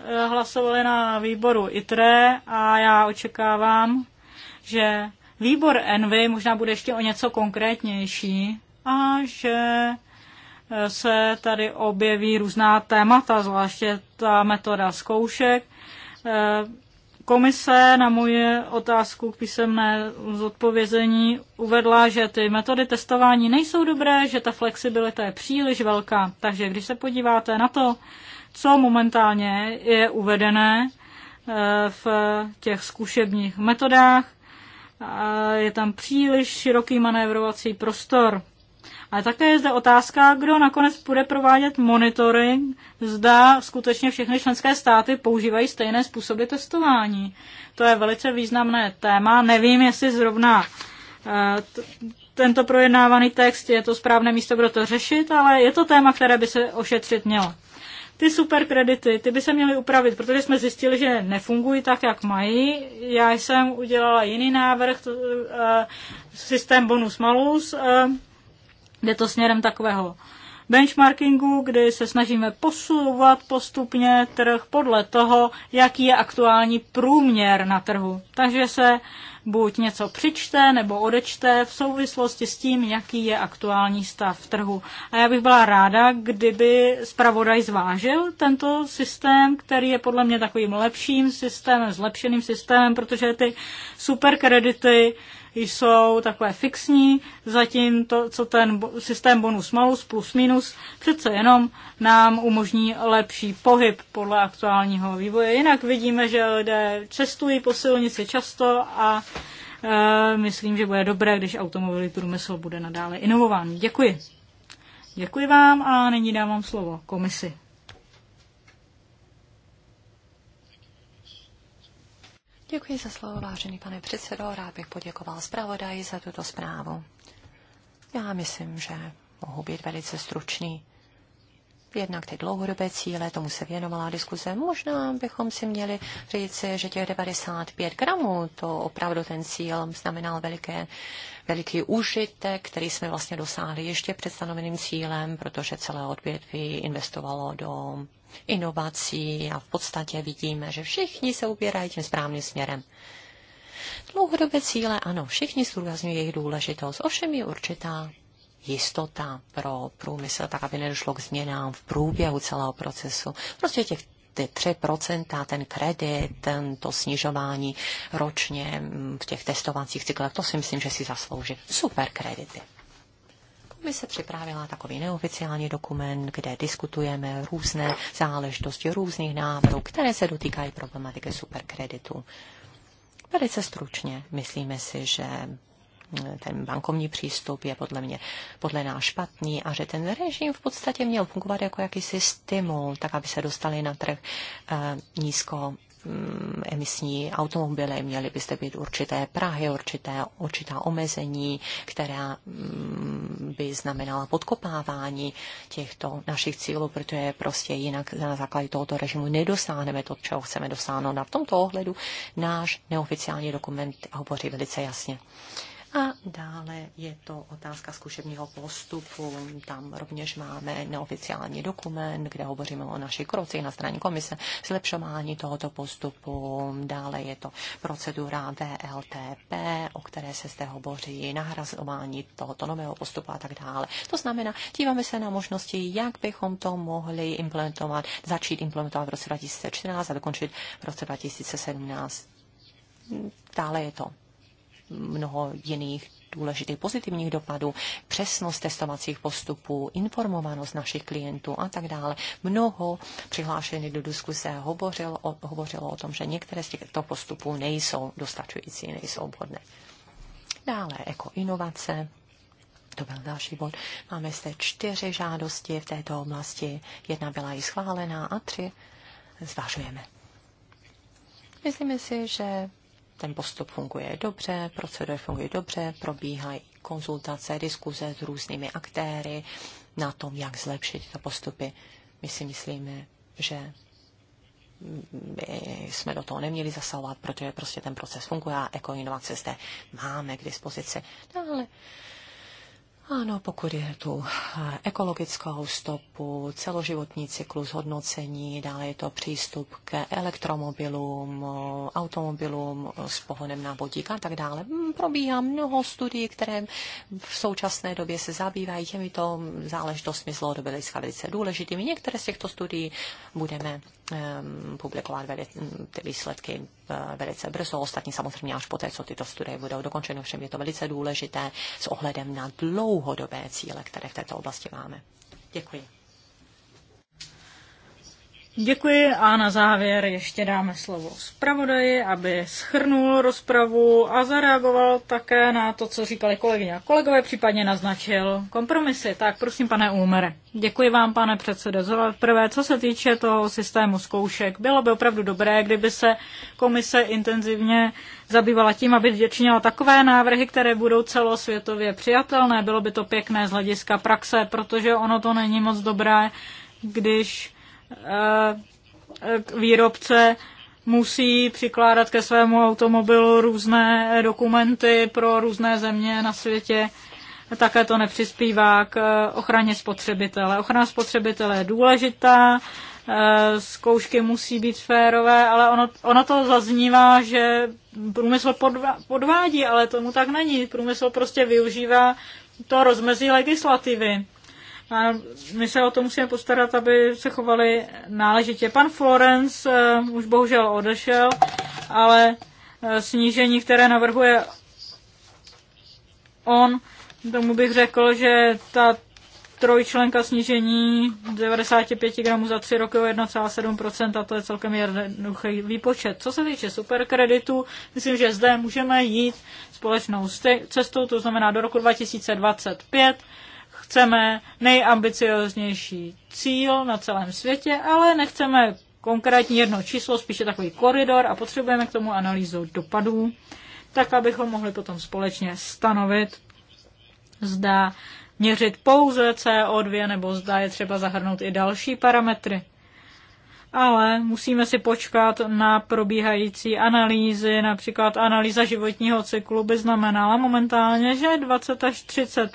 B: eh, hlasovali na výboru ITRE a já očekávám, že výbor ENVY možná bude ještě o něco konkrétnější a že eh, se tady objeví různá témata, zvláště ta metoda zkoušek eh, Komise na moje otázku k písemné zodpovězení uvedla, že ty metody testování nejsou dobré, že ta flexibilita je příliš velká. Takže když se podíváte na to, co momentálně je uvedené eh, v těch zkušebních metodách, eh, je tam příliš široký manévrovací prostor. Ale také je zde otázka, kdo nakonec bude provádět monitoring, zda skutečně všechny členské státy používají stejné způsoby testování. To je velice významné téma. Nevím, jestli zrovna eh, tento projednávaný text je to správné místo, kdo to řešit, ale je to téma, které by se ošetřit mělo. Ty superkredity, ty by se měly upravit, protože jsme zjistili, že nefungují tak, jak mají. Já jsem udělala jiný návrh, to, uh, eh, systém bonus malus, uh, Jde to směrem takového benchmarkingu, kdy se snažíme posouvat postupně trh podle toho, jaký je aktuální průměr na trhu. Takže se buď něco přičte nebo odečte v souvislosti s tím, jaký je aktuální stav trhu. A já bych byla ráda, kdyby zpravodaj zvážil tento systém, který je podle mě takovým lepším systémem, zlepšeným systémem, protože ty superkredity jsou takové fixní, zatím to, co ten systém bonus malus plus minus přece jenom nám umožní lepší pohyb podle aktuálního vývoje. Jinak vidíme, že lidé cestují po silnici často a e, myslím, že bude dobré, když automobilový průmysl bude nadále inovován. Děkuji. Děkuji vám a nyní dávám slovo komisi.
C: Děkuji za slovo, vážený pane předsedo. Rád bych poděkoval zpravodaji za tuto zprávu. Já myslím, že mohu být velice stručný jednak ty dlouhodobé cíle, tomu se věnovala diskuze. Možná bychom si měli říct, že těch 95 gramů, to opravdu ten cíl znamenal veliké, veliký užitek, který jsme vlastně dosáhli ještě před stanoveným cílem, protože celé odvětví investovalo do inovací a v podstatě vidíme, že všichni se ubírají tím správným směrem. Dlouhodobé cíle, ano, všichni zdůrazňují jejich důležitost, ovšem je určitá jistota pro průmysl, tak aby nedošlo k změnám v průběhu celého procesu. Prostě těch ty 3%, ten kredit, ten, to snižování ročně mm, v těch testovacích cyklech, to si myslím, že si zaslouží super kredity. se připravila takový neoficiální dokument, kde diskutujeme různé záležitosti různých návrhů, které se dotýkají problematiky superkreditu. Velice stručně myslíme si, že ten bankovní přístup je podle mě, podle nás špatný a že ten režim v podstatě měl fungovat jako jakýsi stimul, tak aby se dostali na trh eh, nízko mm, emisní automobily, měly byste být určité prahy, určité, určitá omezení, která mm, by znamenala podkopávání těchto našich cílů, protože prostě jinak na základě tohoto režimu nedosáhneme to, čeho chceme dosáhnout. A v tomto ohledu náš neoficiální dokument hovoří velice jasně. A dále je to otázka zkušebního postupu. Tam rovněž máme neoficiální dokument, kde hovoříme o našich krocích na straně komise, zlepšování tohoto postupu. Dále je to procedura VLTP, o které se zde hovoří, nahrazování tohoto nového postupu a tak dále. To znamená, díváme se na možnosti, jak bychom to mohli implementovat, začít implementovat v roce 2014 a dokončit v roce 2017. Dále je to mnoho jiných důležitých pozitivních dopadů, přesnost testovacích postupů, informovanost našich klientů a tak dále. Mnoho přihlášených do diskuse hovořilo o, hovořilo o tom, že některé z těchto postupů nejsou dostačující, nejsou vhodné. Dále jako inovace, to byl další bod. Máme zde čtyři žádosti v této oblasti, jedna byla i schválená a tři zvažujeme. Myslíme si, že ten postup funguje dobře, procedury fungují dobře, probíhají konzultace, diskuze s různými aktéry na tom, jak zlepšit tyto postupy. My si myslíme, že my jsme do toho neměli zasahovat, protože prostě ten proces funguje a ekoinovace jako zde máme k dispozici. No ale ano, pokud je tu eh, ekologickou stopu, celoživotní cyklus hodnocení, dále je to přístup k elektromobilům, automobilům s pohonem na vodík a tak dále. Mm, probíhá mnoho studií, které v současné době se zabývají těmito záležitostmi z dlouhodobě velice důležitými. Některé z těchto studií budeme Ehm, publikovat ty výsledky eh, velice brzo. Ostatní samozřejmě až poté, co tyto studie budou dokončeny. Všem je to velice důležité s ohledem na dlouhodobé cíle, které v této oblasti máme. Děkuji.
B: Děkuji a na závěr ještě dáme slovo zpravodaji, aby schrnul rozpravu a zareagoval také na to, co říkali kolegyně a kolegové, případně naznačil kompromisy. Tak prosím, pane Úmere. Děkuji vám, pane předsedo. Za prvé, co se týče toho systému zkoušek, bylo by opravdu dobré, kdyby se komise intenzivně zabývala tím, aby děčinila takové návrhy, které budou celosvětově přijatelné. Bylo by to pěkné z hlediska praxe, protože ono to není moc dobré, když Eh, eh, výrobce musí přikládat ke svému automobilu různé dokumenty pro různé země na světě. Také to nepřispívá k eh, ochraně spotřebitele. Ochrana spotřebitele je důležitá, zkoušky musí být férové, ale ono, ono to zaznívá, že průmysl podvá, podvádí, ale tomu tak není. Průmysl prostě využívá to rozmezí legislativy. A my se o to musíme postarat, aby se chovali náležitě. Pan Florence uh, už bohužel odešel, ale uh, snížení, které navrhuje on, tomu bych řekl, že ta trojčlenka snížení 95 gramů za 3 roky o 1,7% a to je celkem jednoduchý výpočet. Co se týče superkreditu, myslím, že zde můžeme jít společnou cestou, to znamená do roku 2025 Chceme nejambicioznější cíl na celém světě, ale nechceme konkrétní jedno číslo, spíše takový koridor a potřebujeme k tomu analýzu dopadů, tak abychom mohli potom společně stanovit, zda měřit pouze CO2 nebo zda je třeba zahrnout i další parametry. Ale musíme si počkat na probíhající analýzy, například analýza životního cyklu by znamenala momentálně, že 20 až 30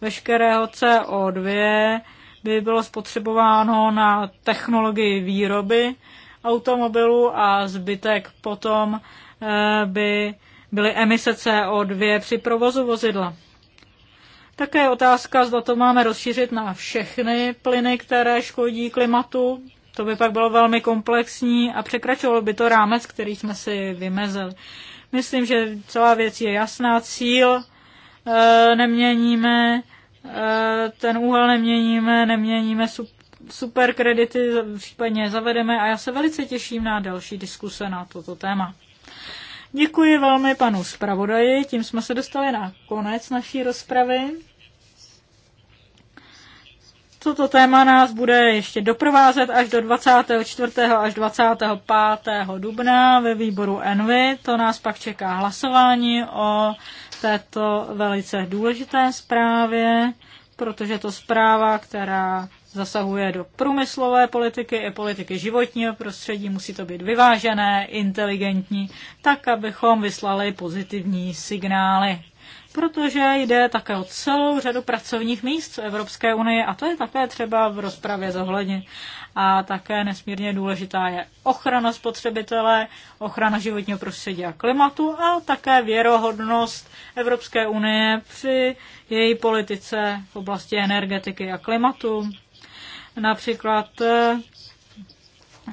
B: veškerého CO2 by bylo spotřebováno na technologii výroby automobilů a zbytek potom eh, by byly emise CO2 při provozu vozidla. Také je otázka, zda to máme rozšířit na všechny plyny, které škodí klimatu. To by pak bylo velmi komplexní a překračovalo by to rámec, který jsme si vymezili. Myslím, že celá věc je jasná. Cíl Eh, neměníme, eh, ten úhel neměníme, neměníme superkredity, případně zavedeme a já se velice těším na další diskuse na toto téma. Děkuji velmi panu zpravodaji, tím jsme se dostali na konec naší rozpravy. Toto téma nás bude ještě doprovázet až do 24. až 25. dubna ve výboru Envy. To nás pak čeká hlasování o této velice důležité zprávě, protože je to zpráva, která zasahuje do průmyslové politiky i politiky životního prostředí. Musí to být vyvážené, inteligentní, tak abychom vyslali pozitivní signály protože jde také o celou řadu pracovních míst v Evropské unii a to je také třeba v rozpravě zohlednit. A také nesmírně důležitá je ochrana spotřebitele, ochrana životního prostředí a klimatu a také věrohodnost Evropské unie při její politice v oblasti energetiky a klimatu. Například eh,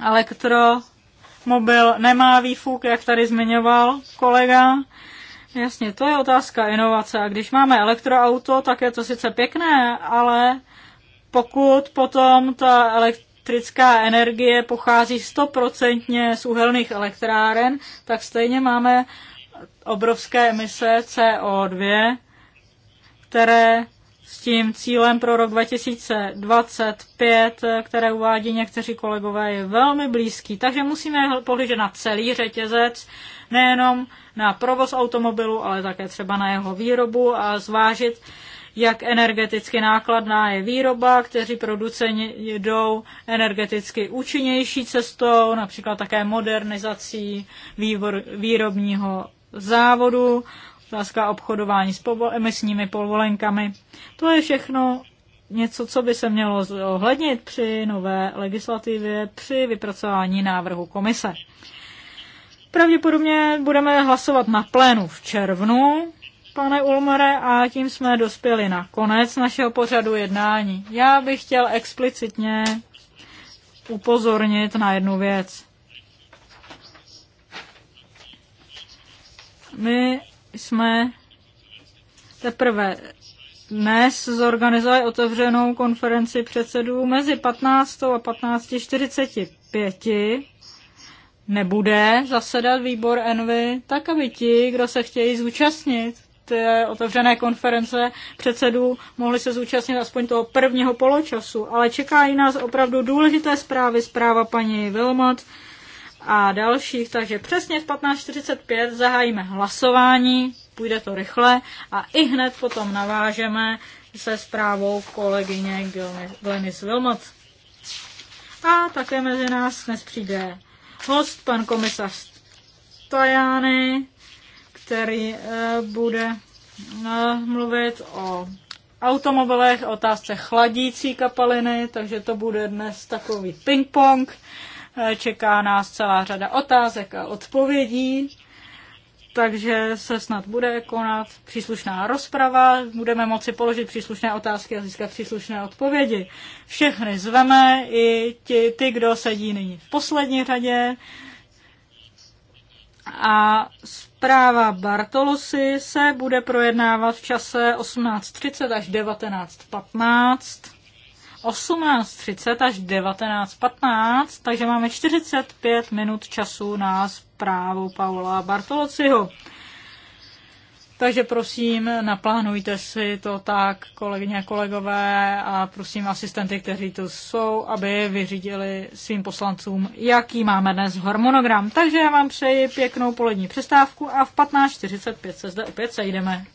B: elektromobil nemá výfuk, jak tady zmiňoval kolega, Jasně, to je otázka inovace. A když máme elektroauto, tak je to sice pěkné, ale pokud potom ta elektrická energie pochází stoprocentně z uhelných elektráren, tak stejně máme obrovské emise CO2, které s tím cílem pro rok 2025, které uvádí někteří kolegové, je velmi blízký. Takže musíme pohlížet na celý řetězec nejenom na provoz automobilu, ale také třeba na jeho výrobu a zvážit, jak energeticky nákladná je výroba, kteří producenti jdou energeticky účinnější cestou, například také modernizací vývor, výrobního závodu, otázka obchodování s povol- emisními povolenkami. To je všechno něco, co by se mělo zohlednit při nové legislativě, při vypracování návrhu komise. Pravděpodobně budeme hlasovat na plénu v červnu, pane Ulmere, a tím jsme dospěli na konec našeho pořadu jednání. Já bych chtěl explicitně upozornit na jednu věc. My jsme teprve dnes zorganizovali otevřenou konferenci předsedů mezi 15 a 15.45 nebude zasedat výbor Envy, tak aby ti, kdo se chtějí zúčastnit té otevřené konference předsedů, mohli se zúčastnit aspoň toho prvního poločasu. Ale čekají nás opravdu důležité zprávy, zpráva paní Vilmot a dalších, takže přesně v 15.45 zahájíme hlasování, půjde to rychle a i hned potom navážeme se zprávou kolegyně Glenis Vilmot. A také mezi nás dnes přijde host, pan komisař Tajány, který eh, bude eh, mluvit o automobilech, otázce chladící kapaliny, takže to bude dnes takový ping-pong. Eh, čeká nás celá řada otázek a odpovědí takže se snad bude konat příslušná rozprava, budeme moci položit příslušné otázky a získat příslušné odpovědi. Všechny zveme, i ti, ty, kdo sedí nyní v poslední řadě. A zpráva Bartolosy se bude projednávat v čase 18.30 až 19.15. 18.30 až 19.15, takže máme 45 minut času na zprávu Paula Bartolociho. Takže prosím, naplánujte si to tak, kolegyně a kolegové, a prosím asistenty, kteří tu jsou, aby vyřídili svým poslancům, jaký máme dnes harmonogram. Takže já vám přeji pěknou polední přestávku a v 15.45 se zde opět sejdeme.